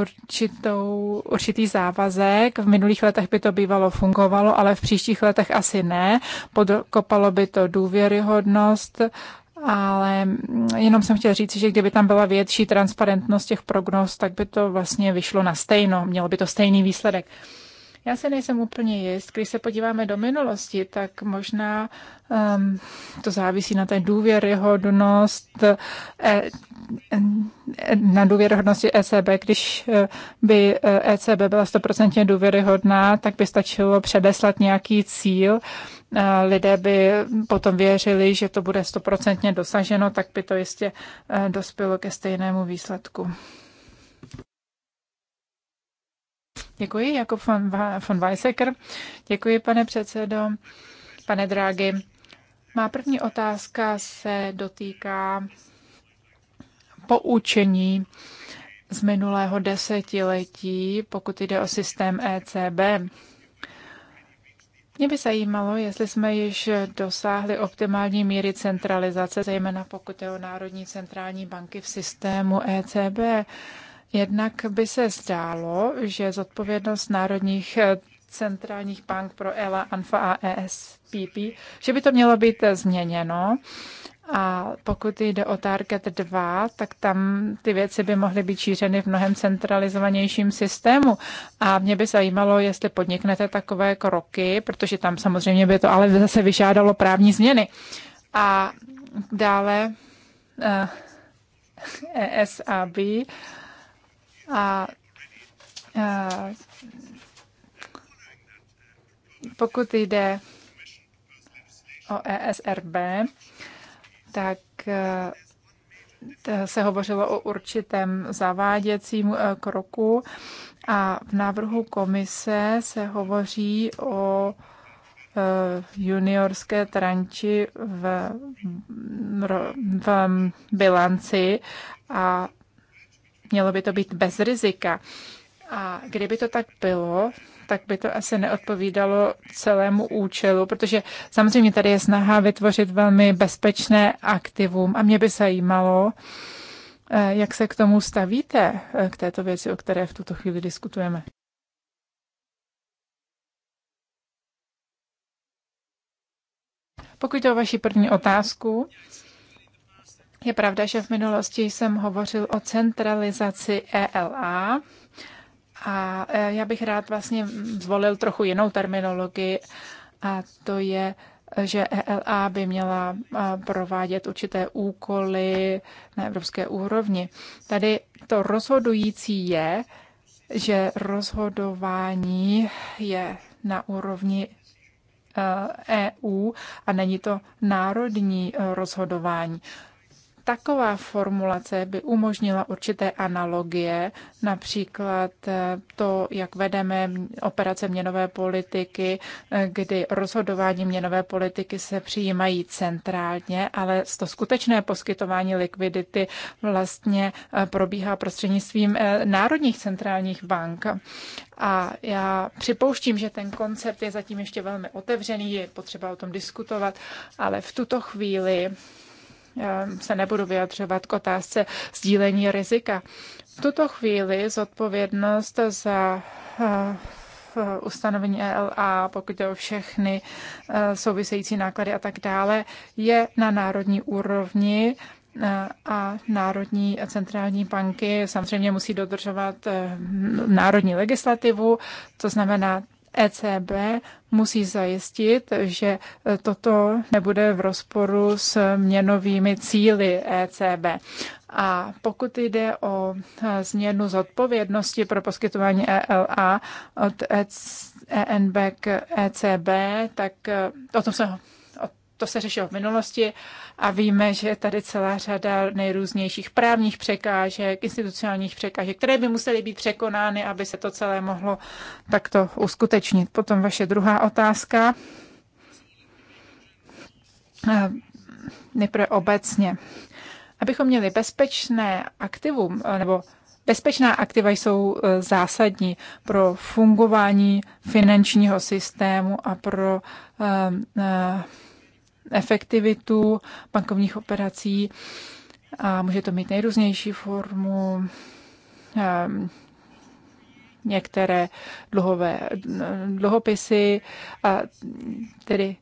určitou, určitý závazek. V minulých letech by to bývalo fungovalo, ale v příštích letech asi ne. Podkopalo by to důvěryhodnost, ale jenom jsem chtěla říct, že kdyby tam byla větší transparentnost těch prognóz, tak by to vlastně vyšlo na stejno. Mělo by to stejný výsledek. Já se nejsem úplně jist. Když se podíváme do minulosti, tak možná um, to závisí na té důvěryhodnost, e, e na důvěryhodnosti ECB. Když e, by ECB e byla stoprocentně důvěryhodná, tak by stačilo předeslat nějaký cíl. Lidé by potom věřili, že to bude stoprocentně dosaženo, tak by to jistě dospělo ke stejnému výsledku. Děkuji, jako von, von Děkuji, pane předsedo, pane Drágy. Má první otázka se dotýká poučení z minulého desetiletí, pokud jde o systém ECB. Mě by zajímalo, jestli jsme již dosáhli optimální míry centralizace, zejména pokud je o Národní centrální banky v systému ECB. Jednak by se zdálo, že zodpovědnost národních eh, centrálních bank pro ELA, ANFA a ESPP, že by to mělo být eh, změněno. A pokud jde o Target 2, tak tam ty věci by mohly být šířeny v mnohem centralizovanějším systému. A mě by zajímalo, jestli podniknete takové kroky, protože tam samozřejmě by to ale zase vyžádalo právní změny. A dále ESAB eh, e a pokud jde o ESRB, tak e, se hovořilo o určitém zaváděcím e, kroku a v návrhu komise se hovoří o e, juniorské tranči v, v bilanci a Mělo by to být bez rizika. A kdyby to tak bylo, tak by to asi neodpovídalo celému účelu, protože samozřejmě tady je snaha vytvořit velmi bezpečné aktivum a mě by zajímalo, eh, jak se k tomu stavíte, eh, k této věci, o které v tuto chvíli diskutujeme. Pokud jde o vaši první otázku, je pravda, že v minulosti jsem hovořil o centralizaci ELA a e, já bych rád vlastně zvolil trochu jinou terminologii a to je že ELA by měla provádět určité úkoly na evropské úrovni. Tady to rozhodující je, že rozhodování je na úrovni EU e a není to národní e, rozhodování taková formulace by umožnila určité analogie, například eh, to, jak vedeme operace měnové politiky, eh, kdy rozhodování měnové politiky se přijímají centrálně, ale to skutečné poskytování likvidity vlastně eh, probíhá prostřednictvím národních centrálních bank. A já připouštím, že ten koncept je zatím ještě velmi otevřený, je potřeba o tom diskutovat, ale v tuto chvíli Ehm, se nebudu vyjadřovat k otázce sdílení rizika. V tuto chvíli zodpovědnost za eh, ustanovení ELA, pokud jde o všechny eh, související náklady a tak dále, je na národní úrovni eh, a národní a centrální banky samozřejmě musí dodržovat národní legislativu, to znamená ECB musí zajistit, že toto nebude v rozporu s měnovými cíly ECB. A pokud jde o e, změnu zodpovědnosti pro poskytování ELA od ENB e k ECB, tak e, o tom se to se řešilo v minulosti a víme, že je tady celá řada nejrůznějších právních překážek, institucionálních překážek, které by musely být překonány, aby se to celé mohlo takto uskutečnit. Potom vaše druhá otázka. Nejprve obecně. Abychom měli bezpečné aktivum nebo Bezpečná aktiva jsou e, zásadní pro fungování finančního systému a pro e, e, efektivitu bankovních operací a může to mít nejrůznější formu. Ehm, některé dluhové, dluhopisy, a tedy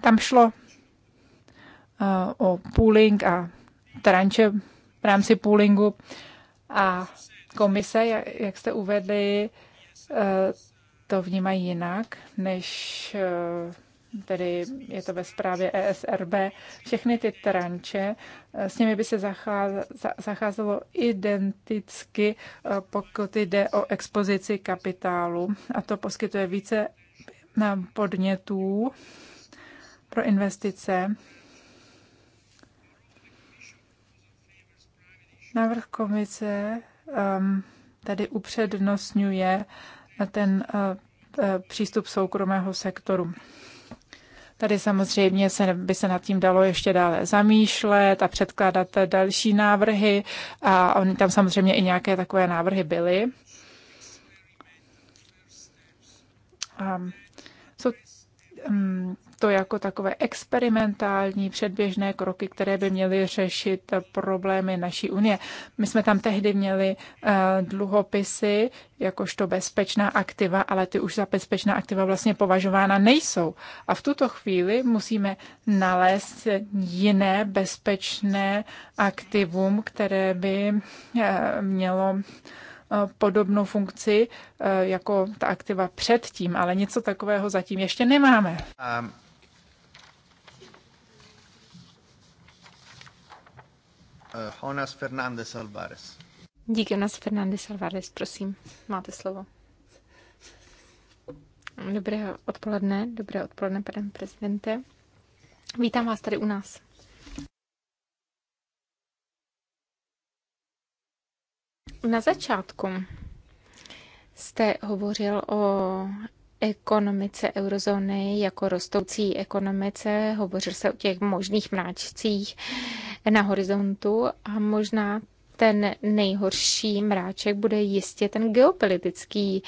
tam šlo eh, o pooling a tranče v rámci poolingu a komise, jak jste uvedli, eh, to vnímají jinak než eh, tedy je to ve zprávě ESRB, všechny ty tranče, eh, s nimi by se zacházelo identicky, eh, pokud jde o expozici kapitálu. A to poskytuje více nám podnětů pro investice. Návrh komise um, tady upřednostňuje ten uh, přístup soukromého sektoru. Tady samozřejmě se, by se nad tím dalo ještě dále zamýšlet a předkládat další návrhy a on, tam samozřejmě i nějaké takové návrhy byly. A, jsou, um, mm, to jako takové experimentální předběžné kroky, které by měly řešit problémy naší unie. My jsme tam tehdy měli eh, dluhopisy jakožto bezpečná aktiva, ale ty už za bezpečná aktiva vlastně považována nejsou. A v tuto chvíli musíme nalézt jiné bezpečné aktivum, které by eh, mělo eh, podobnou funkci jako ta aktiva předtím, ale něco takového zatím ještě nemáme. Um. Eh, Jonas Fernández Alvarez. Díky, Jonas Fernández Alvarez, prosím, máte slovo. Dobré odpoledne, dobré odpoledne, pane prezidente. Vítám vás tady u nás. Na začátku jste hovořil o ekonomice eurozóny jako rostoucí ekonomice, hovořil se o těch možných mráčcích na horizontu a možná ten nejhorší mráček bude jistě ten geopolitický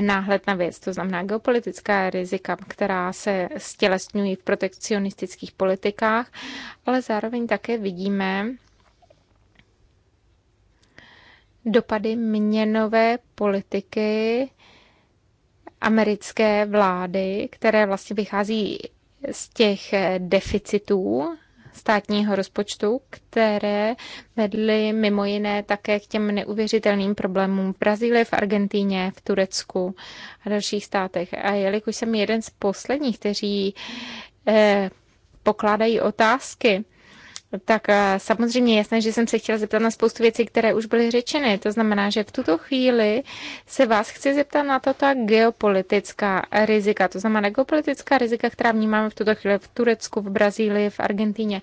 náhled na věc, to znamená geopolitická rizika, která se stělesňují v protekcionistických politikách, ale zároveň také vidíme dopady měnové politiky americké vlády, které vlastně vychází z těch eh, deficitů státního rozpočtu, které vedly mimo jiné také k těm neuvěřitelným problémům v Brazílii, v Argentíně, v Turecku a dalších státech. A jelikož jsem jeden z posledních, kteří eh, pokládají otázky tak eh, samozřejmě jasné, že jsem se chtěla zeptat na spoustu věcí, které už byly řečeny. To znamená, že v tuto chvíli se vás chci zeptat na tato geopolitická rizika. To znamená geopolitická rizika, která vnímáme v tuto chvíli v Turecku, v Brazílii, v Argentíně.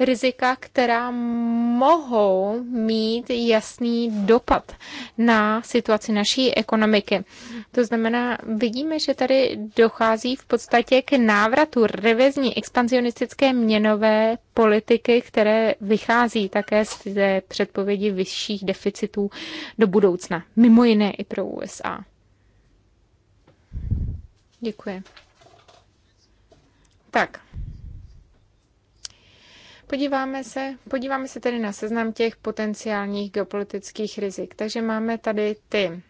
Rizika, která mohou mít jasný dopad na situaci naší ekonomiky. To znamená, vidíme, že tady dochází v podstatě k návratu revizní expanzionistické měnové politiky, které vychází také z té předpovědi vyšších deficitů do budoucna, mimo jiné i pro USA. Děkuji. Tak. Podíváme se, podíváme se tedy na seznam těch potenciálních geopolitických rizik. Takže máme tady ty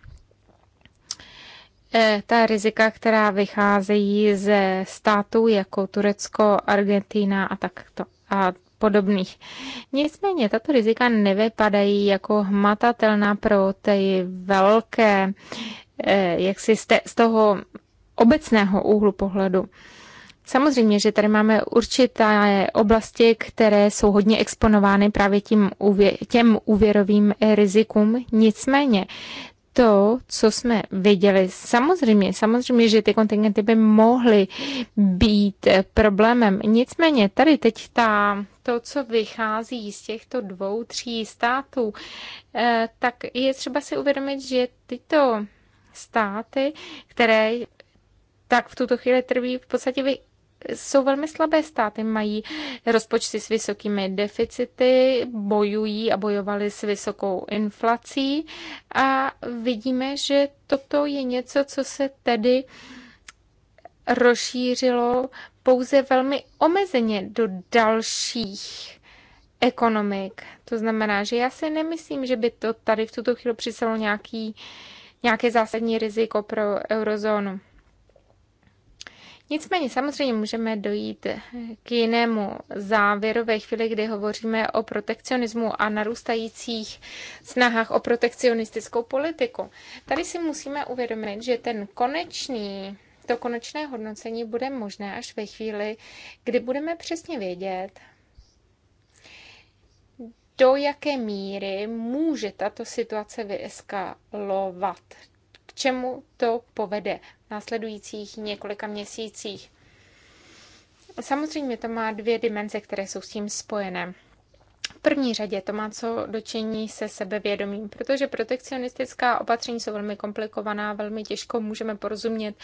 e, ta rizika, která vycházejí ze států jako Turecko, Argentina a takto a podobných. Nicméně tato rizika nevypadají jako hmatatelná pro ty velké, eh, jak si z toho obecného úhlu pohledu. Samozřejmě, že tady máme určité oblasti, které jsou hodně exponovány právě tím, těm úvěrovým rizikům. Nicméně, to, co jsme viděli, samozřejmě, samozřejmě, že ty kontingenty by mohly být eh, problémem. Nicméně tady teď ta, to, co vychází z těchto dvou, tří států, eh, tak je třeba si uvědomit, že tyto státy, které tak v tuto chvíli trví v podstatě jsou velmi slabé státy, mají rozpočty s vysokými deficity, bojují a bojovali s vysokou inflací a vidíme, že toto je něco, co se tedy rozšířilo pouze velmi omezeně do dalších ekonomik. To znamená, že já si nemyslím, že by to tady v tuto chvíli přiselo nějaký, nějaké zásadní riziko pro eurozónu. Nicméně samozřejmě můžeme dojít k jinému závěru ve chvíli, kdy hovoříme o protekcionismu a narůstajících snahách o protekcionistickou politiku. Tady si musíme uvědomit, že ten konečný to konečné hodnocení bude možné až ve chvíli, kdy budeme přesně vědět, do jaké míry může tato situace vyeskalovat, čemu to povede v následujících několika měsících. Samozřejmě to má dvě dimenze, které jsou s tím spojené první řadě to má co dočení se sebevědomím, protože protekcionistická opatření jsou velmi komplikovaná, velmi těžko můžeme porozumět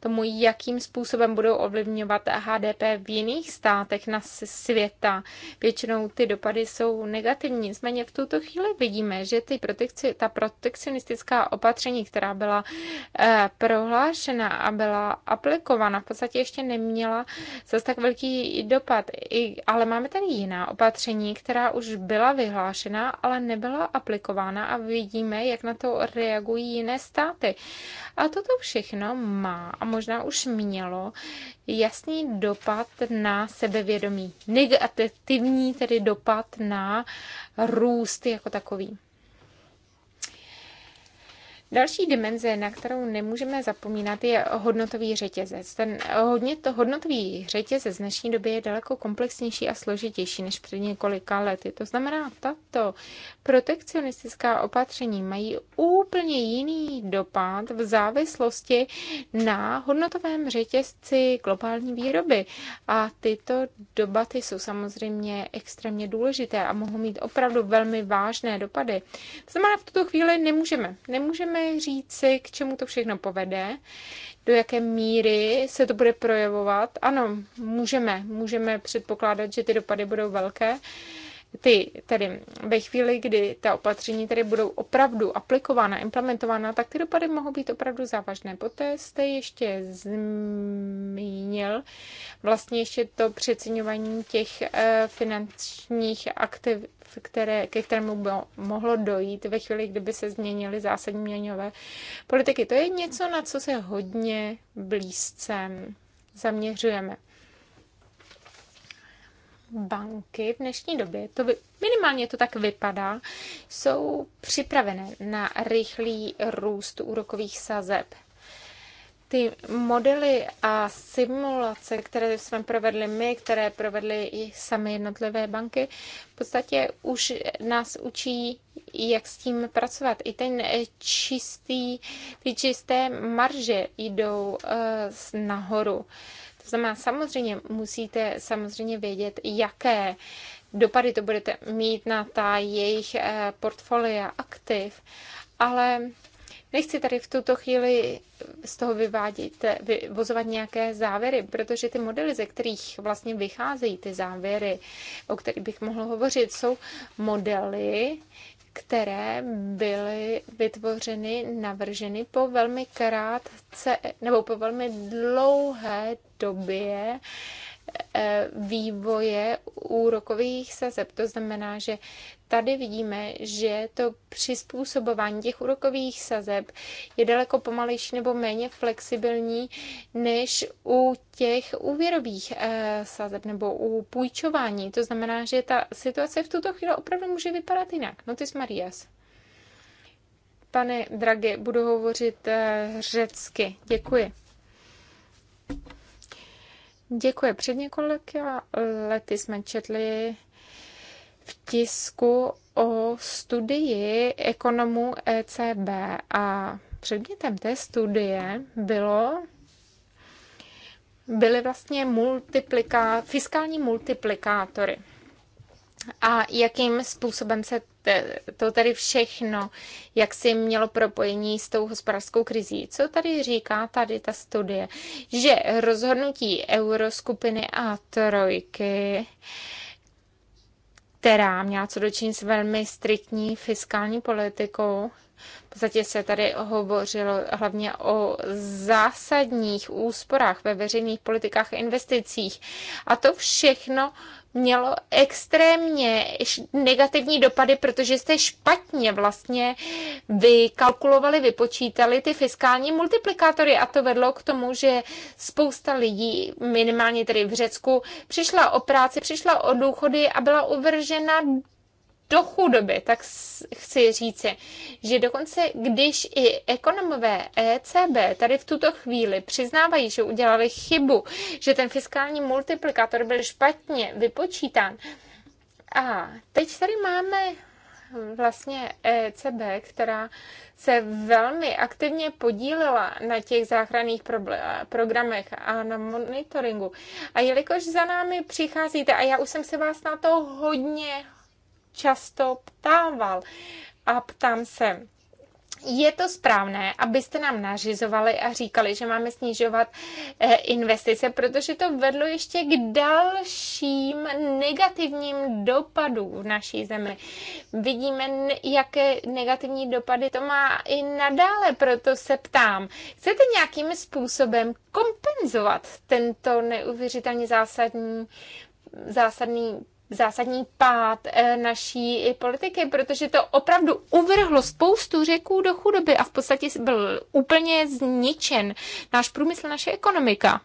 tomu, jakým způsobem budou ovlivňovat HDP v jiných státech na světa. Většinou ty dopady jsou negativní. Nicméně v tuto chvíli vidíme, že ty protekci, ta protekcionistická opatření, která byla eh, prohlášena a byla aplikována, v podstatě ještě neměla zase tak velký dopad. I, ale máme tady jiná opatření, která už už byla vyhlášena, ale nebyla aplikována a vidíme, jak na to reagují jiné státy. A toto všechno má a možná už mělo jasný dopad na sebevědomí. Negativní tedy dopad na růst jako takový. Další dimenze, na kterou nemůžeme zapomínat, je hodnotový řetězec. Ten hodně to hodnotový řetězec v dnešní době je daleko komplexnější a složitější než před několika lety. To znamená, tato protekcionistická opatření mají úplně jiný dopad v závislosti na hodnotovém řetězci globální výroby. A tyto debaty jsou samozřejmě extrémně důležité a mohou mít opravdu velmi vážné dopady. To znamená, v tuto chvíli nemůžeme, nemůžeme říci, k čemu to všechno povede, do jaké míry se to bude projevovat. Ano, můžeme, můžeme předpokládat, že ty dopady budou velké. Ty, tedy ve chvíli, kdy ta opatření tedy budou opravdu aplikována, implementována, tak ty dopady mohou být opravdu závažné. Poté jste ještě zmínil vlastně ještě to přeceňování těch eh, finančních aktiv, které, ke kterému by mohlo dojít ve chvíli, kdyby se změnily zásadní měňové politiky. To je něco, na co se hodně blízce zaměřujeme. Banky v dnešní době, to by, minimálně to tak vypadá, jsou připravené na rychlý růst úrokových sazeb ty modely a simulace, které jsme provedli my, které provedly i sami jednotlivé banky, v podstatě už nás učí, jak s tím pracovat. I ten čistý, ty čisté marže jdou uh, nahoru. To znamená, samozřejmě musíte samozřejmě vědět, jaké dopady to budete mít na ta jejich eh, portfolia aktiv, ale Nechci tady v tuto chvíli z toho vyvádět, vyvozovat nějaké závěry, protože ty modely, ze kterých vlastně vycházejí ty závěry, o kterých bych mohl hovořit, jsou modely, které byly vytvořeny, navrženy po velmi krátce, nebo po velmi dlouhé době Eh, vývoje úrokových sazeb. To znamená, že tady vidíme, že to přizpůsobování těch úrokových sazeb je daleko pomalejší nebo méně flexibilní než u těch úvěrových eh, sazeb nebo u půjčování. To znamená, že ta situace v tuto chvíli opravdu může vypadat jinak. No ty Marias. Pane Drage, budu hovořit eh, řecky. Děkuji. Děkuji. Před několika lety jsme četli v tisku o studii ekonomů ECB a předmětem té studie bylo byly vlastně multiplika, fiskální multiplikátory a jakým způsobem se to tady všechno, jak si mělo propojení s tou hospodářskou krizí. Co tady říká tady ta studie? Že rozhodnutí euroskupiny a trojky která měla co dočinit s velmi striktní fiskální politikou, v podstatě se tady hovořilo hlavně o zásadních úsporách ve veřejných politikách a investicích. A to všechno mělo extrémně negativní dopady, protože jste špatně vlastně vykalkulovali, vypočítali ty fiskální multiplikátory a to vedlo k tomu, že spousta lidí, minimálně tedy v Řecku, přišla o práci, přišla o důchody a byla uvržena do chudoby, tak chci říci, že dokonce když i ekonomové ECB tady v tuto chvíli přiznávají, že udělali chybu, že ten fiskální multiplikátor byl špatně vypočítán, a teď tady máme vlastně ECB, která se velmi aktivně podílela na těch záchranných programech a na monitoringu. A jelikož za námi přicházíte, a já už jsem se vás na to hodně často ptával a ptám se, je to správné, abyste nám nařizovali a říkali, že máme snižovat eh, investice, protože to vedlo ještě k dalším negativním dopadům v naší zemi. Vidíme, jaké negativní dopady to má i nadále, proto se ptám, chcete nějakým způsobem kompenzovat tento neuvěřitelně zásadní zásadní zásadní pád eh, naší politiky, protože to opravdu uvrhlo spoustu řeků do chudoby a v podstatě byl úplně zničen náš průmysl, naše ekonomika.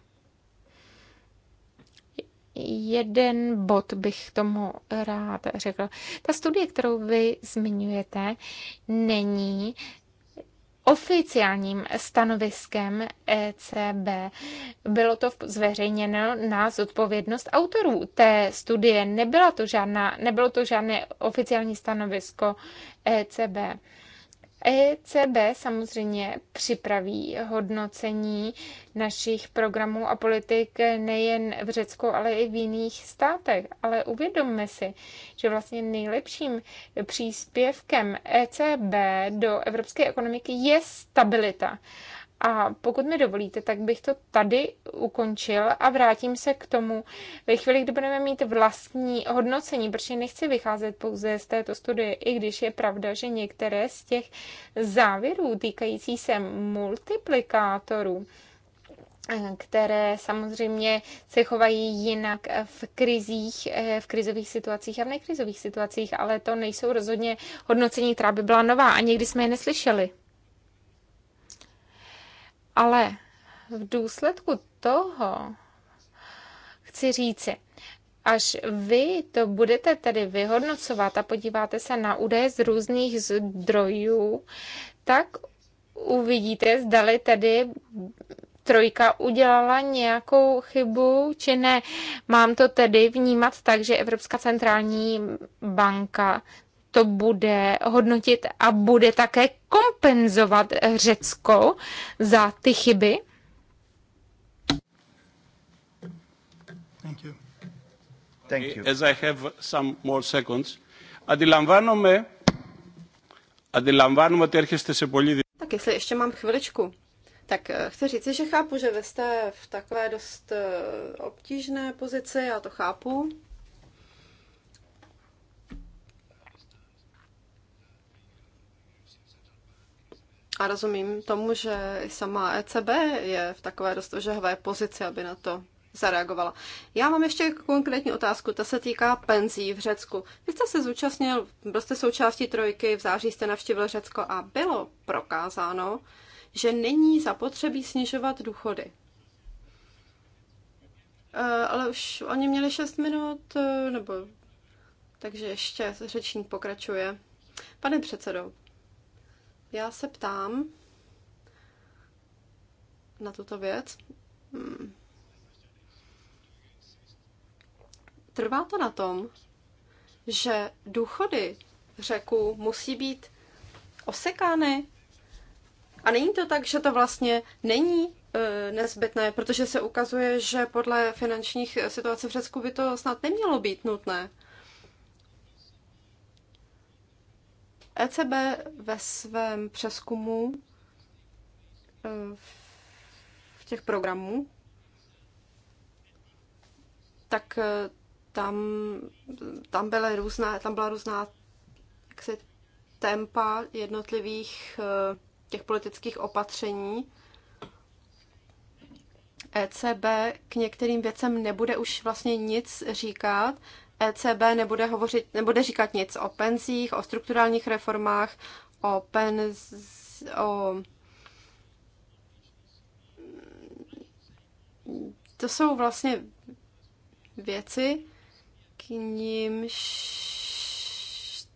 Jeden bod bych tomu rád řekla. Ta studie, kterou vy zmiňujete, není oficiálním stanoviskem ECB. Bylo to zveřejněno na zodpovědnost autorů té studie. Nebyla to žádná, nebylo to žádné oficiální stanovisko ECB. ECB samozřejmě připraví hodnocení našich programů a politik nejen v Řecku, ale i v jiných státech. Ale uvědomme si, že vlastně nejlepším příspěvkem ECB do evropské ekonomiky je stabilita. A pokud mi dovolíte, tak bych to tady ukončil a vrátím se k tomu ve chvíli, kdy budeme mít vlastní hodnocení, protože nechci vycházet pouze z této studie, i když je pravda, že některé z těch závěrů týkající se multiplikátorů, které samozřejmě se chovají jinak v krizích, v krizových situacích a v nekrizových situacích, ale to nejsou rozhodně hodnocení, která by byla nová a někdy jsme je neslyšeli. Ale v důsledku toho chci říci, až vy to budete tedy vyhodnocovat a podíváte se na údaje z různých zdrojů, tak uvidíte, zdali tedy trojka udělala nějakou chybu, či ne. Mám to tedy vnímat tak, že Evropská centrální banka to bude hodnotit a bude také kompenzovat Řecko za ty chyby? As I have some more seconds. Tak jestli ještě mám chviličku. Tak eh, chci říct, že chápu, že vy jste v takové dost eh, obtížné pozici, já to chápu. a rozumím tomu, že sama ECB je v takové dost pozici, aby na to zareagovala. Já mám ještě konkrétní otázku, ta se týká penzí v Řecku. Vy jste se zúčastnil, byl jste součástí trojky, v září jste navštívil Řecko a bylo prokázáno, že není zapotřebí snižovat důchody. E, ale už oni měli 6 minut, e, nebo... Takže ještě řečník pokračuje. Pane předsedo, já se ptám na tuto věc. Hmm. Trvá to na tom, že důchody řeku musí být osekány. A není to tak, že to vlastně není e, nezbytné, protože se ukazuje, že podle finančních situací v Řecku by to snad nemělo být nutné. ECB ve svém přeskumu e, v těch programů, tak e, tam, tam, byly různá, tam byla různá jaksi, tempa jednotlivých e, těch politických opatření. ECB k některým věcem nebude už vlastně nic říkat, ECB nebude, hovořit, nebude říkat nic o penzích, o strukturálních reformách, o penz, o... To jsou vlastně věci, k nímž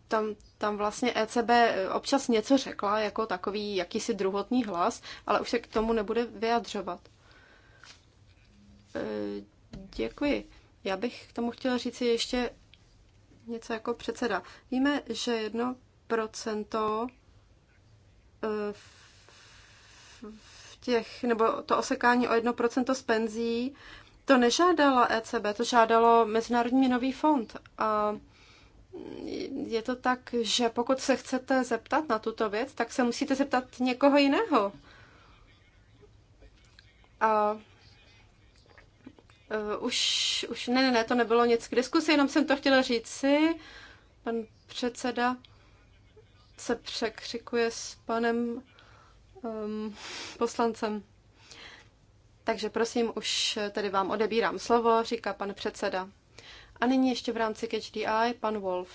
tam, tam vlastně ECB občas něco řekla jako takový jakýsi druhotný hlas, ale už se k tomu nebude vyjadřovat. E, děkuji. Já bych k tomu chtěla říci ještě něco jako předseda. Víme, že jedno procento eh, v těch, nebo to osekání o jedno procento z penzí, to nežádala ECB, to žádalo Mezinárodní měnový fond. A je to tak, že pokud se chcete zeptat na tuto věc, tak se musíte zeptat někoho jiného. A Uh, už, už ne, ne, ne, to nebylo nic k diskusi, jenom jsem to chtěla říct si. Pan předseda se překřikuje s panem um, poslancem. Takže prosím, už tedy vám odebírám slovo, říká pan předseda. A nyní ještě v rámci HDI pan Wolf.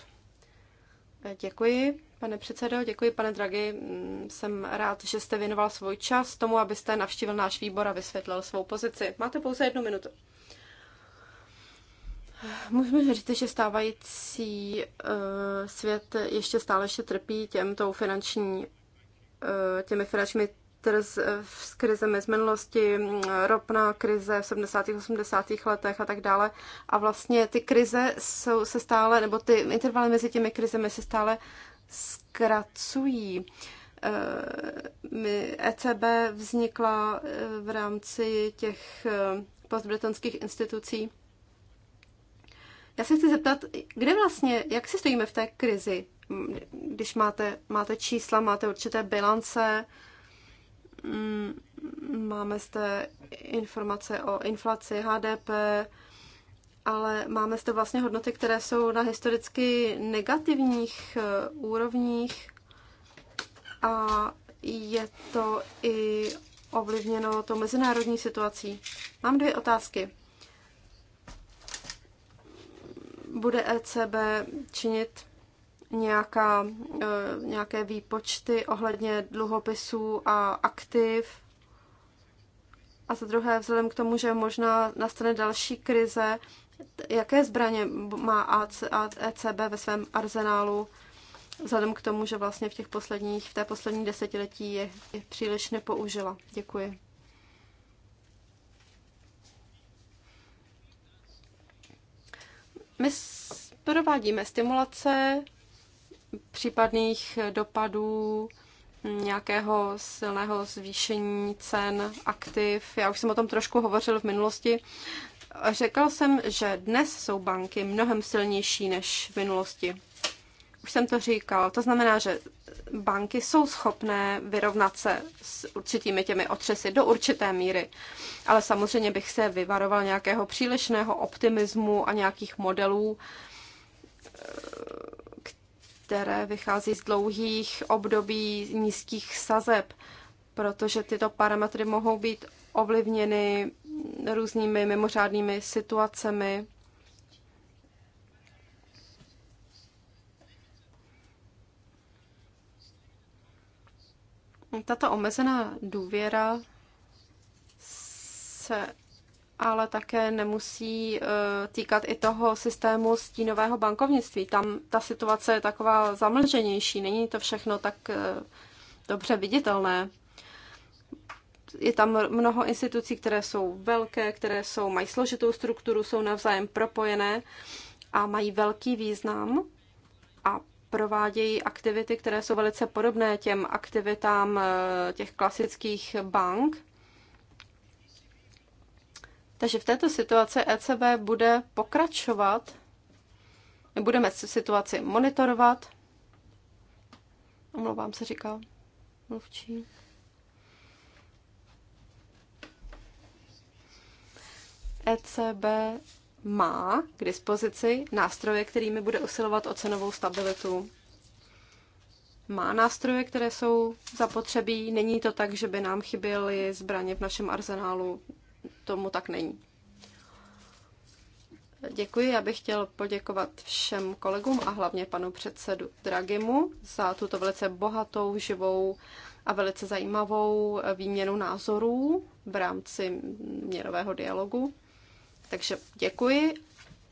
Eh, děkuji, pane předsedo, děkuji, pane Dragi. Mm, jsem rád, že jste věnoval svůj čas tomu, abyste navštívil náš výbor a vysvětlil svou pozici. Máte pouze jednu minutu. Můžeme říct, že stávající eh, svět ještě stále ještě trpí těmto finanční, eh, těmi finančními trz, eh, s krizemi z minulosti, mm, ropná krize v 70. 80. letech a tak dále. A vlastně ty krize jsou se stále, nebo ty intervaly mezi těmi krizemi se stále zkracují. My, ECB vznikla v rámci těch postbritonských institucí já se chci zeptat, kde vlastně, jak si stojíme v té krizi, mm, když máte, máte čísla, máte určité bilance, mm, máme zde informace o inflaci, HDP, ale máme zde vlastně hodnoty, které jsou na historicky negativních eh, úrovních a je to i ovlivněno to mezinárodní situací. Mám dvě otázky. Bude ECB činit nějaká, eh, nějaké výpočty ohledně dluhopisů a aktiv? A za druhé, vzhledem k tomu, že možná nastane další krize, jaké zbraně má ECB ve svém arzenálu, vzhledem k tomu, že vlastně v těch posledních, v té poslední desetiletí je, je příliš nepoužila. Děkuji. My provádíme stimulace případných dopadů nějakého silného zvýšení cen aktiv. Já už jsem o tom trošku hovořil v minulosti. Řekl jsem, že dnes jsou banky mnohem silnější než v minulosti. Už jsem to říkal. To znamená, že banky jsou schopné vyrovnat se s určitými těmi otřesy do určité míry. Ale samozřejmě bych se vyvaroval nějakého přílišného optimismu a nějakých modelů, eh, které vychází z dlouhých období nízkých sazeb, protože tyto parametry mohou být ovlivněny různými mimořádnými situacemi Tato omezená důvěra se ale také nemusí eh, týkat i toho systému stínového bankovnictví. Tam ta situace je taková zamlženější, není to všechno tak eh, dobře viditelné. Je tam mnoho institucí, které jsou velké, které jsou, mají složitou strukturu, jsou navzájem propojené a mají velký význam provádějí aktivity, které jsou velice podobné těm aktivitám eh, těch klasických bank. Takže v této situaci ECB bude pokračovat, my budeme situaci monitorovat. Omlouvám se, říkal. mluvčí. ECB má k dispozici nástroje, kterými bude usilovat o cenovou stabilitu. Má nástroje, které jsou zapotřebí. Není to tak, že by nám chyběly zbraně v našem arzenálu. Tomu tak není. Děkuji, já bych chtěl poděkovat všem kolegům a hlavně panu předsedu Dragimu za tuto velice bohatou, živou a velice zajímavou výměnu názorů v rámci měrového dialogu. Takže děkuji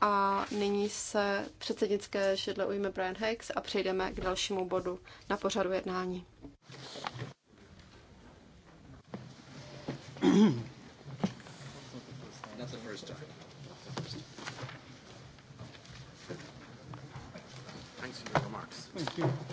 a nyní se předsednické židle ujme Brian Hicks a přejdeme k dalšímu bodu na pořadu jednání. Thank you.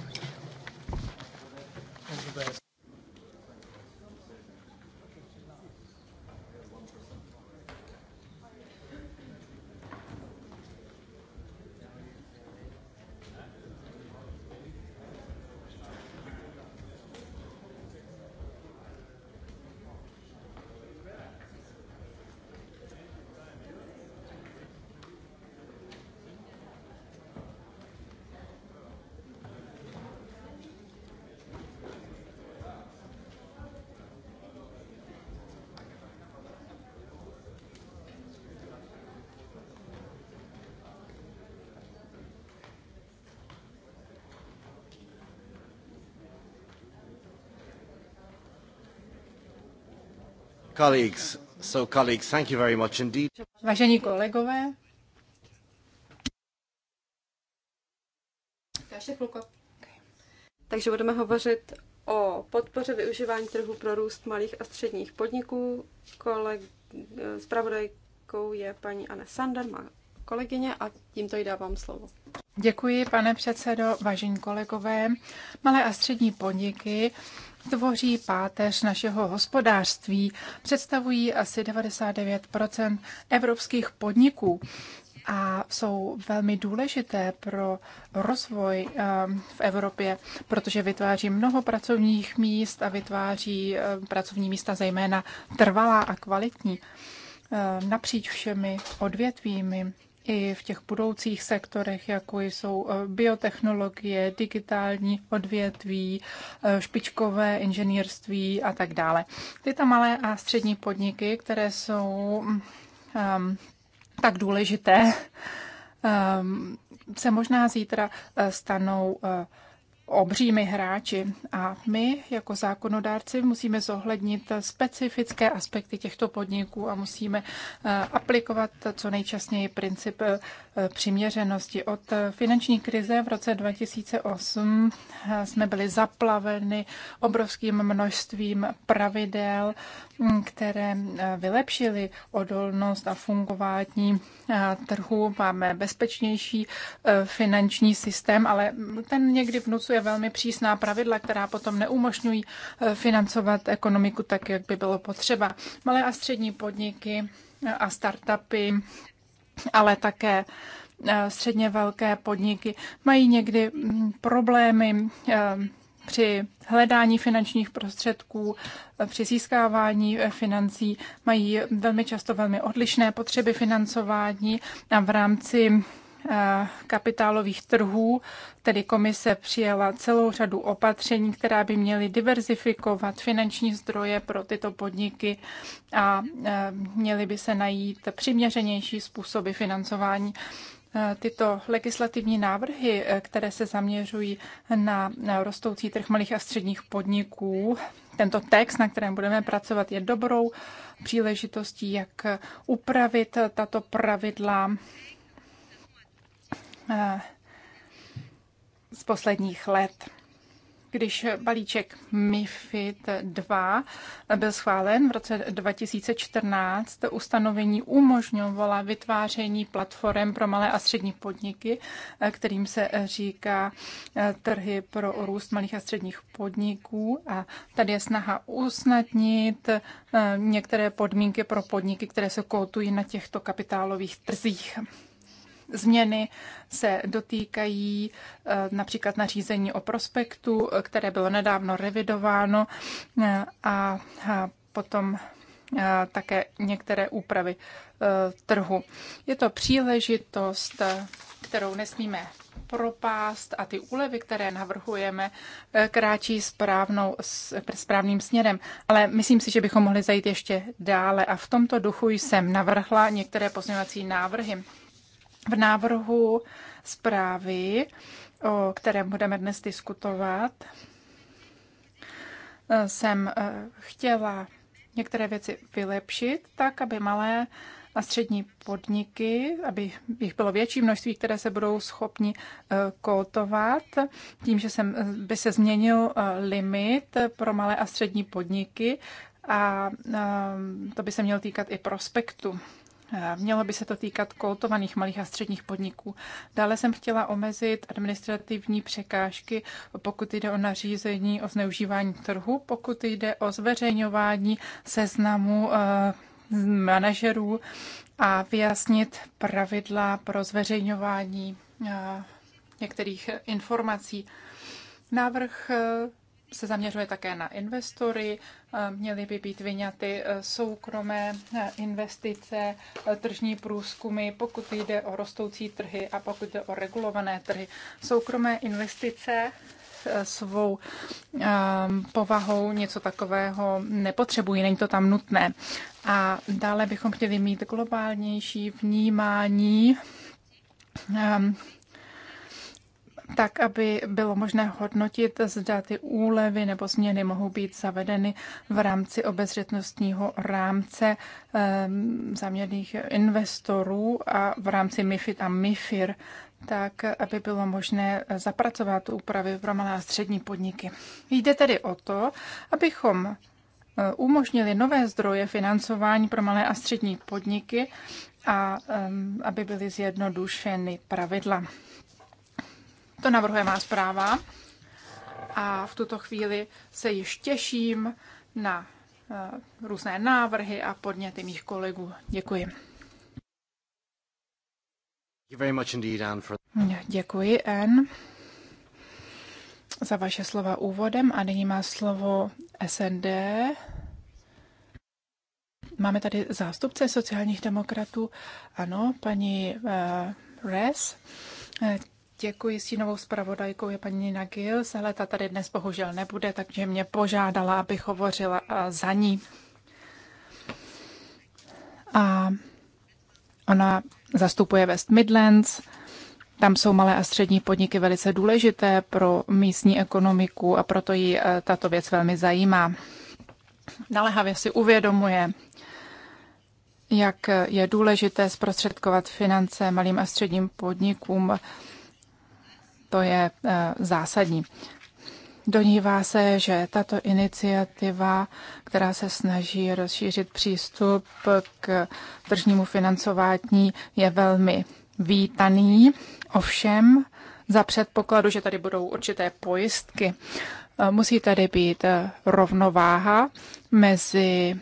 Colleagues, so colleagues, thank you very much indeed. Vážení kolegové, Takže budeme hovořit o podpoře využívání trhu pro růst malých a středních podniků. Koleg... Spravodajkou je paní Anne Sander, má kolegyně, a tímto jí dávám slovo. Děkuji, pane předsedo, vážení kolegové. Malé a střední podniky tvoří páteř našeho hospodářství, představují asi 99 evropských podniků a jsou velmi důležité pro rozvoj eh, v Evropě, protože vytváří mnoho pracovních míst a vytváří eh, pracovní místa zejména trvalá a kvalitní eh, napříč všemi odvětvími i v těch budoucích sektorech, jako jsou eh, biotechnologie, digitální odvětví, eh, špičkové inženýrství a tak dále. Tyto malé a střední podniky, které jsou um, tak důležité, um, se možná zítra eh, stanou uh, obřími hráči. A my jako zákonodárci musíme zohlednit specifické aspekty těchto podniků a musíme eh, aplikovat co nejčastněji princip eh, přiměřenosti. Od finanční krize v roce 2008 eh, jsme byli zaplaveni obrovským množstvím pravidel, mm, které eh, vylepšily odolnost a fungování eh, trhu. Máme bezpečnější finanční systém, ale ten někdy vnucuje velmi přísná pravidla, která potom neumožňují financovat ekonomiku tak, jak by bylo potřeba. Malé a střední podniky a startupy ale také eh, středně velké podniky mají někdy mm, problémy eh, při hledání finančních prostředků, eh, při získávání financí, mají velmi často velmi odlišné potřeby financování a v rámci Eh, kapitálových trhů, tedy komise přijela celou řadu opatření, která by měly diverzifikovat finanční zdroje pro tyto podniky a eh, měly by se najít přiměřenější způsoby financování. Eh, tyto legislativní návrhy, které se zaměřují na rostoucí trh malých a středních podniků, tento text, na kterém budeme pracovat, je dobrou příležitostí, jak upravit tato pravidla Eh, z posledních let. Když balíček MIFID 2 byl schválen v roce 2014, ustanovení umožňovala vytváření platform pro malé a střední podniky, eh, kterým se říká eh, trhy pro růst malých a středních podniků. A tady je snaha usnadnit některé podmínky pro podniky, které se kotují na těchto kapitálových trzích změny se dotýkají eh, například nařízení o prospektu, které bylo nedávno revidováno eh, a potom eh, také některé úpravy trhu. Je to příležitost, kterou nesmíme propást a ty úlevy, které navrhujeme, kráčí správnou, správným směrem. Ale myslím si, že bychom mohli zajít ještě dále a v tomto duchu jsem navrhla některé pozměňovací návrhy. V návrhu zprávy, o kterém budeme dnes diskutovat, jsem eh, chtěla některé věci vylepšit tak, aby malé a střední podniky, aby jich bylo větší množství, které se budou schopni eh, kotovat. Tím, že jsem, eh, by se změnil limit pro malé a střední podniky a to by se mělo týkat i prospektu. Eh, mělo by se to týkat kotovaných malých a středních podniků. Dále jsem chtěla omezit administrativní překážky, pokud jde o nařízení o zneužívání trhu, pokud jde o zveřejňování seznamu eh, manažerů a vyjasnit pravidla pro zveřejňování eh, některých informací. Návrh se zaměřuje také na investory, eh, měly by být vyňaty eh, soukromé eh, investice, tržní průzkumy, pokud jde o rostoucí trhy a pokud jde o regulované trhy. Soukromé investice svou ehm, povahou něco takového nepotřebují, není to tam nutné. A dále bychom chtěli mít globálnější vnímání ehm, tak, aby bylo možné hodnotit, zda ty úlevy nebo změny mohou být zavedeny v rámci obezřetnostního rámce ehm, zaměrných investorů a v rámci MIFID a MIFIR, tak, aby bylo možné zapracovat úpravy pro malé a střední podniky. Jde tedy o to, abychom eh, umožnili nové zdroje financování pro malé a střední podniky a ehm, aby byly zjednodušeny pravidla. To navrhuje má zpráva a v tuto chvíli se již těším na eh, různé návrhy a podněty mých kolegů. Děkuji. Děkuji, N za vaše slova úvodem a nyní má slovo SND. Máme tady zástupce sociálních demokratů. Ano, paní uh, Res. Eh, Děkuji stínovou zpravodajkou je paní Nina Gil. Sehleta tady dnes bohužel nebude, takže mě požádala, abych hovořila eh, za ní. A ona zastupuje West Midlands. Tam jsou malé a střední podniky velice důležité pro místní ekonomiku a proto ji eh, tato věc velmi zajímá. Nalehavě si uvědomuje, jak je důležité zprostředkovat finance malým a středním podnikům to je eh, zásadní. Donívá se, že tato iniciativa, která se snaží rozšířit přístup k tržnímu financování, je velmi vítaný, ovšem za předpokladu, že tady budou určité pojistky. Eh, musí tady být eh, rovnováha mezi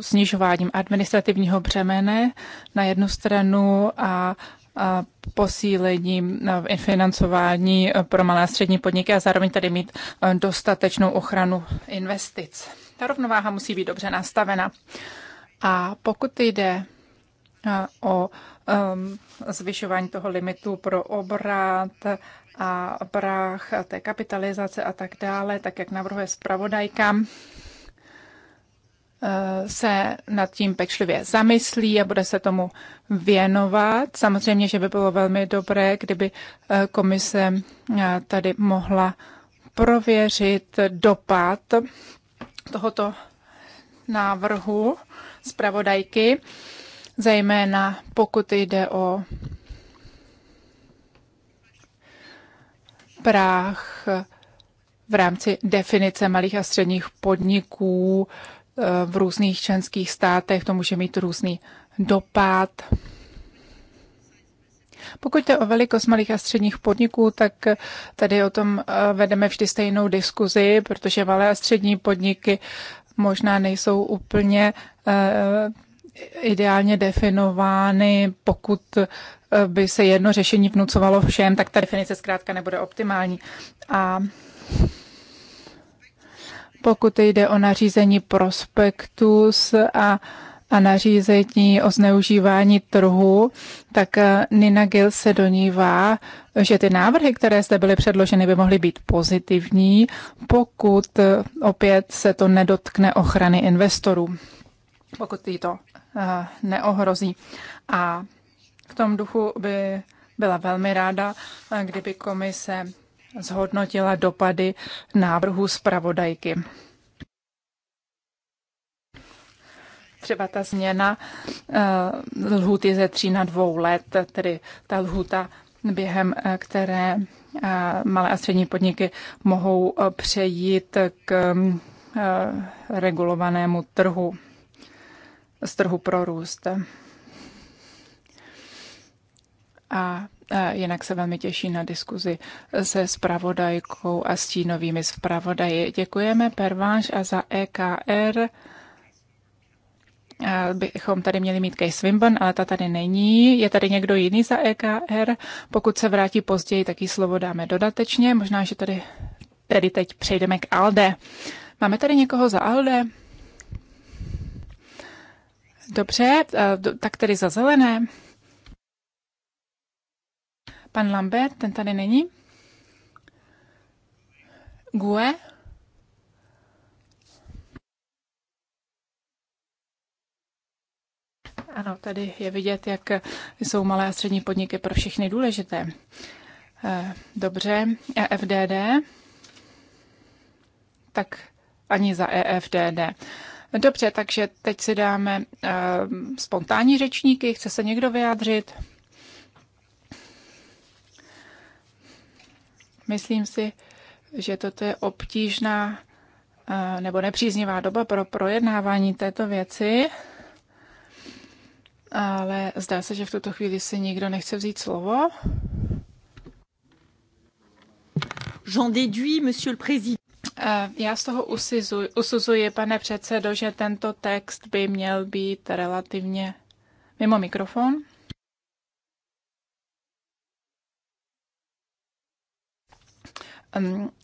snižováním administrativního břemene na jednu stranu a posílení financování e, pro malé a střední podniky a zároveň tady mít e, dostatečnou ochranu investic. Ta rovnováha musí být dobře nastavena. A pokud jde e, o zvyšování toho limitu pro obrat a práh té kapitalizace a tak dále, tak jak navrhuje zpravodajka, se nad tím pečlivě zamyslí a bude se tomu věnovat. Samozřejmě, že by bylo velmi dobré, kdyby eh, komise eh, tady mohla prověřit dopad tohoto návrhu zpravodajky, zejména pokud jde o práh v rámci definice malých a středních podniků, v různých členských státech, to může mít různý dopad. Pokud jde o velikost malých a středních podniků, tak tady o tom eh, vedeme vždy stejnou diskuzi, protože malé a střední podniky možná nejsou úplně eh, ideálně definovány, pokud eh, by se jedno řešení vnucovalo všem, tak ta definice zkrátka nebude optimální. A pokud jde o nařízení prospektus a a nařízení o zneužívání trhu, tak eh, Nina Gill se donívá, že ty návrhy, které zde byly předloženy, by mohly být pozitivní, pokud eh, opět se to nedotkne ochrany investorů, pokud jí to eh, neohrozí. A v tom duchu by byla velmi ráda, kdyby komise zhodnotila dopady návrhu zpravodajky. Třeba ta změna eh, lhuty ze tří na dvou let, tedy ta lhuta, během eh, které eh, malé a střední podniky mohou přejít k mm, regulovanému trhu, z trhu pro růst. A Jinak se velmi těší na diskuzi se spravodajkou a stínovými zpravodaji. Děkujeme Perváš a za EKR. Bychom tady měli mít Kay Swimburn, ale ta tady není. Je tady někdo jiný za EKR? Pokud se vrátí později, tak jí slovo dáme dodatečně. Možná, že tady, tady teď přejdeme k ALDE. Máme tady někoho za ALDE? Dobře, tak tedy za zelené. Pan Lambert, ten tady není. Gue. Ano, tady je vidět, jak jsou malé a střední podniky pro všechny důležité. Eh, dobře, EFDD, tak ani za EFDD. Dobře, takže teď si dáme eh, spontánní řečníky. Chce se někdo vyjádřit? Myslím si, že toto je obtížná eh, nebo nepříznivá doba pro projednávání této věci, ale zdá se, že v tuto chvíli si nikdo nechce vzít slovo. J'en déduis, monsieur le président. Eh, já z toho usuzuji, pane předsedo, že tento text by měl být relativně mimo mikrofon.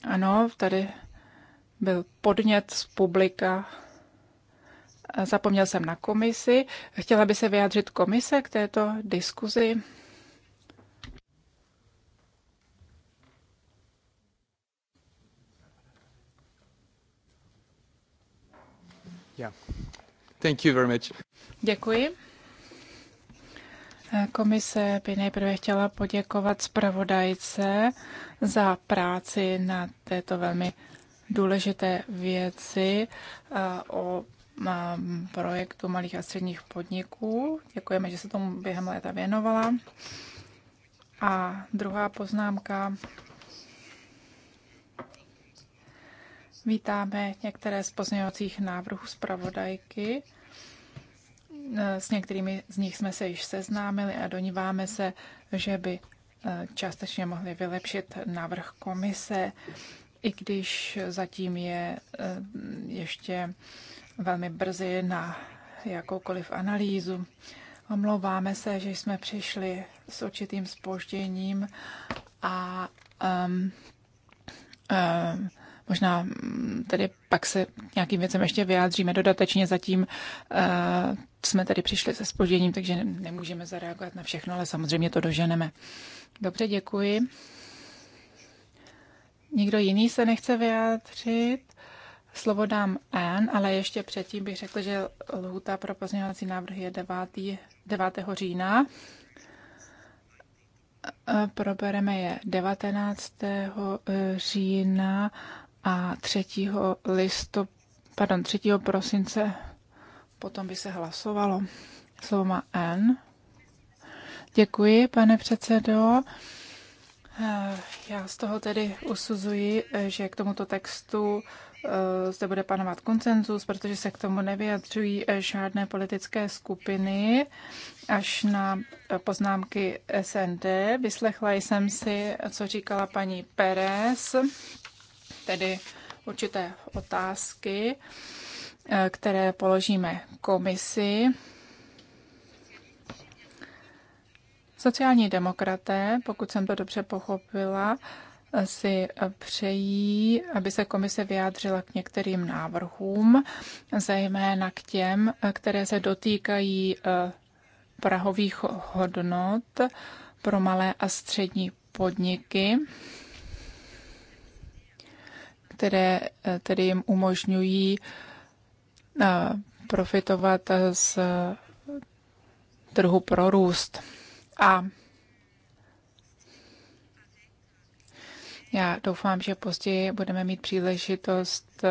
Ano, tady byl podnět z publika. Zapomněl jsem na komisi. Chtěla by se vyjádřit komise k této diskuzi. Yeah. Thank you very much. Děkuji. Komise by nejprve chtěla poděkovat zpravodajce za práci na této velmi důležité věci o projektu malých a středních podniků. Děkujeme, že se tomu během léta věnovala. A druhá poznámka. Vítáme některé z pozměňovacích návrhů zpravodajky. E, s některými z nich jsme se již seznámili a doníváme se, že by e, částečně mohli vylepšit návrh komise, i když zatím je e, ještě velmi brzy na jakoukoliv analýzu. Omlouváme se, že jsme přišli s určitým spožděním a um, um, Možná mm, tedy pak se nějakým věcem ještě vyjádříme dodatečně. Zatím uh, jsme tady přišli se spožděním, takže nemůžeme zareagovat na všechno, ale samozřejmě to doženeme. Dobře, děkuji. Nikdo jiný se nechce vyjádřit? Slovo dám N, ale ještě předtím bych řekl, že lhůta pro pozměňovací návrh je 9. 9. října. Eh, probereme je 19. Eh, října a 3. listop, pardon, 3. prosince potom by se hlasovalo. Slovo má N. Děkuji, pane předsedo. Eh, já z toho tedy usuzuji, eh, že k tomuto textu eh, zde bude panovat koncenzus, protože se k tomu nevyjadřují žádné politické skupiny, až na poznámky SND. Vyslechla jsem si, co říkala paní Pérez tedy určité otázky, eh, které položíme komisi. Sociální demokraté, pokud jsem to dobře pochopila, eh, si přejí, aby se komise vyjádřila k některým návrhům, zejména k těm, eh, které se dotýkají prahových hodnot pro malé a střední podniky které eh, tedy jim umožňují eh, profitovat eh, z trhu pro růst. A já doufám, že později budeme mít příležitost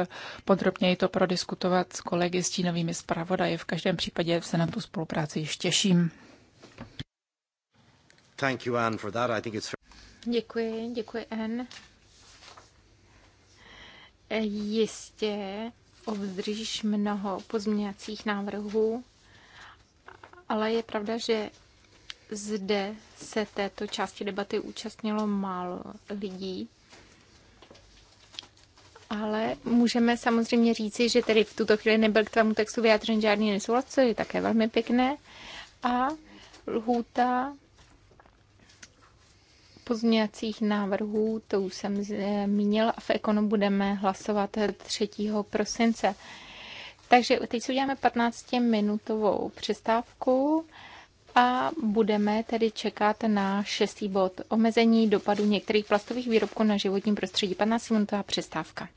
podrobněji to prodiskutovat s kolegy s tínovými zpravodaji. V každém případě se na tu spolupráci již těším. Děkuji, děkuji Anne jistě obdržíš mnoho pozměňovacích návrhů, ale je pravda, že zde se této části debaty účastnilo málo lidí. Ale můžeme samozřejmě říci, že tedy v tuto chvíli nebyl k tvému textu vyjádřen žádný nesouhlas, co je také velmi pěkné. A lhůta pozměňovacích návrhů, to už jsem eh, zmínil, a v Ekonu budeme hlasovat 3. prosince. Takže teď si uděláme 15-minutovou přestávku a budeme tedy čekat na šestý bod omezení dopadu některých plastových výrobků na životní prostředí. 15 minutová přestávka.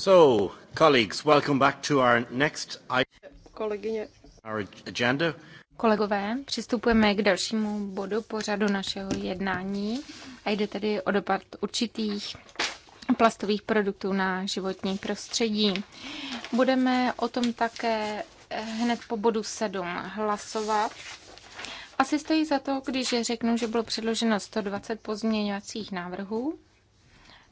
So, colleagues, welcome back to our next Kolegyně. Our agenda. Kolegové, přistupujeme k dalšímu bodu pořadu našeho jednání a jde tedy o dopad určitých plastových produktů na životní prostředí. Budeme o tom také hned po bodu 7 hlasovat. Asi stojí za to, když řeknu, že bylo předloženo 120 pozměňovacích návrhů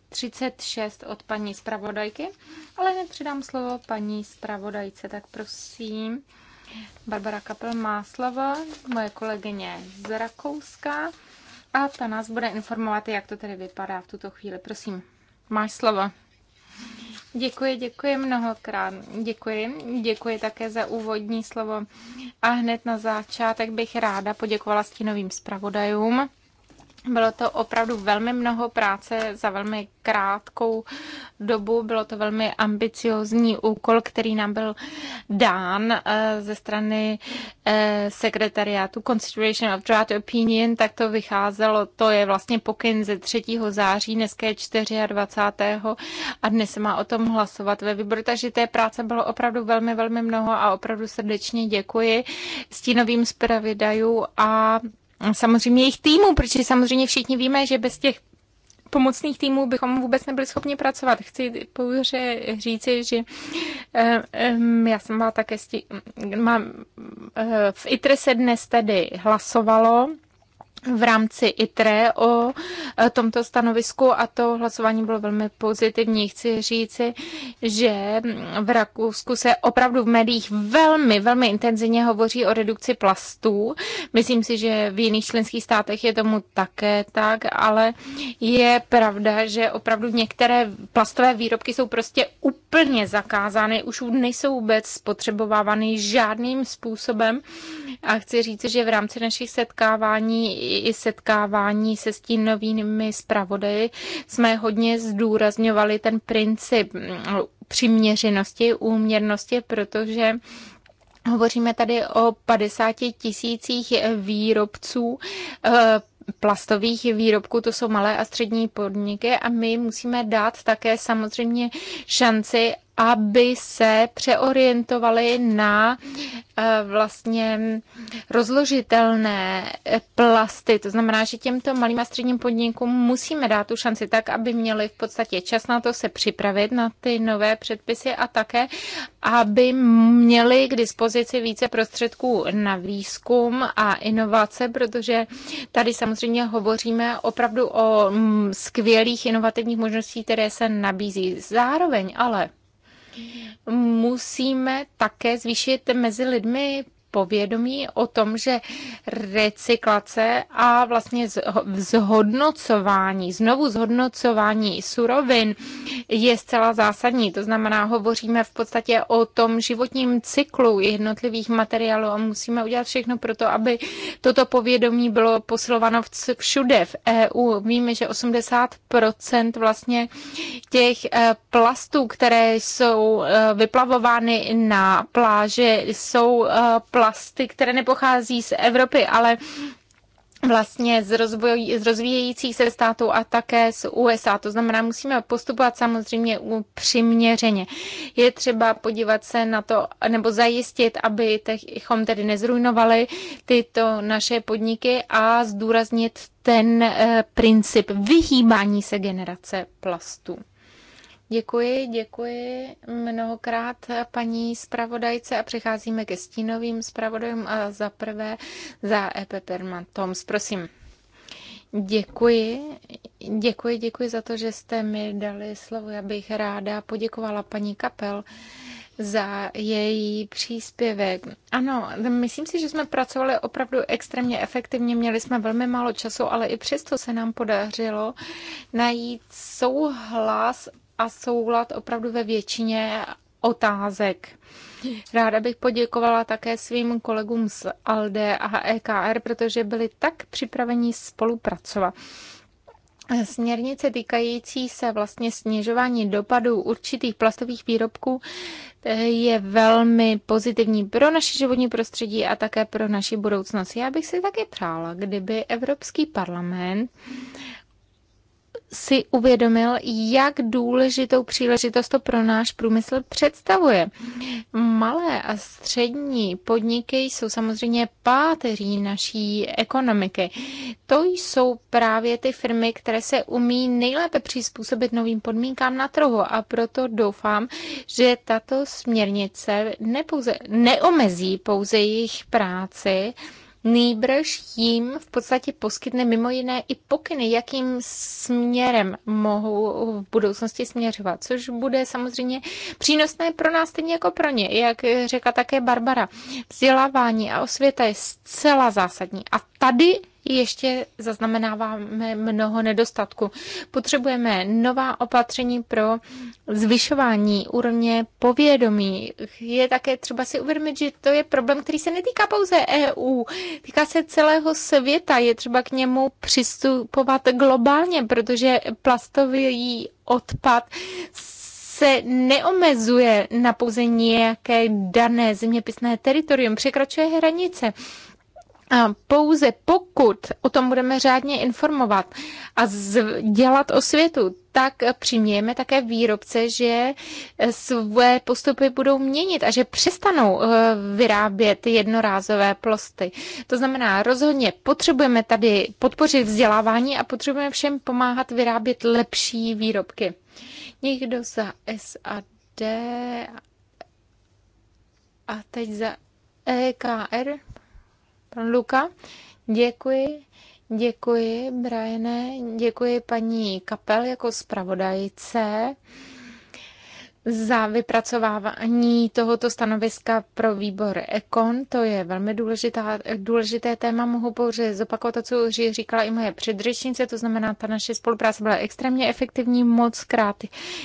36 od paní zpravodajky, ale hned slovo paní zpravodajce, tak prosím. Barbara Kapel má slovo, moje kolegyně z Rakouska a ta nás bude informovat, jak to tedy vypadá v tuto chvíli. Prosím, máš slovo. Děkuji, děkuji mnohokrát. Děkuji, děkuji také za úvodní slovo. A hned na začátek bych ráda poděkovala stínovým zpravodajům bylo to opravdu velmi mnoho práce za velmi krátkou dobu. Bylo to velmi ambiciozní úkol, který nám byl dán eh, ze strany eh, sekretariátu Consideration of Draft Opinion, tak to vycházelo, to je vlastně pokyn ze 3. září, dneska je 24. a dnes se má o tom hlasovat ve výboru, takže té práce bylo opravdu velmi, velmi mnoho a opravdu srdečně děkuji stínovým zpravidajům a Mm, samozřejmě jejich týmu, protože samozřejmě všichni víme, že bez těch pomocných týmů bychom vůbec nebyli schopni pracovat. Chci pouze říci, že eh, já jsem byla také, tím, mám, eh, v ITRE se dnes tedy hlasovalo v rámci ITRE o e, tomto stanovisku a to hlasování bylo velmi pozitivní. Chci říci, že v Rakousku se opravdu v médiích velmi, velmi intenzivně hovoří o redukci plastů. Myslím si, že v jiných členských státech je tomu také tak, ale je pravda, že opravdu některé plastové výrobky jsou prostě úplně zakázány, už nejsou vůbec spotřebovávány žádným způsobem. A chci říci, že v rámci našich setkávání i setkávání se novými zpravodaji jsme hodně zdůrazňovali ten princip přiměřenosti, úměrnosti, protože Hovoříme tady o 50 tisících výrobců eh, plastových výrobků, to jsou malé a střední podniky a my musíme dát také samozřejmě šanci aby se přeorientovali na eh, vlastně rozložitelné eh, plasty. To znamená, že těmto malým a středním podnikům musíme dát tu šanci tak, aby měli v podstatě čas na to se připravit na ty nové předpisy a také, aby měli k dispozici více prostředků na výzkum a inovace, protože tady samozřejmě hovoříme opravdu o mm, skvělých inovativních možností, které se nabízí. Zároveň ale musíme také zvýšit mezi lidmi povědomí o tom, že recyklace a vlastně zhodnocování, znovu zhodnocování surovin je zcela zásadní. To znamená, hovoříme v podstatě o tom životním cyklu jednotlivých materiálů a musíme udělat všechno pro to, aby toto povědomí bylo posilováno všude v EU. Víme, že 80% vlastně těch e, plastů, které jsou e, vyplavovány na pláže, jsou plastů, e, plasty, které nepochází z Evropy, ale vlastně z, rozvoj, z rozvíjejících se států a také z USA. To znamená, musíme postupovat samozřejmě přiměřeně. Je třeba podívat se na to, nebo zajistit, aby abychom tedy nezrujnovali tyto naše podniky a zdůraznit ten eh, princip vyhýbání se generace plastů. Děkuji, děkuji mnohokrát paní zpravodajce a přecházíme ke stínovým zpravodajům a za prvé za EP Perman Toms. Prosím. Děkuji. Děkuji, děkuji za to, že jste mi dali slovo. Já bych ráda poděkovala paní Kapel za její příspěvek. Ano, myslím si, že jsme pracovali opravdu extrémně efektivně, měli jsme velmi málo času, ale i přesto se nám podařilo najít souhlas a soulad opravdu ve většině otázek. Ráda bych poděkovala také svým kolegům z ALDE a EKR, protože byli tak připraveni spolupracovat. Směrnice týkající se vlastně snižování dopadů určitých plastových výrobků eh, je velmi pozitivní pro naše životní prostředí a také pro naši budoucnost. Já bych si také přála, kdyby Evropský parlament si uvědomil, jak důležitou příležitost to pro náš průmysl představuje. Malé a střední podniky jsou samozřejmě páteří naší ekonomiky. To jsou právě ty firmy, které se umí nejlépe přizpůsobit novým podmínkám na trhu a proto doufám, že tato směrnice nepouze, neomezí pouze jejich práci, Nýbrž jim v podstatě poskytne mimo jiné i pokyny, jakým směrem mohou v budoucnosti směřovat, což bude samozřejmě přínosné pro nás stejně jako pro ně. Jak řekla také Barbara, vzdělávání a osvěta je zcela zásadní a tady ještě zaznamenáváme mnoho nedostatku. Potřebujeme nová opatření pro zvyšování úrovně povědomí. Je také třeba si uvědomit, že to je problém, který se netýká pouze EU, týká se celého světa. Je třeba k němu přistupovat globálně, protože plastový odpad se neomezuje na pouze nějaké dané zeměpisné teritorium, překračuje hranice pouze pokud o tom budeme řádně informovat a dělat osvětu, tak přimějeme také výrobce, že své postupy budou měnit a že přestanou eh, vyrábět jednorázové plasty. To znamená, rozhodně potřebujeme tady podpořit vzdělávání a potřebujeme všem pomáhat vyrábět lepší výrobky. Někdo za SAD a teď za EKR. Pan Luka, děkuji. Děkuji, Brajene. Děkuji paní Kapel jako zpravodajce za vypracovávání tohoto stanoviska pro výbor Ekon. To je velmi důležitá, důležité téma. Mohu pouze zopakovat to, co už říkala i moje předřečnice, to znamená, ta naše spolupráce byla extrémně efektivní, moc krát.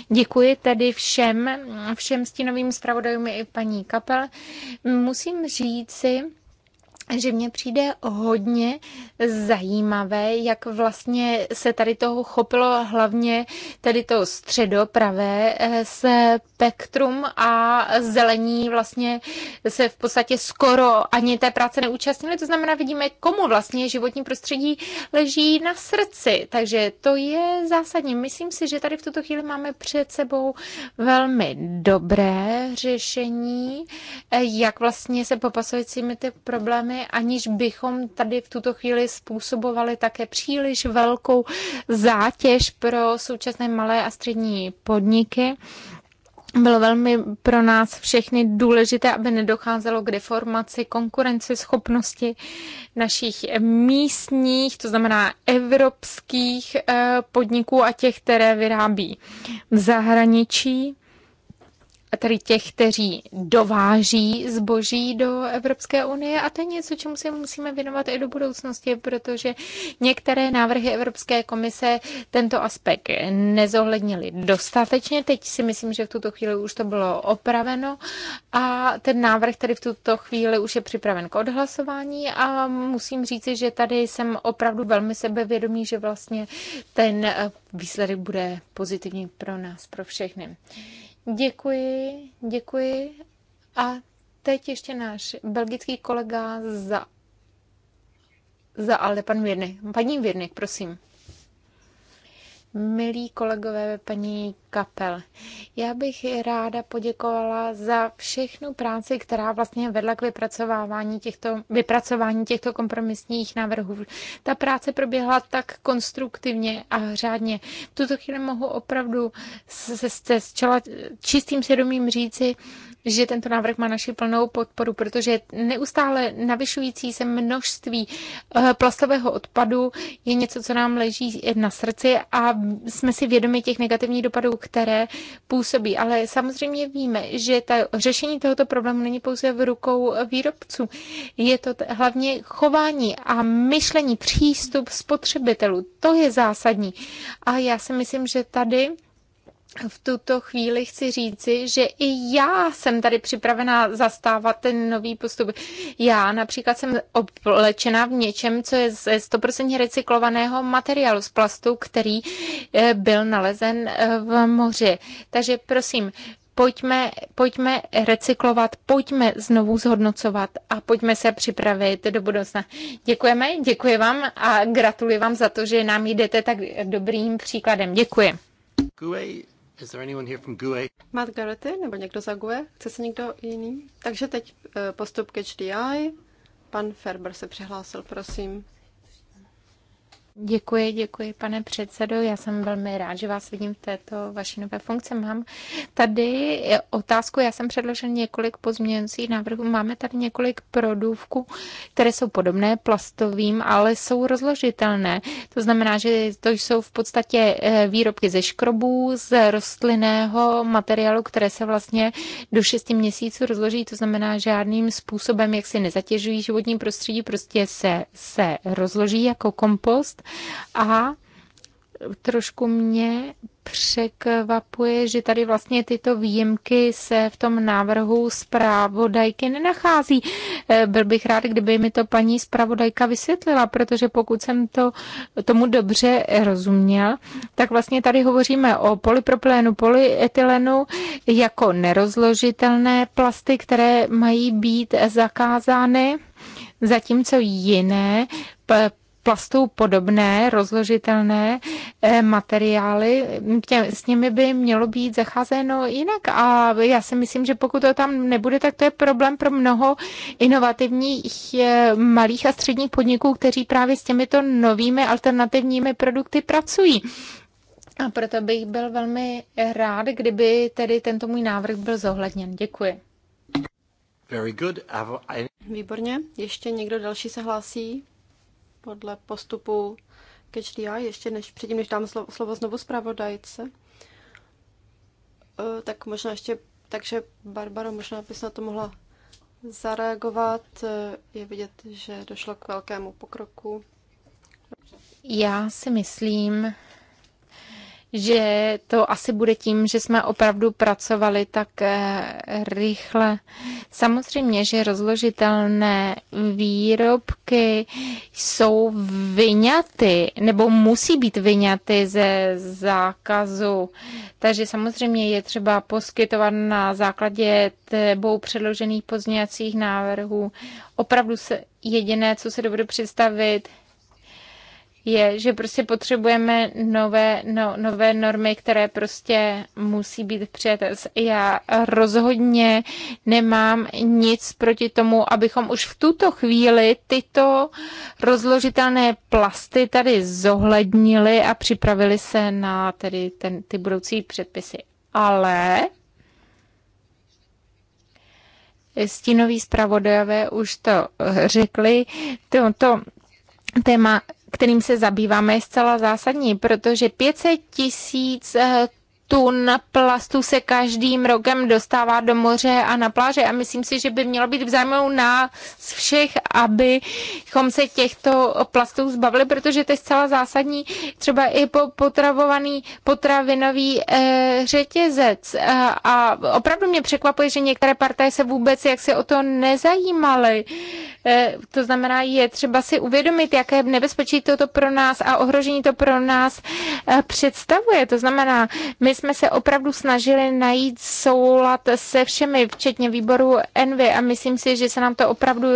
Děkuji tedy všem, všem stínovým zpravodajům i paní Kapel. Musím říci, že mně přijde hodně zajímavé, jak vlastně se tady toho chopilo hlavně tady to středopravé eh, spektrum a zelení vlastně se v podstatě skoro ani té práce neúčastnili. To znamená, vidíme, komu vlastně životní prostředí leží na srdci. Takže to je zásadní. Myslím si, že tady v tuto chvíli máme před sebou velmi dobré řešení, eh, jak vlastně se popasovat těmi ty problémy orgány, aniž bychom tady v tuto chvíli způsobovali také příliš velkou zátěž pro současné malé a střední podniky. Bylo velmi pro nás všechny důležité, aby nedocházelo k deformaci konkurenceschopnosti našich místních, to znamená evropských eh, podniků a těch, které vyrábí v zahraničí tedy těch, kteří dováží zboží do Evropské unie a to je něco, čemu se musíme věnovat i do budoucnosti, protože některé návrhy Evropské komise tento aspekt nezohlednili dostatečně. Teď si myslím, že v tuto chvíli už to bylo opraveno a ten návrh tedy v tuto chvíli už je připraven k odhlasování a musím říci, že tady jsem opravdu velmi sebevědomý, že vlastně ten výsledek bude pozitivní pro nás, pro všechny. Děkuji, děkuji. A teď ještě náš belgický kolega za, za ale pan Věrnik. Paní Věrnik, prosím. Milí kolegové, paní kapel. Já bych ráda poděkovala za všechnu práci, která vlastně vedla k vypracovávání těchto, vypracování těchto kompromisních návrhů. Ta práce proběhla tak konstruktivně a řádně. V tuto chvíli mohu opravdu se, se s čela, čistým svědomím říci, že tento návrh má naši plnou podporu, protože neustále navyšující se množství eh, plastového odpadu je něco, co nám leží na srdci a jsme si vědomi těch negativních dopadů, které působí. Ale samozřejmě víme, že ta řešení tohoto problému není pouze v rukou výrobců. Je to hlavně chování a myšlení, přístup spotřebitelů. To je zásadní. A já si myslím, že tady v tuto chvíli chci říci, že i já jsem tady připravená zastávat ten nový postup. Já například jsem oblečena v něčem, co je ze 100% recyklovaného materiálu z plastu, který eh, byl nalezen eh, v moři. Takže prosím, pojďme, pojďme recyklovat, pojďme znovu zhodnocovat a pojďme se připravit do budoucna. Děkujeme, děkuji vám a gratuluji vám za to, že nám jdete tak dobrým příkladem. Děkuji. Děkuji. Is there anyone here from GUE? Matt nebo někdo za GUE? Chce se někdo jiný? Takže teď eh, postup ke HDI. Pan Ferber se přihlásil, prosím. Děkuji, děkuji, pane předsedo. Já jsem velmi rád, že vás vidím v této vaší nové funkci. Mám tady otázku, já jsem předložil několik pozměňujících návrhů. Máme tady několik produvků, které jsou podobné plastovým, ale jsou rozložitelné. To znamená, že to jsou v podstatě eh, výrobky ze škrobů, z rostlinného materiálu, které se vlastně do 6 měsíců rozloží. To znamená, že žádným způsobem, jak si nezatěžují životní prostředí, prostě se, se rozloží jako kompost a trošku mě překvapuje, že tady vlastně tyto výjimky se v tom návrhu zpravodajky nenachází. Eh, byl bych rád, kdyby mi to paní zpravodajka vysvětlila, protože pokud jsem to tomu dobře rozuměl, tak vlastně tady hovoříme o polypropylenu, polyetylenu jako nerozložitelné plasty, které mají být zakázány zatímco jiné plastů podobné, rozložitelné eh, materiály, tě, s nimi by mělo být zacházeno jinak. A já si myslím, že pokud to tam nebude, tak to je problém pro mnoho inovativních eh, malých a středních podniků, kteří právě s těmito novými alternativními produkty pracují. A proto bych byl velmi rád, kdyby tedy tento můj návrh byl zohledněn. Děkuji. Very good. Výborně. Ještě někdo další se hlásí? podle postupu Catch the Eye, ještě než, předtím, než dám slovo, slovo znovu zpravodajce. Eh, tak možná ještě, takže Barbara, možná bys na to mohla zareagovat. Eh, je vidět, že došlo k velkému pokroku. Já si myslím, že to asi bude tím, že jsme opravdu pracovali tak eh, rychle. Samozřejmě, že rozložitelné výrobky jsou vyňaty nebo musí být vyňaty ze zákazu. Takže samozřejmě je třeba poskytovat na základě tebou předložených pozměňovacích návrhů. Opravdu se jediné, co se dovedu představit, je, že prostě potřebujeme nové, no, nové normy, které prostě musí být přijaté. Já rozhodně nemám nic proti tomu, abychom už v tuto chvíli tyto rozložitelné plasty tady zohlednili a připravili se na tedy ten, ty budoucí předpisy. Ale stínoví zpravodajové už to řekli, to, to téma kterým se zabýváme, je zcela zásadní, protože 500 tisíc eh, tun plastu se každým rokem dostává do moře a na pláže a myslím si, že by mělo být vzájemnou nás všech, abychom se těchto plastů zbavili, protože to je zcela zásadní třeba i po potravovaný potravinový e, řetězec e, a opravdu mě překvapuje, že některé partaje se vůbec jak se o to nezajímaly. E, to znamená, je třeba si uvědomit, jaké nebezpečí toto pro nás a ohrožení to pro nás e, představuje. To znamená, my jsme se opravdu snažili najít soulad se všemi, včetně výboru Envy a myslím si, že se nám to opravdu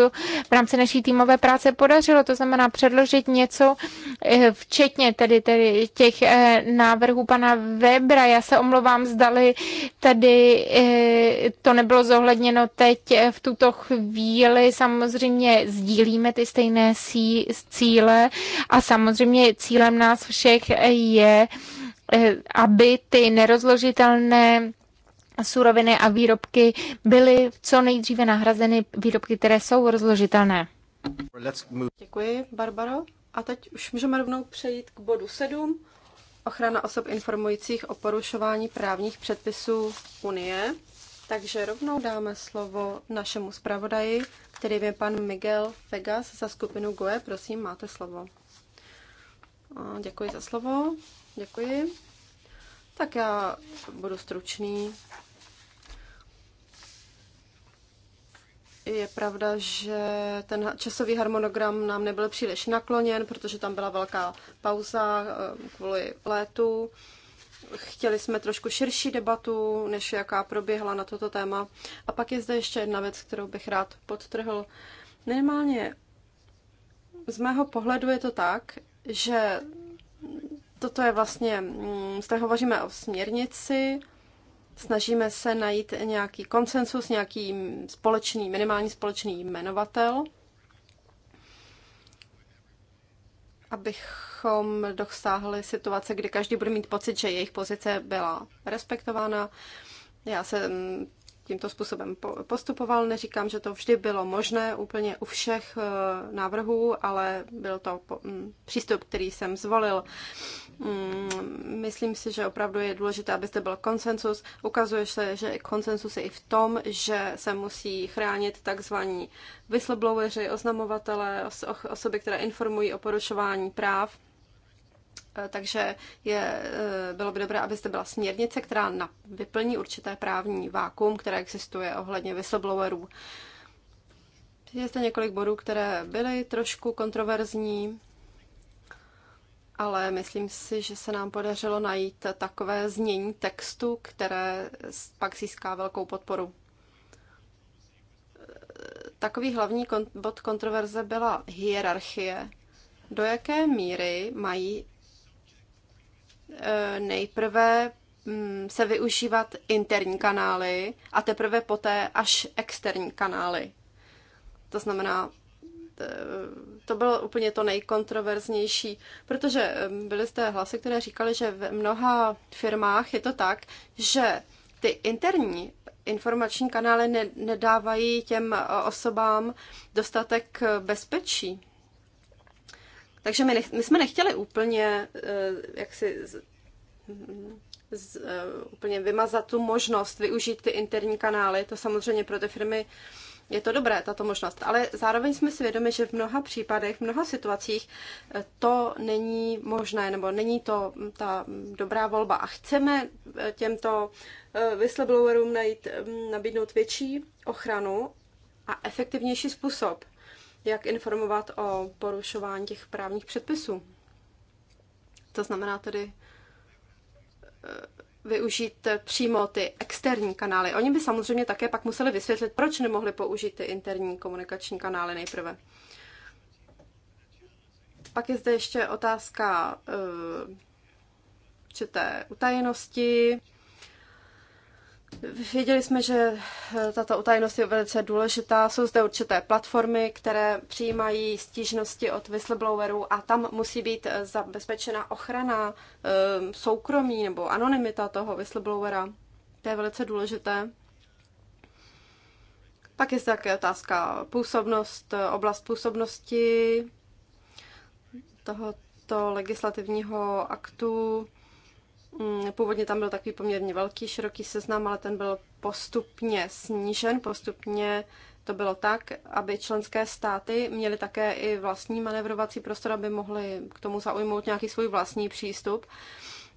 v rámci naší týmové práce podařilo, to znamená předložit něco, eh, včetně tedy, tedy těch eh, návrhů pana Webra. Já se omlouvám, zdali tedy eh, to nebylo zohledněno teď v tuto chvíli. Samozřejmě sdílíme ty stejné cíle a samozřejmě cílem nás všech je Eh, aby ty nerozložitelné suroviny a výrobky byly co nejdříve nahrazeny výrobky, které jsou rozložitelné. Děkuji, Barbaro. A teď už můžeme rovnou přejít k bodu 7. Ochrana osob informujících o porušování právních předpisů Unie. Takže rovnou dáme slovo našemu zpravodaji, který je pan Miguel Vegas za skupinu GOE. Prosím, máte slovo. Děkuji za slovo. Děkuji. Tak já budu stručný. Je pravda, že ten časový harmonogram nám nebyl příliš nakloněn, protože tam byla velká pauza eh, kvůli létu. Chtěli jsme trošku širší debatu, než jaká proběhla na toto téma. A pak je zde ještě jedna věc, kterou bych rád podtrhl. Minimálně z mého pohledu je to tak, že Toto je vlastně, mm, zde hovoříme o směrnici, snažíme se najít nějaký konsensus, nějaký společný, minimální společný jmenovatel, abychom dosáhli situace, kdy každý bude mít pocit, že jejich pozice byla respektována. Já se tímto způsobem postupoval. Neříkám, že to vždy bylo možné úplně u všech eh, návrhů, ale byl to mm, přístup, který jsem zvolil. Mm, myslím si, že opravdu je důležité, aby zde byl konsensus. Ukazuje se, že konsensus je i v tom, že se musí chránit takzvaní whistlebloweri, oznamovatele, osoby, které informují o porušování práv Eh, takže je, eh, bylo by dobré, abyste byla směrnice, která vyplní určité právní vákum, které existuje ohledně whistleblowerů. Je zde několik bodů, které byly trošku kontroverzní, ale myslím si, že se nám podařilo najít takové znění textu, které pak získá velkou podporu. Eh, takový hlavní bod kontroverze byla hierarchie. Do jaké míry mají Eh, nejprve mm, se využívat interní kanály a teprve poté až externí kanály. To znamená, eh, to bylo úplně to nejkontroverznější, protože eh, byly zde hlasy, které říkali, že v mnoha firmách je to tak, že ty interní informační kanály nedávají těm osobám dostatek bezpečí. Takže my, nech, my jsme nechtěli úplně, eh, jak si z, eh, úplně vymazat tu možnost využít ty interní kanály. To samozřejmě pro ty firmy je to dobré, tato možnost. Ale zároveň jsme si vědomi, že v mnoha případech, v mnoha situacích eh, to není možné, nebo není to ta dobrá volba. A chceme těmto whistleblowerům najít, mm, nabídnout větší ochranu a efektivnější způsob jak informovat o porušování těch právních předpisů. To znamená tedy eh, využít přímo ty externí kanály. Oni by samozřejmě také pak museli vysvětlit, proč nemohli použít ty interní komunikační kanály nejprve. Pak je zde ještě otázka eh, určité utajenosti. Věděli jsme, že eh, tato utajnost je velice důležitá. Jsou zde určité platformy, které přijímají stížnosti od whistleblowerů a tam musí být eh, zabezpečena ochrana eh, soukromí nebo anonymita toho whistleblowera. To je velice důležité. Pak je zde také otázka působnost, oblast působnosti tohoto legislativního aktu Mm, původně tam byl takový poměrně velký, široký seznam, ale ten byl postupně snížen, postupně to bylo tak, aby členské státy měly také i vlastní manevrovací prostor, aby mohly k tomu zaujmout nějaký svůj vlastní přístup.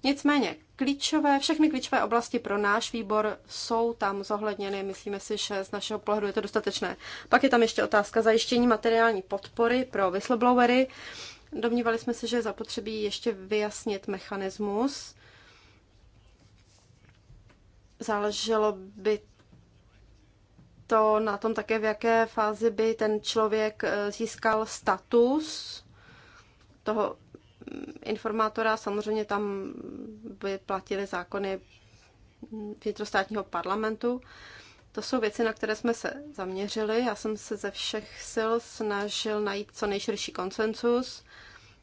Nicméně, klíčové, všechny klíčové oblasti pro náš výbor jsou tam zohledněny. Myslíme si, že z našeho pohledu je to dostatečné. Pak je tam ještě otázka zajištění materiální podpory pro whistleblowery. Domnívali jsme se, že je zapotřebí ještě vyjasnit mechanismus, Záleželo by to na tom také, v jaké fázi by ten člověk eh, získal status toho mm, informátora. Samozřejmě tam by platily zákony vnitrostátního parlamentu. To jsou věci, na které jsme se zaměřili. Já jsem se ze všech sil snažil najít co nejširší konsensus.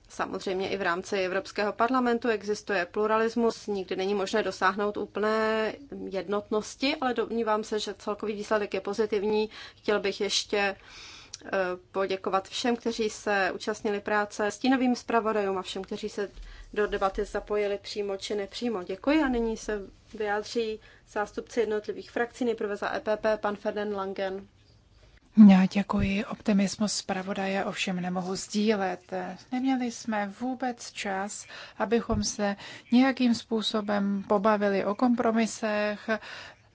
Samozřejmě i v rámci Evropského parlamentu existuje pluralismus, nikdy není možné dosáhnout úplné jednotnosti, ale domnívám se, že celkový výsledek je pozitivní. Chtěl bych ještě eh, poděkovat všem, kteří se účastnili práce, stínovým zpravodajům a všem, kteří se do debaty zapojili přímo či nepřímo. Děkuji a nyní se vyjádří zástupci jednotlivých frakcí, nejprve za EPP, pan Ferdinand Langen. Já děkuji. Optimismus zpravodaje ovšem nemohu sdílet. Neměli jsme vůbec čas, abychom se nějakým způsobem pobavili o kompromisech,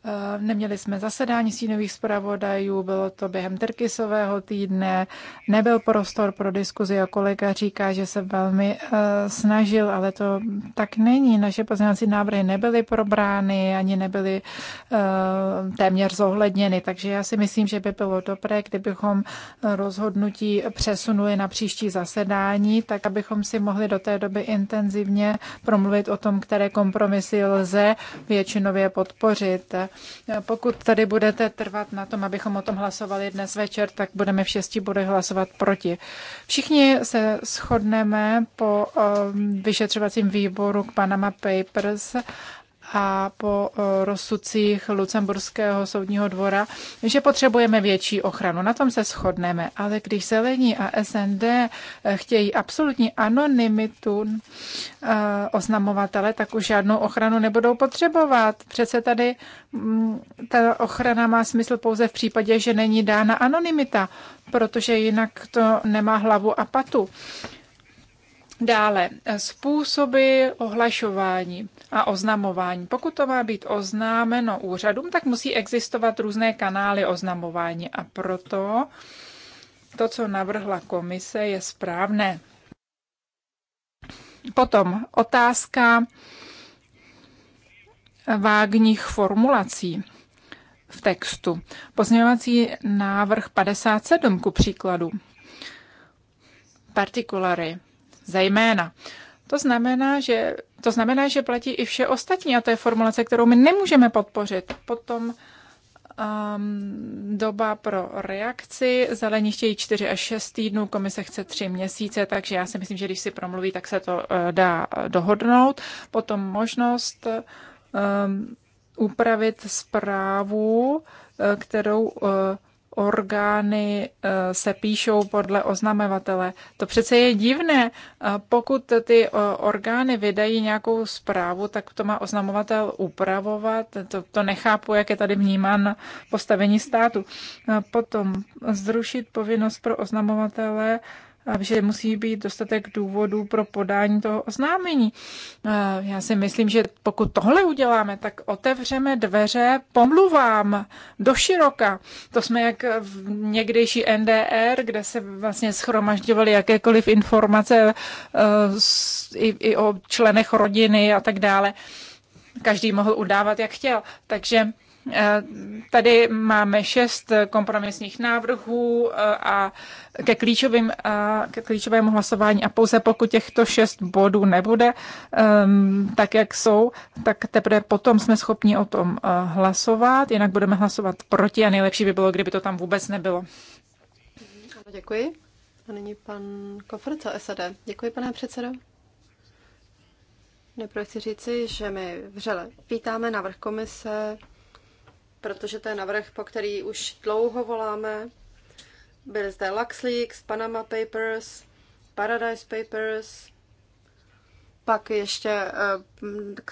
Eh, neměli jsme zasedání sínových zpravodajů, bylo to během Trkisového týdne, nebyl prostor pro diskuzi a kolega říká, že se velmi eh, snažil, ale to tak není. Naše pozměňovací návrhy nebyly probrány, ani nebyly eh, téměř zohledněny, takže já si myslím, že by bylo dobré, kdybychom rozhodnutí přesunuli na příští zasedání, tak abychom si mohli do té doby intenzivně promluvit o tom, které kompromisy lze většinově podpořit. Pokud tady budete trvat na tom, abychom o tom hlasovali dnes večer, tak budeme v šesti bude hlasovat proti. Všichni se shodneme po eh, vyšetřovacím výboru k Panama Papers a po eh, rozsudcích Lucemburského soudního dvora, že potřebujeme větší ochranu. Na tom se shodneme, ale když Zelení a SND eh, chtějí absolutní anonymitu eh, oznamovatele, tak už žádnou ochranu nebudou potřebovat. Přece tady mm, ta ochrana má smysl pouze v případě, že není dána anonymita, protože jinak to nemá hlavu a patu. Dále eh, způsoby ohlašování a oznamování. Pokud to má být oznámeno úřadům, tak musí existovat různé kanály oznamování a proto to, co navrhla komise, je správné. Potom otázka vágních formulací v textu. Pozměňovací návrh 57 ku příkladu. Particulary zejména. To znamená, že, to znamená, že platí i vše ostatní a to je formulace, kterou my nemůžeme podpořit. Potom um, doba pro reakci. Zelení chtějí 4 až 6 týdnů, komise chce 3 měsíce, takže já si myslím, že když si promluví, tak se to uh, dá eh, dohodnout. Potom možnost eh, um, upravit zprávu, uh, kterou uh, orgány eh, se píšou podle oznamovatele. To přece je divné. Eh, pokud ty eh, orgány vydají nějakou zprávu, tak to má oznamovatel upravovat. To, to nechápu, jak je tady vnímán postavení státu. Potom zrušit povinnost pro oznamovatele že musí být dostatek důvodů pro podání toho oznámení. Já si myslím, že pokud tohle uděláme, tak otevřeme dveře pomluvám do široka. To jsme jak v někdejší NDR, kde se vlastně schromažďovaly jakékoliv informace e, i, i o členech rodiny a tak dále. Každý mohl udávat, jak chtěl. Takže Tady máme šest kompromisních návrhů eh, a ke, klíčovým, eh, ke klíčovému hlasování a pouze pokud těchto šest bodů nebude ehm, tak, jak jsou, tak teprve potom jsme schopni o tom eh, hlasovat, jinak budeme hlasovat proti a nejlepší by bylo, kdyby to tam vůbec nebylo. Děkuji. A nyní pan Kofrco SAD. Děkuji, pane předsedo. Nejprve chci říci, že my vřele vítáme návrh komise protože to je navrh, po který už dlouho voláme. Byly zde LuxLeaks, Panama Papers, Paradise Papers, pak ještě eh,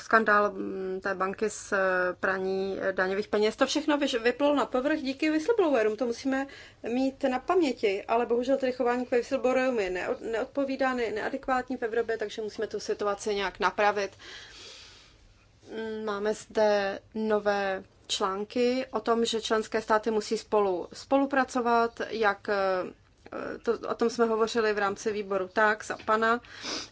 skandál mm, té banky s eh, praní eh, daňových peněz. To všechno vyplul na povrch díky whistleblowerům. To musíme mít na paměti, ale bohužel tedy chování k whistleblowerům je neodpovídá, ne, neadekvátní v Evropě, takže musíme tu situaci nějak napravit. Mm, máme zde nové články o tom, že členské státy musí spolu spolupracovat, jak eh, to, o tom jsme hovořili v rámci výboru TAX a PANA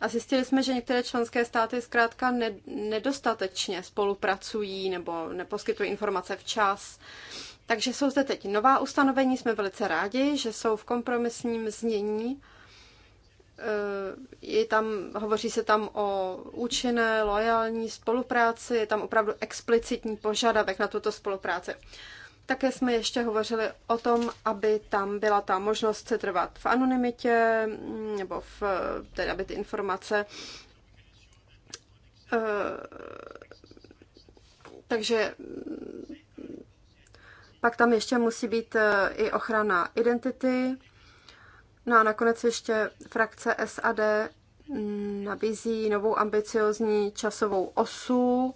a zjistili jsme, že některé členské státy zkrátka ne, nedostatečně spolupracují nebo neposkytují informace včas. Takže jsou zde teď nová ustanovení, jsme velice rádi, že jsou v kompromisním znění Eh, je tam, hovoří se tam o účinné, lojální spolupráci, je tam opravdu explicitní požadavek na tuto spolupráci. Také jsme ještě hovořili o tom, aby tam byla ta možnost se trvat v anonymitě, mm, nebo v, eh, tedy aby ty informace eh, takže mm, pak tam ještě musí být i ochrana identity, No a nakonec ještě frakce SAD nabízí novou ambiciozní časovou osu.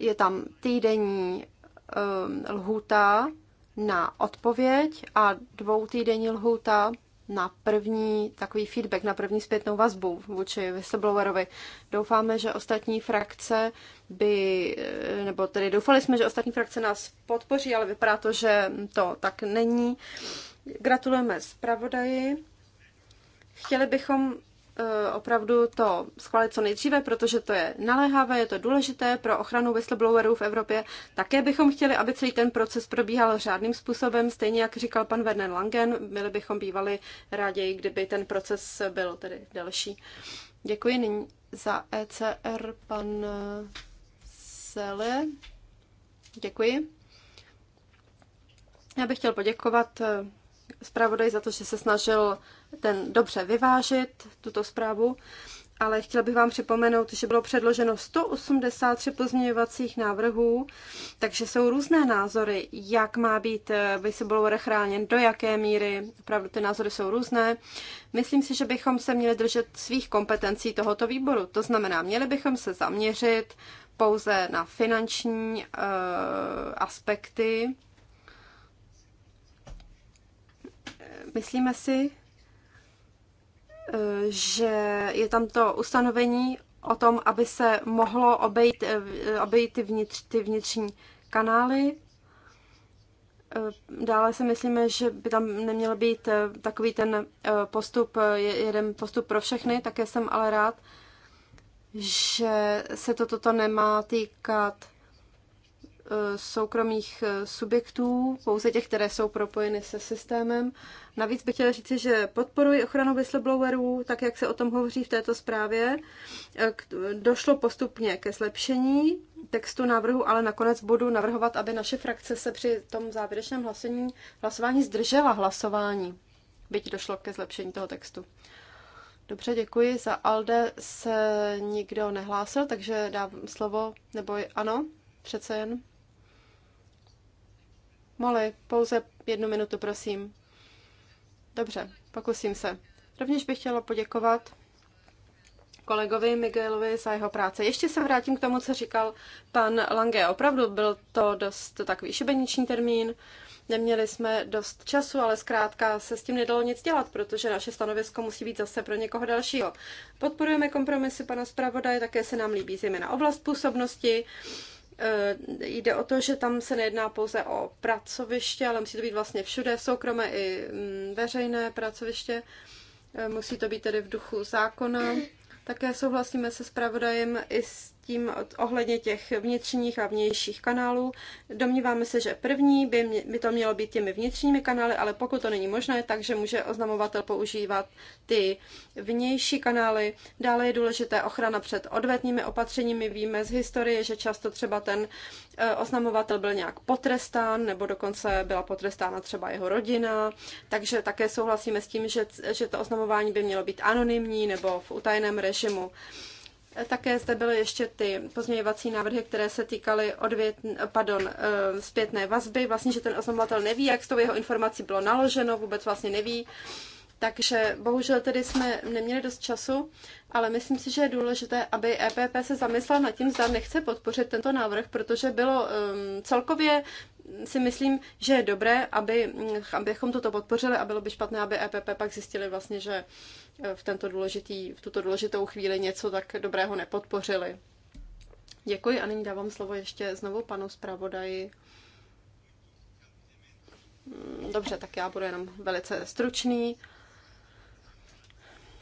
Je tam týdenní um, lhůta na odpověď a dvou týdenní lhůta na první takový feedback, na první zpětnou vazbu vůči whistleblowerovi. Doufáme, že ostatní frakce by, eh, nebo tedy doufali jsme, že ostatní frakce nás podpoří, ale vypadá to, že to tak není. Um, Gratulujeme zpravodaji. Chtěli bychom eh, opravdu to schválit co nejdříve, protože to je naléhavé, je to důležité pro ochranu whistleblowerů v Evropě. Také bychom chtěli, aby celý ten proces probíhal řádným způsobem, stejně jak říkal pan Werner Langen, byli bychom bývali ráději, kdyby ten proces byl tedy delší. Děkuji nyní za ECR pan eh, Sele. Děkuji. Já bych chtěl poděkovat eh, zpravodaj za to, že se snažil ten dobře vyvážit, tuto zprávu, ale chtěla bych vám připomenout, že bylo předloženo 183 pozměňovacích návrhů, takže jsou různé názory, jak má být eh, whistleblower chráněn, do jaké míry, opravdu ty názory jsou různé. Myslím si, že bychom se měli držet svých kompetencí tohoto výboru, to znamená, měli bychom se zaměřit pouze na finanční uh, aspekty myslíme si, eh, že je tam to ustanovení o tom, aby se mohlo obejít, eh, obejít ty, vnitř, ty vnitřní kanály. Eh, dále si myslíme, že by tam neměl být takový ten postup, jeden postup pro všechny, také jsem ale rád, že se to toto nemá týkat soukromých eh, subjektů, pouze těch, které jsou propojeny se systémem. Navíc bych chtěla říci, že podporuji ochranu whistleblowerů, tak jak se o tom hovoří v této zprávě. Eh, došlo postupně ke zlepšení textu návrhu, ale nakonec budu navrhovat, aby naše frakce se při tom závěrečném hlasení, hlasování zdržela hlasování, byť došlo ke zlepšení toho textu. Dobře, děkuji. Za Alde se nikdo nehlásil, takže dám slovo, nebo ano, přece jen. Moli, pouze jednu minutu, prosím. Dobře, pokusím se. Rovněž bych chtěla poděkovat kolegovi Miguelovi za jeho práce. Ještě se vrátím k tomu, co říkal pan Lange. Opravdu byl to dost takový šibeniční termín. Neměli jsme dost času, ale zkrátka se s tím nedalo nic dělat, protože naše stanovisko musí být zase pro někoho dalšího. Podporujeme kompromisy pana zpravodaje, také se nám líbí zejména oblast působnosti. Eh, jde o to, že tam se nejedná pouze o pracoviště, ale musí to být vlastně všude, soukromé i mm, veřejné pracoviště. Eh, musí to být tedy v duchu zákona. Také souhlasíme se zpravodajem i s tím ohledně těch vnitřních a vnějších kanálů. Domníváme se, že první by, mě, by to mělo být těmi vnitřními kanály, ale pokud to není možné, takže může oznamovatel používat ty vnější kanály. Dále je důležité ochrana před odvetnými opatřeními. Víme z historie, že často třeba ten e, oznamovatel byl nějak potrestán, nebo dokonce byla potrestána třeba jeho rodina. Takže také souhlasíme s tím, že, že to oznamování by mělo být anonymní nebo v utajeném režimu. Také zde byly ještě ty pozměňovací návrhy, které se týkaly odvět, pardon, eh, zpětné vazby, vlastně, že ten oznamovatel neví, jak s tou jeho informací bylo naloženo, vůbec vlastně neví, takže bohužel tedy jsme neměli dost času, ale myslím si, že je důležité, aby EPP se zamyslela nad tím, zda nechce podpořit tento návrh, protože bylo um, celkově si myslím, že je dobré, aby, abychom toto podpořili a bylo by špatné, aby EPP pak zjistili vlastně, že eh, v, tento důležitý, v tuto důležitou chvíli něco tak dobrého nepodpořili. Děkuji a nyní dávám slovo ještě znovu panu zpravodaji. Hmm, dobře, tak já budu jenom velice stručný.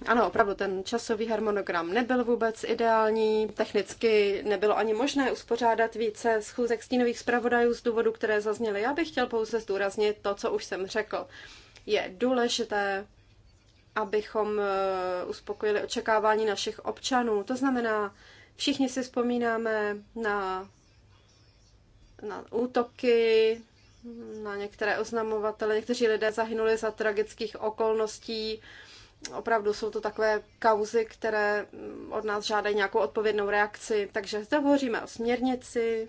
Ano, opravdu ten časový harmonogram nebyl vůbec ideální, technicky nebylo ani možné uspořádat více schůzek stínových zpravodajů z důvodu, které zazněly. Já bych chtěl pouze zdůraznit to, co už jsem řekl. Je důležité, abychom eh, uspokojili očekávání našich občanů. To znamená, všichni si vzpomínáme na, na útoky, na některé oznamovatele, někteří lidé zahynuli za tragických okolností, opravdu jsou to takové kauzy, které od nás žádají nějakou odpovědnou reakci. Takže zde hovoříme o směrnici.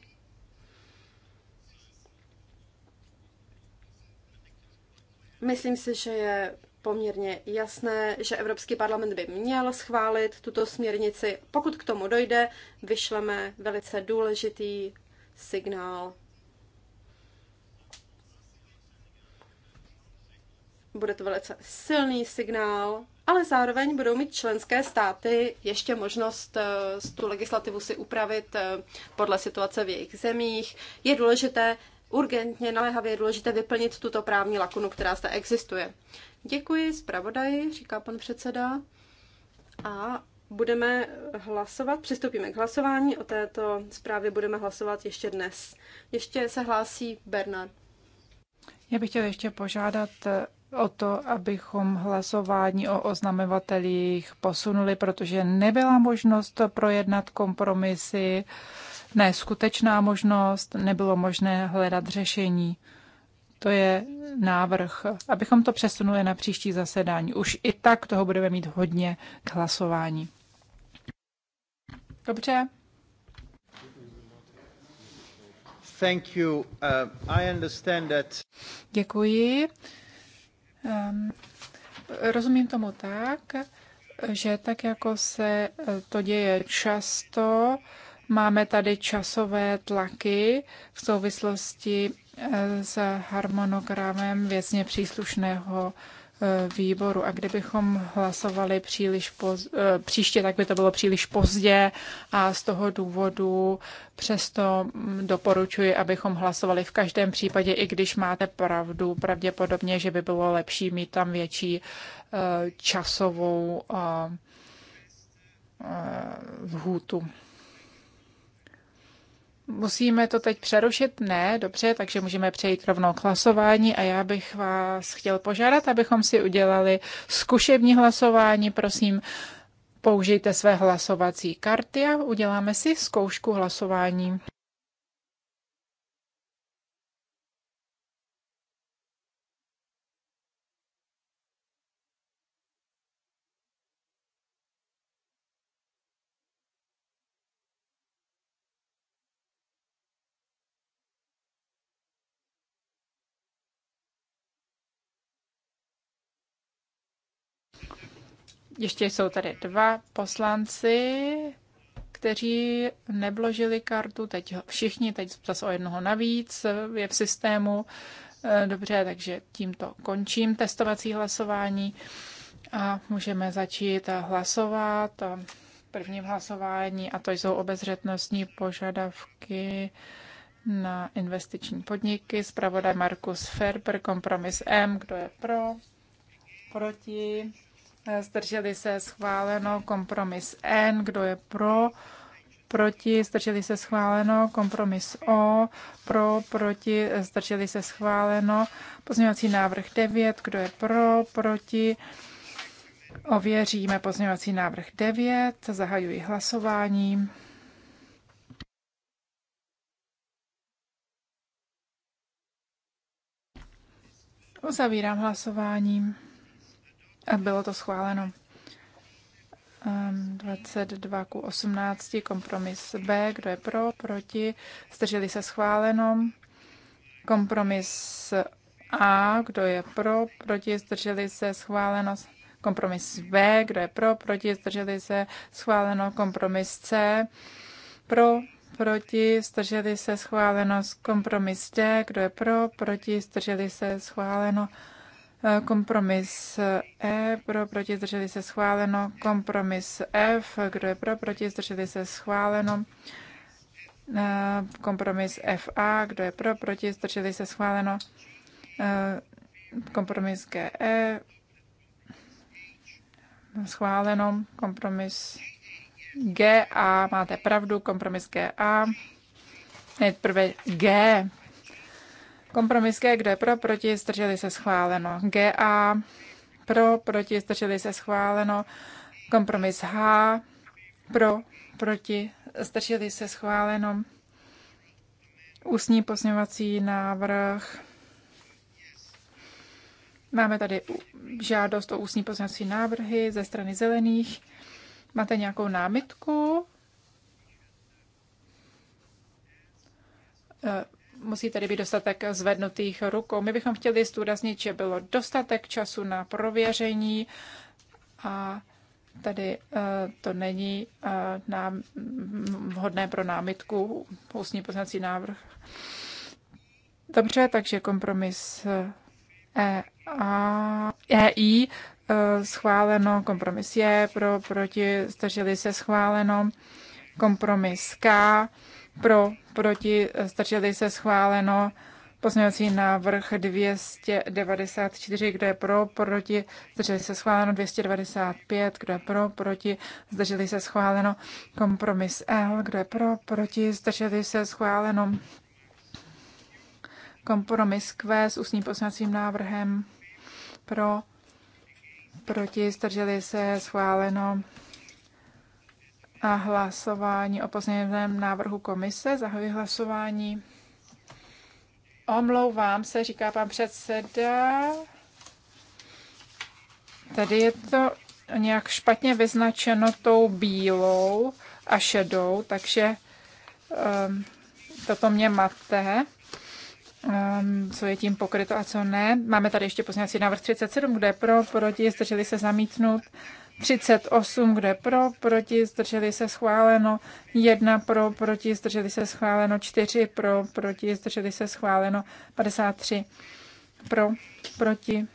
Myslím si, že je poměrně jasné, že Evropský parlament by měl schválit tuto směrnici. Pokud k tomu dojde, vyšleme velice důležitý signál Bude to velice silný signál, ale zároveň budou mít členské státy ještě možnost eh, tu legislativu si upravit eh, podle situace v jejich zemích. Je důležité urgentně, naléhavě je důležité vyplnit tuto právní lakunu, která zde existuje. Děkuji zpravodaji, říká pan předseda. A budeme hlasovat, přistoupíme k hlasování. O této zprávě budeme hlasovat ještě dnes. Ještě se hlásí Bernard. Já bych chtěla ještě požádat eh, o to, abychom hlasování o oznamovatelích posunuli, protože nebyla možnost projednat kompromisy, ne skutečná možnost, nebylo možné hledat řešení. To je návrh, abychom to přesunuli na příští zasedání. Už i tak toho budeme mít hodně k hlasování. Dobře. Thank you. Uh, I understand that... Děkuji. Ehm, rozumím tomu tak, že tak jako se e, to děje často, máme tady časové tlaky v souvislosti e, s harmonogramem věcně příslušného Eh, výboru. A kdybychom hlasovali příliš poz, eh, příště, tak by to bylo příliš pozdě a z toho důvodu přesto mm, doporučuji, abychom hlasovali v každém případě, i když máte pravdu, pravděpodobně, že by bylo lepší mít tam větší eh, časovou lhůtu. Musíme to teď přerušit? Ne, dobře, takže můžeme přejít rovnou k hlasování a já bych vás chtěl požádat, abychom si udělali zkušební hlasování. Prosím, použijte své hlasovací karty a uděláme si zkoušku hlasování. Ještě jsou tady dva poslanci, kteří nebložili kartu, teď všichni, teď zase o jednoho navíc je v systému. Eh, dobře, takže tímto končím testovací hlasování a můžeme začít hlasovat. Prvním hlasování, a to jsou obezřetnostní požadavky na investiční podniky. Zpravodaj Markus Ferber, kompromis M, kdo je pro, proti zdrželi se schváleno, kompromis N, kdo je pro, proti, zdrželi se schváleno, kompromis O, pro, proti, zdrželi se schváleno, pozměňovací návrh 9, kdo je pro, proti, ověříme pozměňovací návrh 9, zahajuji hlasování. Uzavírám hlasování. A bylo to schváleno. 22 k 18, kompromis B, kdo je pro, proti, zdrželi se schváleno. Kompromis A, kdo je pro, proti, zdrželi se schváleno. Kompromis B, kdo je pro, proti, zdrželi se schváleno. Kompromis C, pro, proti, zdrželi se schváleno. Kompromis D, kdo je pro, proti, zdrželi se schváleno. Kompromis E pro, proti, zdrželi se schváleno. Kompromis F, kdo je pro, proti, zdrželi se schváleno. E, kompromis FA, kdo je pro, proti, zdrželi se schváleno. E, kompromis GE, schváleno. Kompromis GA, máte pravdu, kompromis GA. Nejprve G, Kompromis G, kdo je pro, proti, zdrželi se schváleno. GA, pro, proti, zdrželi se schváleno. Kompromis H, pro, proti, zdrželi se schváleno. Ústní posměvací návrh. Máme tady žádost o ústní pozměňovací návrhy ze strany zelených. Máte nějakou námitku? Eh, Musí tady být dostatek zvednutých rukou. My bychom chtěli zdůraznit, že bylo dostatek času na prověření a tady eh, to není eh, nám, mm, vhodné pro námitku, ústní poznací návrh. Dobře, takže kompromis eh, e, a, EI schváleno, kompromis je pro, proti, zdrželi se schváleno, kompromis K pro, proti, stačili se schváleno. Pozměňovací návrh 294, kdo je pro, proti, zdrželi se schváleno. 295, kdo je pro, proti, zdrželi se schváleno. Kompromis L, kdo je pro, proti, zdrželi se schváleno. Kompromis Q s ústním pozměňovacím návrhem pro, proti, zdrželi se schváleno a hlasování o pozměněném návrhu komise. Zahajuji hlasování. Omlouvám se, říká pan předseda. Tady je to nějak špatně vyznačeno tou bílou a šedou, takže um, toto mě mate, um, co je tím pokryto a co ne. Máme tady ještě pozměňovací návrh 37, kde pro, proti, zdrželi se zamítnout. 38, kde pro, proti, zdrželi se schváleno, 1 pro, proti, zdrželi se schváleno, 4 pro, proti, zdrželi se schváleno, 53 pro, proti.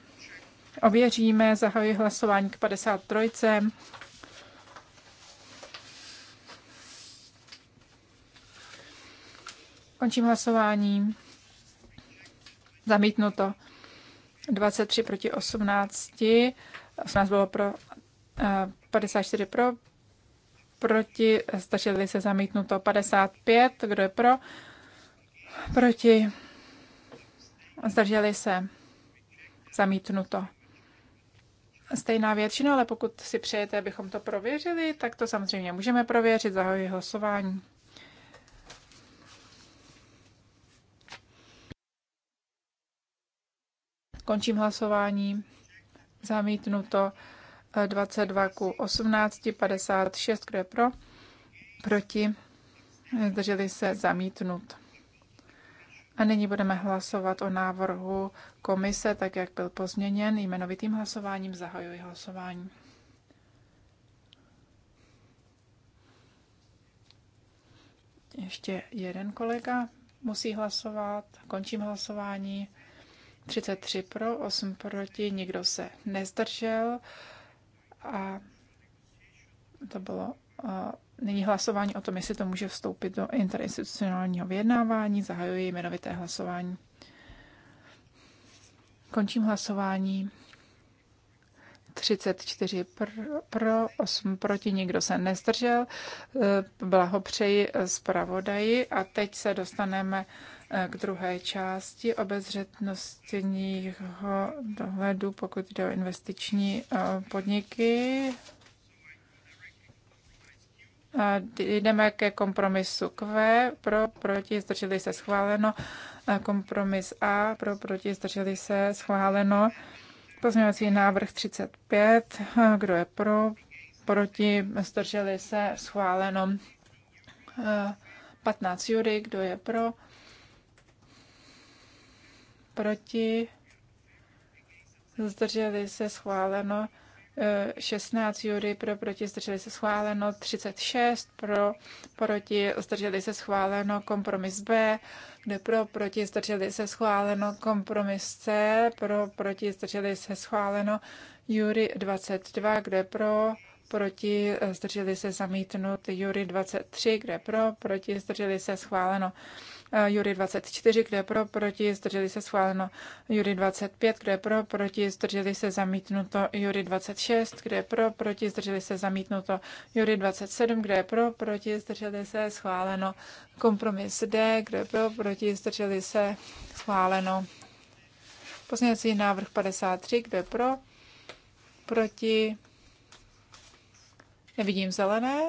Ověříme, zahajuji hlasování k 53. Končím hlasování. Zamítnuto. 23 proti 18. 18 bylo pro 54 pro, proti, stačili se zamítnuto 55, kdo je pro, proti, zdrželi se zamítnuto. Stejná většina, ale pokud si přejete, abychom to prověřili, tak to samozřejmě můžeme prověřit, zahojí hlasování. Končím hlasování. Zamítnuto 22 ku 18, 56, kdo je pro, proti, zdrželi se zamítnut. A nyní budeme hlasovat o návrhu komise, tak jak byl pozměněn jmenovitým hlasováním. Zahajuji hlasování. Ještě jeden kolega musí hlasovat. Končím hlasování. 33 pro, 8 proti, nikdo se nezdržel. A to bylo nyní hlasování o tom, jestli to může vstoupit do interinstitucionálního vyjednávání. Zahajuji jmenovité hlasování. Končím hlasování. 34 pro, 8 proti, nikdo se nezdržel. E, blahopřeji zpravodaji a teď se dostaneme k druhé části obezřetnostního dohledu, pokud jde o investiční eh, podniky. A jdeme ke kompromisu Q, pro, proti, zdrželi se schváleno. A kompromis A, pro, proti, zdrželi se schváleno. Pozměňovací návrh 35, kdo je pro, proti, zdrželi se schváleno. 15 jury, kdo je pro, proti, zdrželi se schváleno 16 eh, jury pro, proti zdrželi se schváleno 36 pro, proti zdrželi se schváleno kompromis B, kde pro, proti zdrželi se schváleno kompromis C, pro, proti zdrželi se schváleno jury 22, kde pro, proti zdrželi se zamítnut jury 23, kde pro, proti zdrželi se schváleno Jury 24, kdo je pro, proti, zdrželi se schváleno. Jury 25, kdo je pro, proti, zdrželi se zamítnuto. Jury 26, kdo je pro, proti, zdrželi se zamítnuto. Jury 27, kdo je pro, proti, zdrželi se schváleno. Kompromis D, kdo je pro, proti, zdrželi se schváleno. Poslední návrh 53, kdo je pro, proti, nevidím zelené.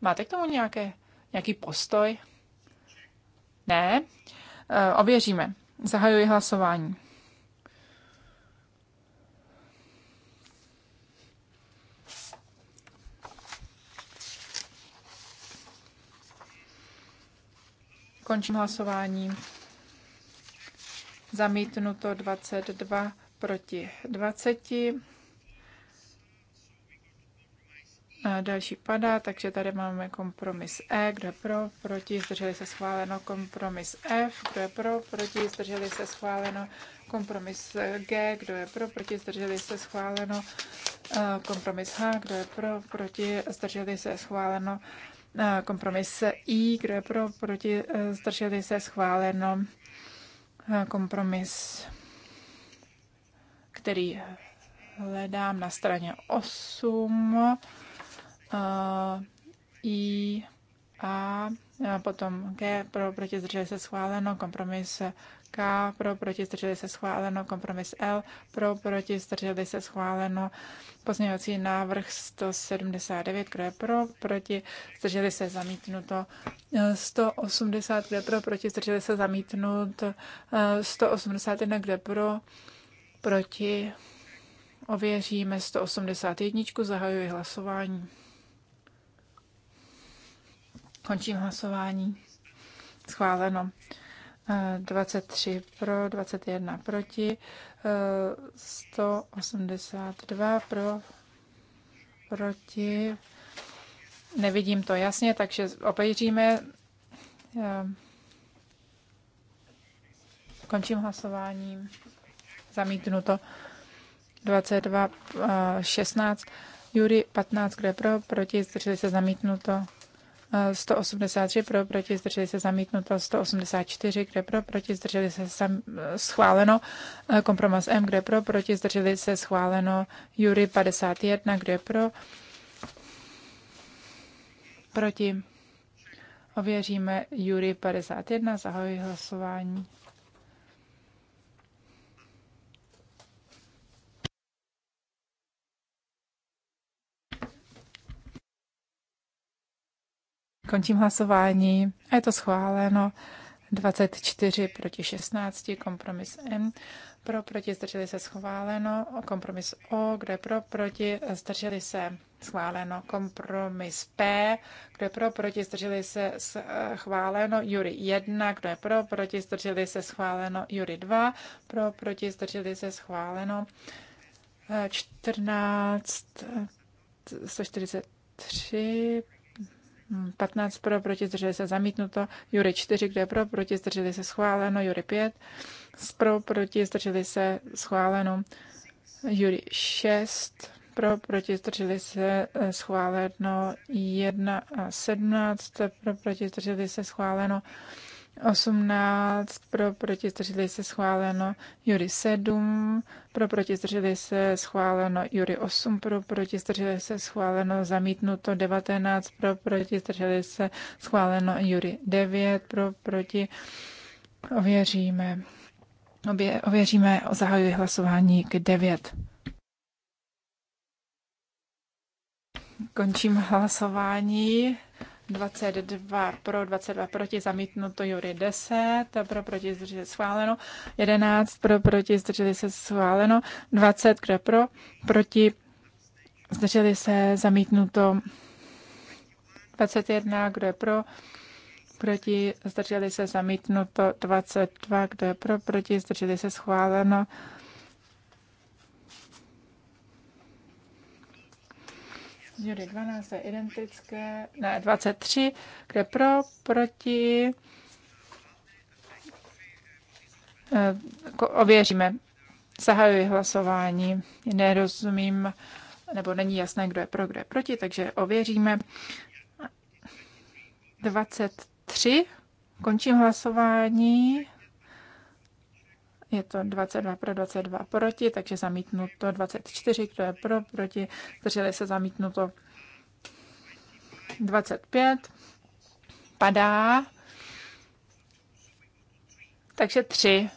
Máte k tomu nějaké nějaký postoj? Ne? E, ověříme. Zahajuji hlasování. Končím hlasování. Zamítnuto 22 proti 20. Další padá, takže tady máme kompromis E, kdo je pro, proti, zdrželi se schváleno, kompromis F, kdo je pro, proti, zdrželi se schváleno, kompromis G, kdo je pro, proti, zdrželi se schváleno, kompromis H, kdo je pro, proti, zdrželi se schváleno, kompromis I, kdo je pro, proti, zdrželi se schváleno, kompromis, který hledám na straně 8, i a potom G pro proti zdrželi se schváleno, kompromis K pro proti zdrželi se schváleno, kompromis L pro proti zdrželi se schváleno, pozměňovací návrh 179, kdo je pro, proti zdrželi se zamítnuto, 180, kde pro, proti zdrželi se zamítnut, 181, kde pro, proti ověříme 181, zahajuji hlasování. Končím hlasování. Schváleno. 23 eh, pro, 21 proti, 182 eh, pro, proti. Nevidím to jasně, takže opejříme. Eh, končím hlasováním. Zamítnuto. 22, 16. Jury 15, kde pro, proti, zdrželi se zamítnuto. 183 pro, proti zdrželi se zamítnuto, 184 kde pro, proti zdrželi se sam, schváleno, eh, kompromis M kde pro, proti zdrželi se schváleno, Jury 51 kde pro, proti. Ověříme Jury 51, zahajuji hlasování. Končím hlasování a je to schváleno. 24 proti 16, kompromis M. Pro, proti, zdrželi se schváleno. Kompromis O, kde pro, proti, zdrželi se schváleno. Kompromis P, kde pro, proti, zdrželi se schváleno. Jury 1, kdo je pro, proti, zdrželi se schváleno. Jury 2, pro, proti, zdrželi se schváleno. 14, eh, 143, 15 pro, proti zdrželi se zamítnuto, Jury 4, kde je pro, proti zdrželi se schváleno, Jury 5, pro, proti zdrželi se schváleno, Jury 6, eh, pro, proti zdrželi se schváleno, 1 a 17, pro, proti zdrželi se schváleno, 18 pro, proti, zdrželi se schváleno, Jury 7 pro, proti, zdrželi se schváleno, Jury 8 pro, proti, zdrželi se schváleno, zamítnuto 19 pro, proti, zdrželi se schváleno, Jury 9 pro, proti, ověříme. Obě, ověříme, zahajuji hlasování k 9. Končím hlasování. 22 pro, 22 proti, zamítnuto Jury 10, pro, proti, zdrželi se schváleno, 11 pro, proti, zdrželi se schváleno, 20 kde pro, proti, zdrželi se zamítnuto 21, kdo je pro, proti, zdrželi se zamítnuto 22, kdo je pro, proti, zdrželi se schváleno Jury 12 je identické, ne, 23, kde pro, proti, eh, ověříme. Zahajuji hlasování. Nerozumím, nebo není jasné, kdo je pro, kdo je proti, takže ověříme. 23. Končím hlasování. Je to 22 pro 22 proti, takže zamítnuto 24, kdo je pro, proti, zdrželi se zamítnuto 25. Padá. Takže 3.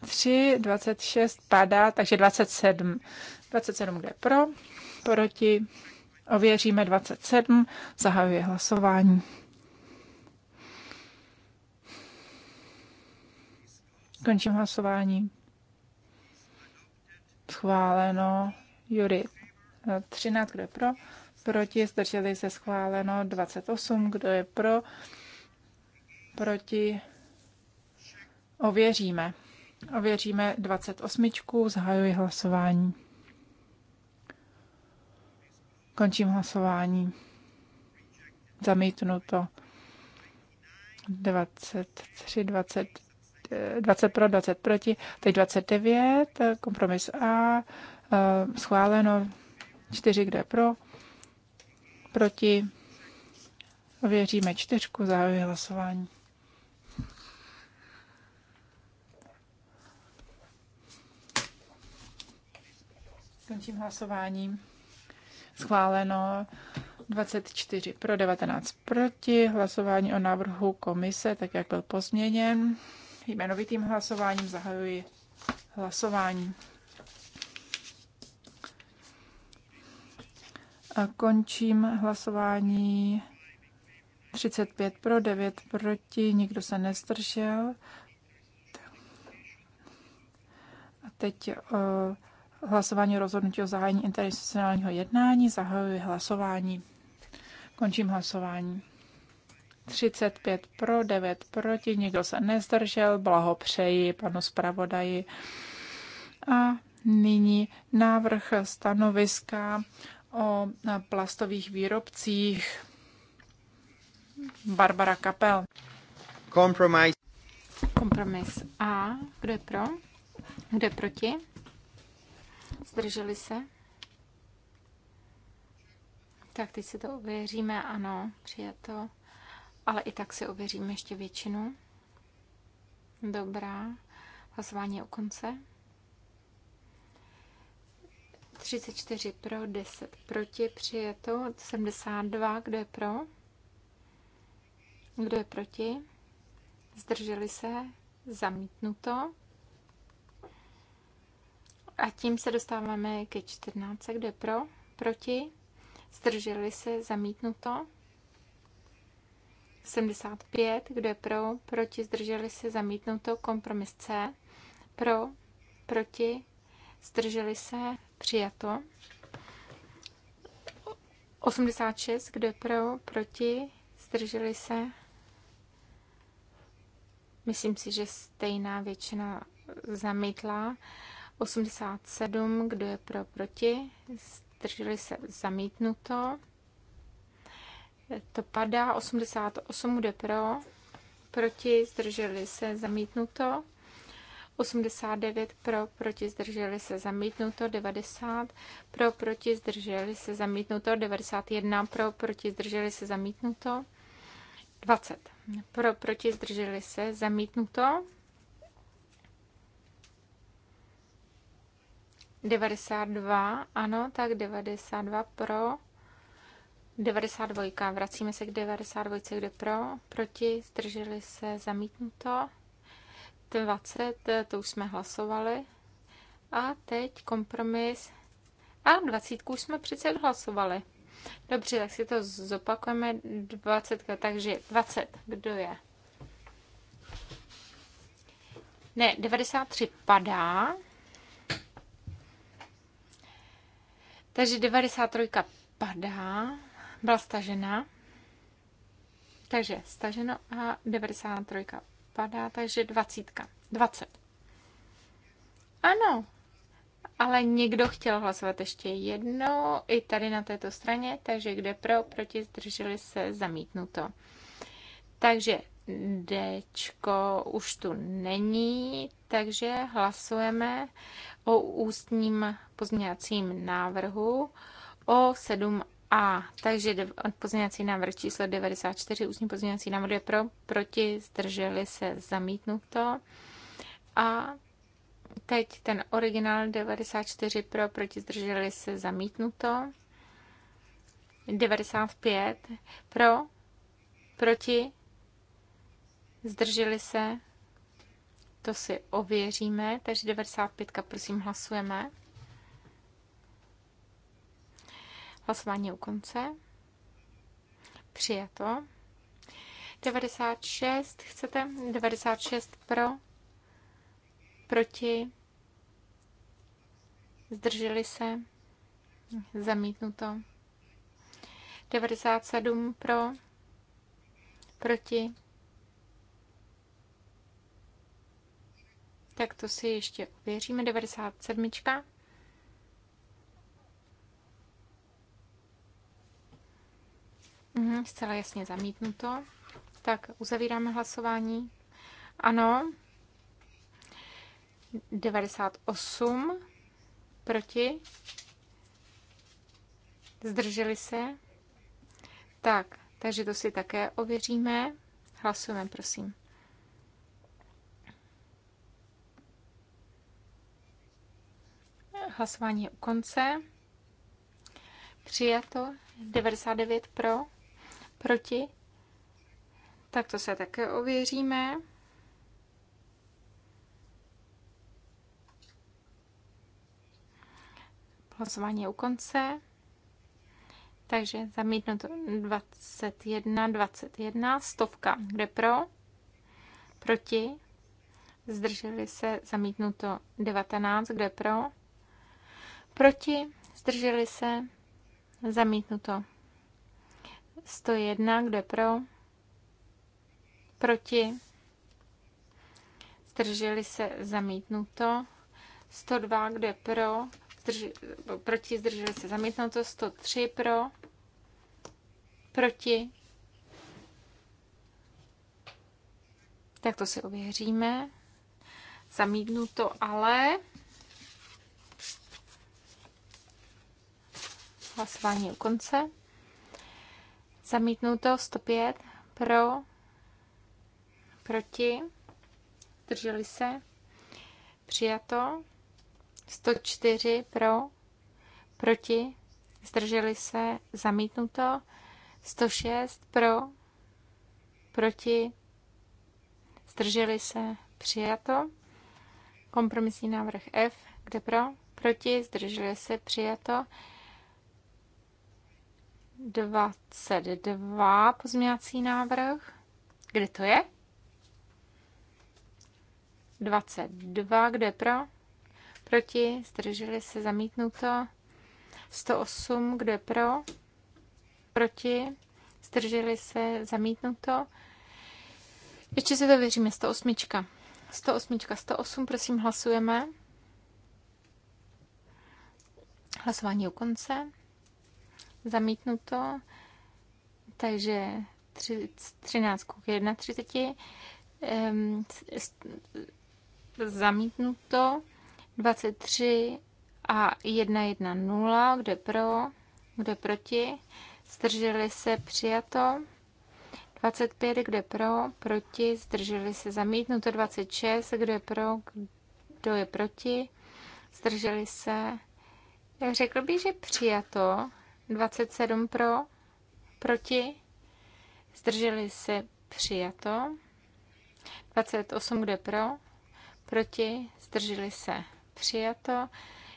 3, 26 padá, takže 27. 27 kde je pro, proti, ověříme 27, zahajuje hlasování. Končím hlasování. Schváleno. Jury 13, eh, kdo je pro? Proti, zdrželi se schváleno 28, kdo je pro? Proti, ověříme. Ověříme 28, zahajuji hlasování. Končím hlasování. Zamítnuto. 23, 20, 20 pro, 20 proti, teď 29, kompromis A, eh, schváleno 4, kde pro, proti, věříme čtyřku, zahajuji hlasování. Končím hlasování. Schváleno 24 pro 19 proti. Hlasování o návrhu komise, tak jak byl pozměněn jmenovitým hlasováním zahajuji hlasování. A končím hlasování 35 pro, 9 proti, nikdo se nestržel. A teď eh, o hlasování rozhodnutí o zahájení interinstitucionálního jednání. Zahajuji hlasování. Končím hlasování. 35 pro, 9 proti, nikdo se nezdržel, blahopřeji panu zpravodaji. A nyní návrh stanoviska o plastových výrobcích. Barbara Kapel. Kompromis. Kompromis A. Kdo je pro? Kdo je proti? Zdrželi se? Tak teď si to uvěříme, ano, přijato ale i tak si ověříme ještě většinu. Dobrá, hlasování u konce. 34 pro, 10 proti, přijeto 72, kdo je pro? Kdo je proti? Zdrželi se? Zamítnuto. A tím se dostáváme ke 14, kde pro, proti, zdrželi se, zamítnuto. 75, kdo je pro, proti, zdrželi se, zamítnuto. Kompromis C, pro, proti, zdrželi se, přijato. 86, kdo je pro, proti, zdrželi se. Myslím si, že stejná většina zamítla. 87, kdo je pro, proti, zdrželi se, zamítnuto to padá, 88 bude pro, proti, zdrželi se, zamítnuto, 89 pro, proti, zdrželi se, zamítnuto, 90 pro, proti, zdrželi se, zamítnuto, 91 pro, proti, zdrželi se, zamítnuto, 20 pro, proti, zdrželi se, zamítnuto, 92, ano, tak 92 pro, 92. Vracíme se k 92. Kde pro? Proti? Zdrželi se? Zamítnuto. 20. To už jsme hlasovali. A teď kompromis. A 20. Už jsme přece hlasovali. Dobře, tak si to zopakujeme. 20. Takže 20. Kdo je? Ne, 93 padá. Takže 93 padá byla stažena. Takže staženo a 93 padá, takže 20. 20. Ano, ale někdo chtěl hlasovat ještě jednou i tady na této straně, takže kde pro, proti, zdrželi se, zamítnuto. Takže D už tu není, takže hlasujeme o ústním pozměňovacím návrhu o 7 a takže pozměňovací návrh číslo 94, ústní pozměňovací návrh je pro, proti, zdrželi se, zamítnuto. A teď ten originál 94 pro, proti, zdrželi se, zamítnuto. 95 pro, proti, zdrželi se, to si ověříme, takže 95, prosím, hlasujeme. Hlasování u konce. Přijato. 96, chcete? 96 pro, proti, zdrželi se, zamítnuto. 97 pro, proti. Tak to si ještě uvěříme. 97. zcela jasně zamítnuto. Tak uzavíráme hlasování. Ano. 98 proti. Zdrželi se. Tak, takže to si také ověříme. Hlasujeme, prosím. Hlasování je u konce. Přijato 99 pro. Proti? Tak to se také ověříme. Hlasování je u konce. Takže zamítnuto 21, 21, stovka. Kde pro? Proti? Zdrželi se zamítnuto 19. Kde pro? Proti? Zdrželi se zamítnuto 101, kdo je pro? Proti? Zdrželi se zamítnuto. 102, kdo je pro? Zdrži, proti zdrželi se zamítnuto. 103 pro? Proti? Tak to si ověříme. Zamítnuto, ale... Hlasování u konce. Zamítnuto 105 pro, proti, drželi se, přijato 104 pro, proti, zdrželi se, zamítnuto 106 pro, proti, zdrželi se, přijato. Kompromisní návrh F, kde pro, proti, zdrželi se, přijato. 22 pozměňovací návrh. Kde to je? 22, kde je pro? Proti, zdrželi se, zamítnuto. 108, kde je pro? Proti, zdrželi se, zamítnuto. Ještě se to věříme, 108. 108, 108, prosím, hlasujeme. Hlasování u konce zamítnuto, takže 13 k 31, zamítnuto, 23 a 110, kde pro, kde proti, zdrželi se přijato, 25, kde pro, proti, zdrželi se zamítnuto, 26, kde pro, kdo je proti, zdrželi se, řekl bych, že přijato, 27 pro, proti, zdrželi se přijato. 28 kde pro, proti, zdrželi se přijato.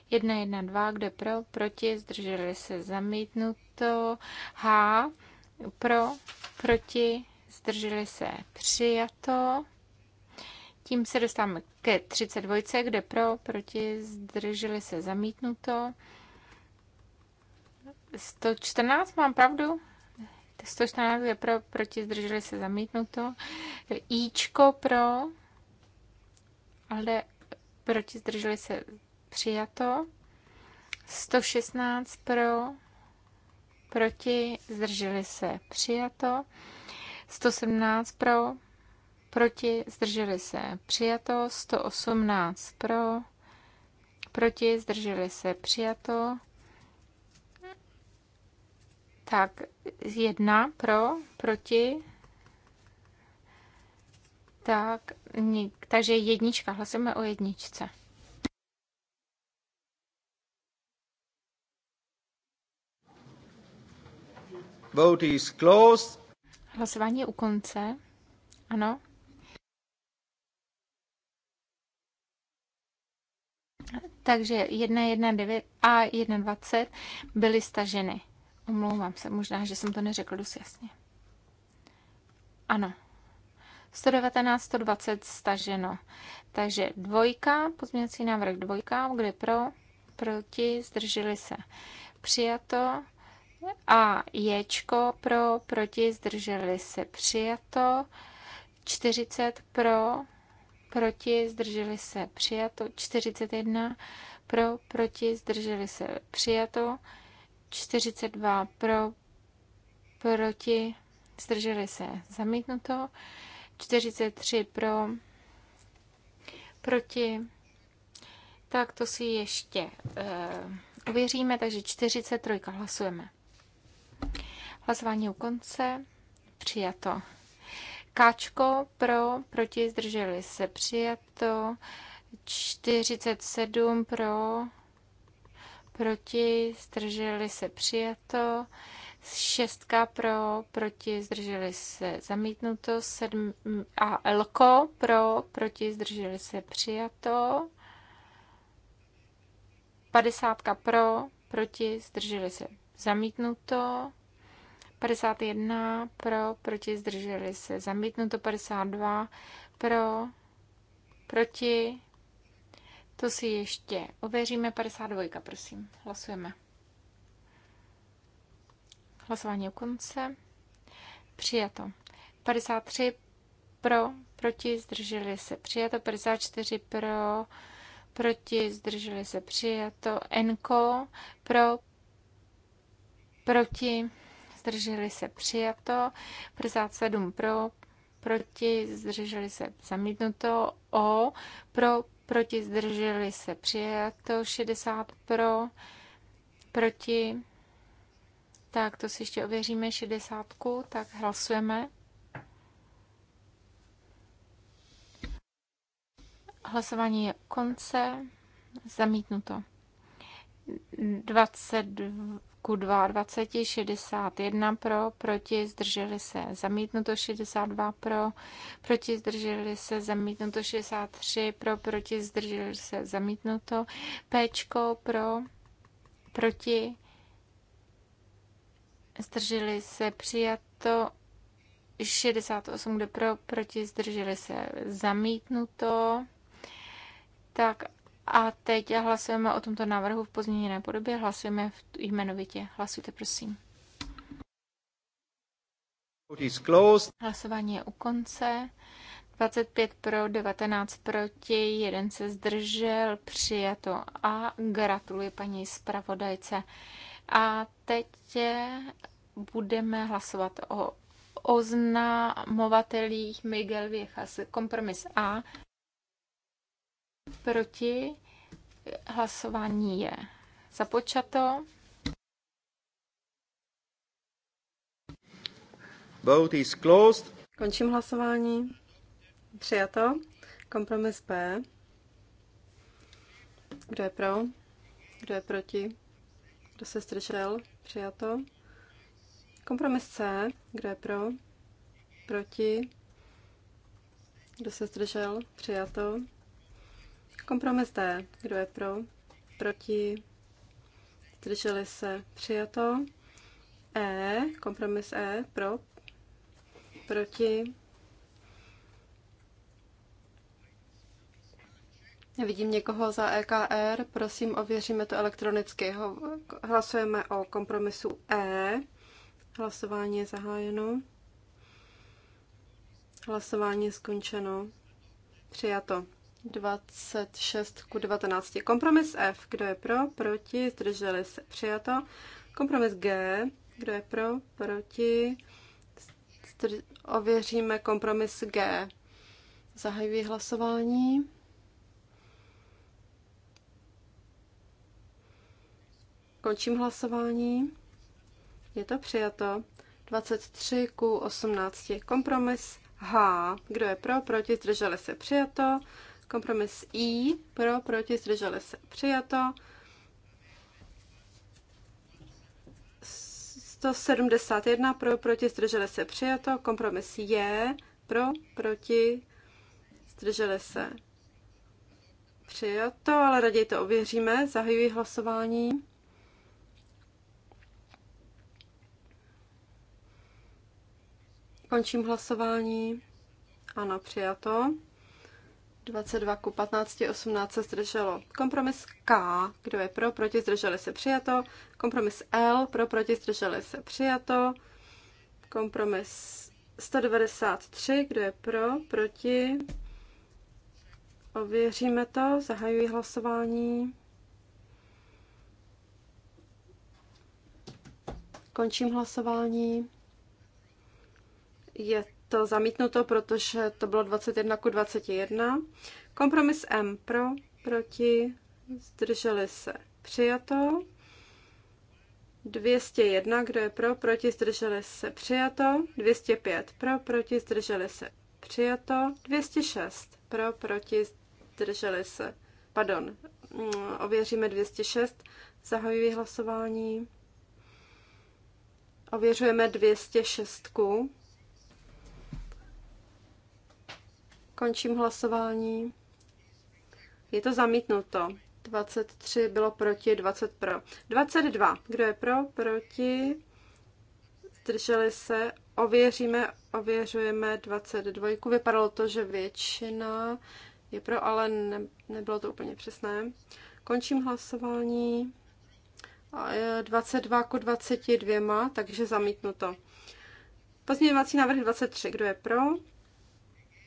1, 1, 2, kde pro, proti, zdrželi se zamítnuto. H pro, proti, zdrželi se přijato. Tím se dostáváme ke 32, kde pro, proti, zdrželi se zamítnuto. 114, mám pravdu? 114 je pro, proti, zdrželi se zamítnuto. Ičko pro, ale proti, zdrželi se přijato. 116 pro, proti, zdrželi se přijato. 117 pro, proti, zdrželi se přijato. 118 pro, proti, zdrželi se přijato. Tak, jedna pro, proti. Tak, takže jednička, hlasujeme o jedničce. Vote is closed. Hlasování je u konce. Ano. Takže 1.1.9 a 1.20 byly staženy. Omlouvám se, možná, že jsem to neřekl dost jasně. Ano. 119, 120 staženo. Takže dvojka, pozměňovací návrh dvojka, kde pro, proti, zdrželi se. Přijato. A ječko pro, proti, zdrželi se. Přijato. 40 pro, proti, zdrželi se. Přijato. 41 pro, proti, zdrželi se. Přijato. 42 pro, proti, zdrželi se zamítnuto, 43 pro, proti, tak to si ještě uh, eh, uvěříme, takže 43 hlasujeme. Hlasování u konce, přijato. Káčko pro, proti, zdrželi se, přijato. 47 pro, proti, zdrželi se přijato, šestka pro, proti, zdrželi se zamítnuto, sedm a Lko pro, proti, zdrželi se přijato, padesátka pro, proti, zdrželi se zamítnuto, 51 pro, proti, zdrželi se zamítnuto, 52 pro, proti, to si ještě ověříme. 52, prosím. Hlasujeme. Hlasování u konce. Přijato. 53 pro, proti, zdrželi se. Přijato. 54 pro, proti, zdrželi se. Přijato. Enko pro, proti, zdrželi se. Přijato. 57 pro, proti, zdrželi se. Zamítnuto. O pro, proti zdrželi se přijato, 60 pro, proti, tak to si ještě ověříme, 60, tak hlasujeme. Hlasování je konce, zamítnuto. 20 ku 22, 61 pro, proti, zdrželi se, zamítnuto 62 pro, proti, zdrželi se, zamítnuto 63 pro, proti, zdrželi se, zamítnuto, Pčko pro, proti, zdrželi se, přijato 68 kde pro, proti, zdrželi se, zamítnuto, tak a teď hlasujeme o tomto návrhu v pozměněné podobě. Hlasujeme v jmenovitě. Hlasujte, prosím. Hlasování je u konce. 25 pro, 19 proti, jeden se zdržel, přijato a gratuluji paní zpravodajce. A teď budeme hlasovat o oznamovatelích Miguel Viechas, Kompromis A proti, hlasování je započato. Vote is closed. Končím hlasování. Přijato. Kompromis B. Kdo je pro? Kdo je proti? Kdo se zdržel? Přijato. Kompromis C. Kdo je pro? Proti? Kdo se zdržel? Přijato. Kompromis D. Kdo je pro? Proti? Zdrželi se? Přijato. E. Kompromis E. Pro? Proti? Vidím někoho za EKR, prosím, ověříme to elektronicky. Hlasujeme o kompromisu E. Hlasování je zahájeno. Hlasování je skončeno. Přijato. 26 ku 19. Kompromis F. Kdo je pro? Proti? Zdrželi se? Přijato. Kompromis G. Kdo je pro? Proti? zdr... Ověříme kompromis G. Zahajuji hlasování. Končím hlasování. Je to přijato. 23 ku 18. Kompromis H. Kdo je pro? Proti? Zdrželi se? Přijato. Kompromis I pro, proti, zdrželi se přijato. 171 pro, proti, zdrželi se přijato. Kompromis je pro, proti, zdrželi se přijato, ale raději to ověříme. Zahajuji hlasování. Končím hlasování. Ano, přijato. 22 ku 15, 18 se zdrželo. Kompromis K, kdo je pro, proti, zdrželi se přijato. Kompromis L, pro, proti, zdrželi se přijato. Kompromis 193, kdo je pro, proti. Ověříme to, zahajuji hlasování. Končím hlasování. Je to zamítnuto, protože to bylo 21 ku 21. Kompromis M pro, proti, zdrželi se, přijato. 201, kdo je pro, proti, zdrželi se, přijato. 205 pro, proti, zdrželi se, přijato. 206 pro, proti, zdrželi se, pardon, mm, ověříme 206, zahajuji hlasování. Ověřujeme 206. Končím hlasování. Je to zamítnuto. 23 bylo proti, 20 pro. 22. Kdo je pro? Proti. Zdrželi se. Ověříme, ověřujeme 22. Vypadalo to, že většina je pro, ale ne, nebylo to úplně přesné. Končím hlasování. 22 e, ku 22, takže zamítnuto. Pozměňovací návrh 23. Kdo je pro?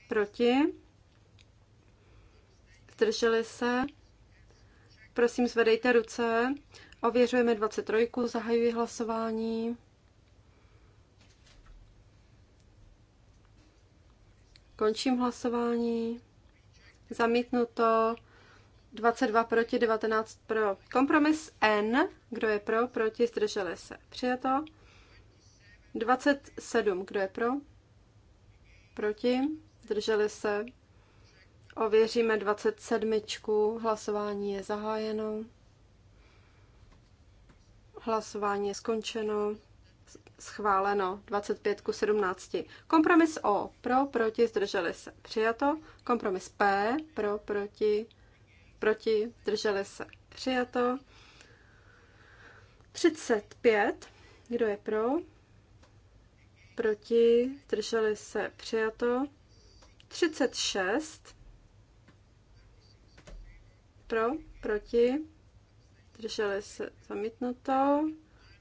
Proti? Zdrželi se? Prosím, zvedejte ruce. Ověřujeme 23. Zahajuji hlasování. Končím hlasování. Zamítnuto 22 proti 19 pro. Kompromis N. Kdo je pro? Proti zdrželi se. Přijato. 27. Kdo je pro? Proti zdrželi se. Ověříme 27. Hlasování je zahájeno. Hlasování je skončeno. Schváleno 25 ku 17. Kompromis O. Pro, proti, zdrželi se. Přijato. Kompromis P. Pro, proti, proti, zdrželi se. Přijato. 35. Kdo je pro? Proti, zdrželi se. Přijato. 36 pro, proti, drželi se zamítnuto,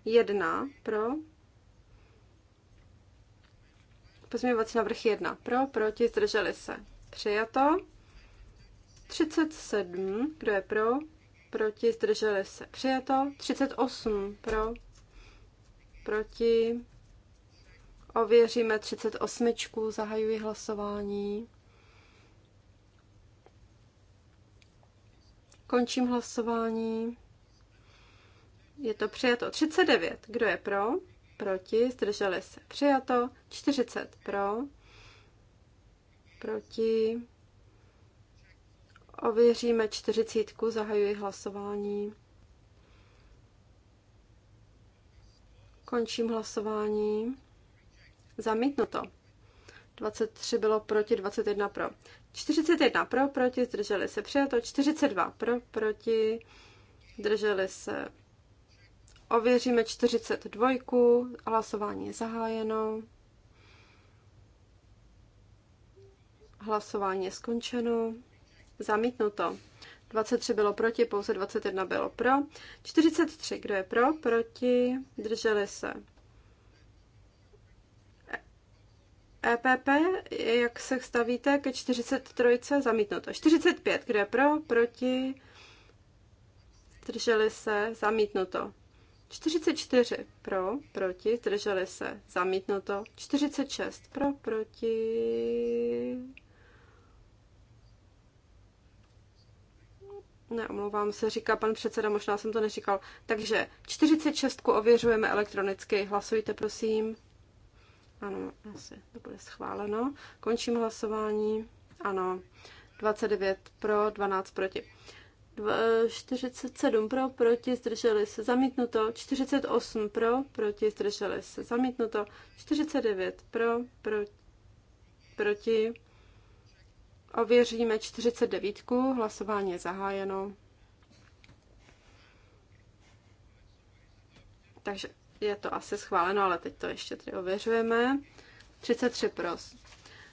1 pro, pozměňovací návrh 1 pro, proti, zdrželi se, přijato, 37, kdo je pro, proti, zdrželi se, přijato, 38 pro, proti, Ověříme 38. Zahajuji hlasování. Končím hlasování. Je to přijato 39. Kdo je pro? Proti. Zdrželi se. Přijato 40. Pro. Proti. Ověříme 40. Zahajuji hlasování. Končím hlasování. Zamítnuto. 23 bylo proti, 21 pro. 41 pro, proti, zdrželi se přijato. 42 pro, proti, zdrželi se. Ověříme 42, hlasování je zahájeno. Hlasování je skončeno. Zamítnuto. 23 bylo proti, pouze 21 bylo pro. 43, kdo je pro, proti, drželi se. EPP, jak se stavíte ke 43. zamítnuto. 45, kde pro, proti, drželi se, zamítnuto. 44 pro, proti, drželi se, zamítnuto. 46 pro, proti. Ne, omlouvám se, říká pan předseda, možná jsem to neříkal. Takže 46 ověřujeme elektronicky. Hlasujte, prosím. Ano, asi to bude schváleno. Končím hlasování. Ano, 29 pro, 12 proti. 47 pro, proti, zdrželi se, zamítnuto. 48 pro, proti, zdrželi se, zamítnuto. 49 pro, pro proti. Ověříme 49. Hlasování je zahájeno. Takže je to asi schváleno, ale teď to ještě tady ověřujeme. 33 pro.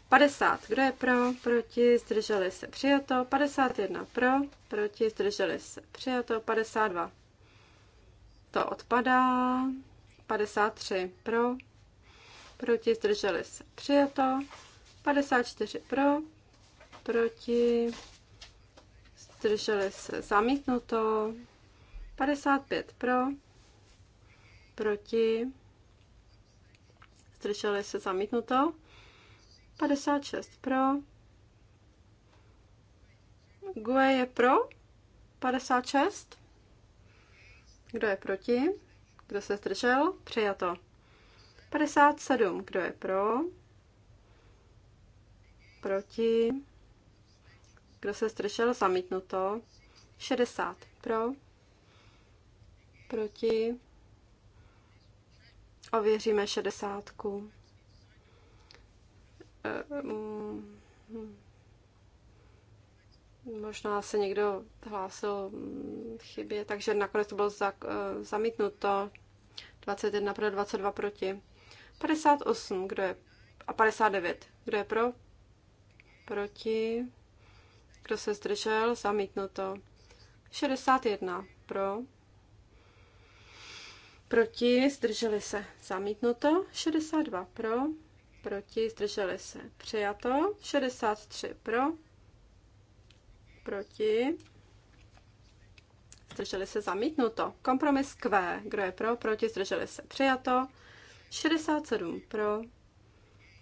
50. Kdo je pro? Proti? Zdrželi se. Přijato. 51 pro. Proti? Zdrželi se. Přijato. 52. To odpadá. 53 pro. Proti? Zdrželi se. Přijato. 54 pro. Proti? Zdrželi se. Zamítnuto. 55 pro proti, zdrželi se zamítnuto, 56 pro, GUE je pro, 56, kdo je proti, kdo se zdržel, přijato, 57, kdo je pro, proti, kdo se zdržel, zamítnuto, 60 pro, proti, Ověříme šedesátku. Eh, hm, hm. Možná se někdo hlásil hm, chybě, takže nakonec to bylo eh, zamítnuto. 21 pro, 22 proti. 58, kdo je a 59, kdo je pro? Proti. Kdo se zdržel? Zamítnuto. 61 pro proti, zdrželi se, zamítnuto, 62 pro, proti, zdrželi se, přijato, 63 pro, proti, zdrželi se, zamítnuto, kompromis Q, kdo je pro, proti, zdrželi se, přijato, 67 pro,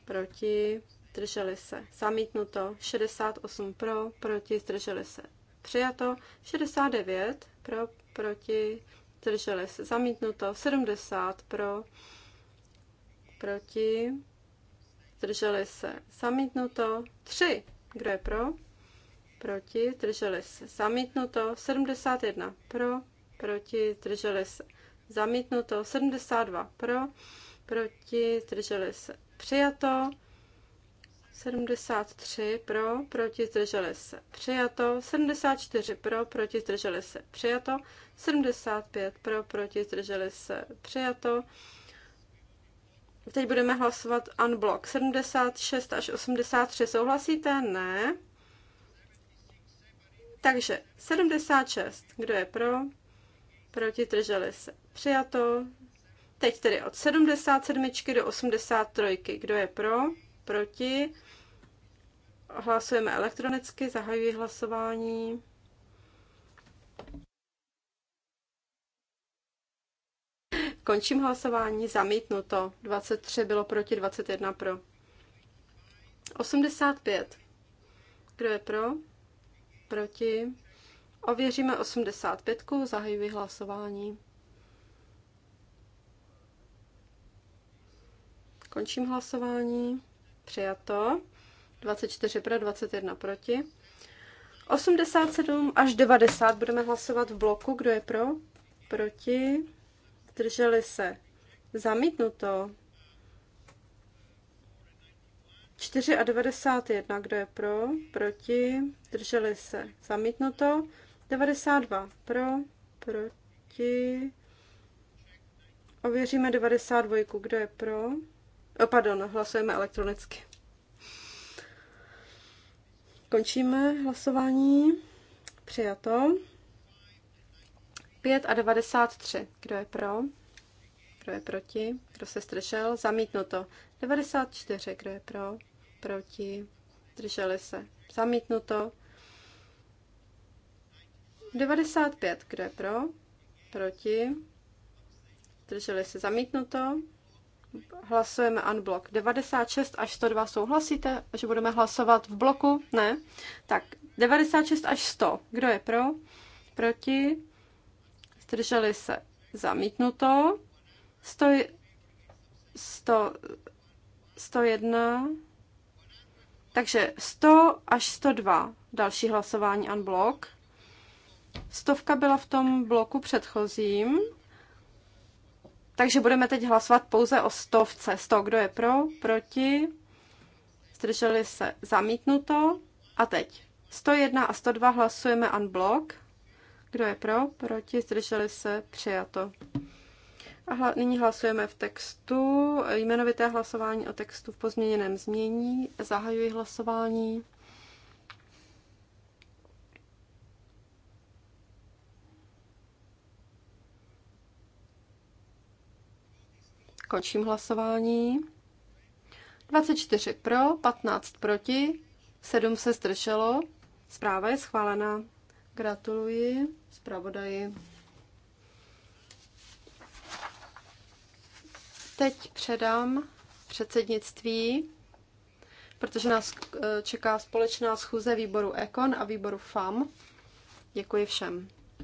proti, zdrželi se, zamítnuto, 68 pro, proti, zdrželi se, přijato, 69 pro, proti, zdrželi se zamítnuto, 70 pro, proti, zdrželi se zamítnuto, 3, kdo je pro, proti, zdrželi se zamítnuto, 71 pro, proti, zdrželi se zamítnuto, 72 pro, proti, zdrželi se přijato, 73 pro, proti zdrželi se přijato, 74 pro, proti zdrželi se přijato, 75 pro, proti zdrželi se přijato. Teď budeme hlasovat unblock 76 až 83. Souhlasíte? Ne. Takže 76, kdo je pro? Proti zdrželi se přijato. Teď tedy od 77 do 83, kdo je pro? Proti? Hlasujeme elektronicky, zahajuji hlasování. Končím hlasování, zamítnuto. 23 bylo proti, 21 pro. 85. Kdo je pro? Proti. Ověříme 85, zahajuji hlasování. Končím hlasování. Přijato. 24 pro, 21 proti. 87 až 90 budeme hlasovat v bloku. Kdo je pro? Proti. Drželi se. Zamítnuto. 4 a 91. Kdo je pro? Proti. Drželi se. Zamítnuto. 92 pro. Proti. Ověříme 92. Kdo je pro? pardon, hlasujeme elektronicky. Končíme hlasování. Přijato. 5 a 93. Kdo je pro? Kdo je proti? Kdo se zdržel? Zamítnuto. 94. Kdo je pro? Proti? Drželi se. Zamítnuto. 95. Kdo je pro? Proti? Drželi se. Zamítnuto hlasujeme unblock. 96 až 102 souhlasíte, že budeme hlasovat v bloku? Ne. Tak 96 až 100. Kdo je pro? Proti? Zdrželi se. Zamítnuto. 100, 100, 101. Takže 100 až 102. Další hlasování unblock. Stovka byla v tom bloku předchozím, takže budeme teď hlasovat pouze o stovce. Sto, kdo je pro, proti, zdrželi se, zamítnuto. A teď 101 a 102 hlasujeme unblock. Kdo je pro, proti, zdrželi se, přijato. A hla, nyní hlasujeme v textu. Jmenovité hlasování o textu v pozměněném změní. Zahajuji hlasování. Končím hlasování. 24 pro, 15 proti, 7 se zdrželo. Zpráva je schválena. Gratuluji zpravodaji. Teď předám předsednictví, protože nás eh, čeká společná schůze výboru Ekon a výboru FAM. Děkuji všem.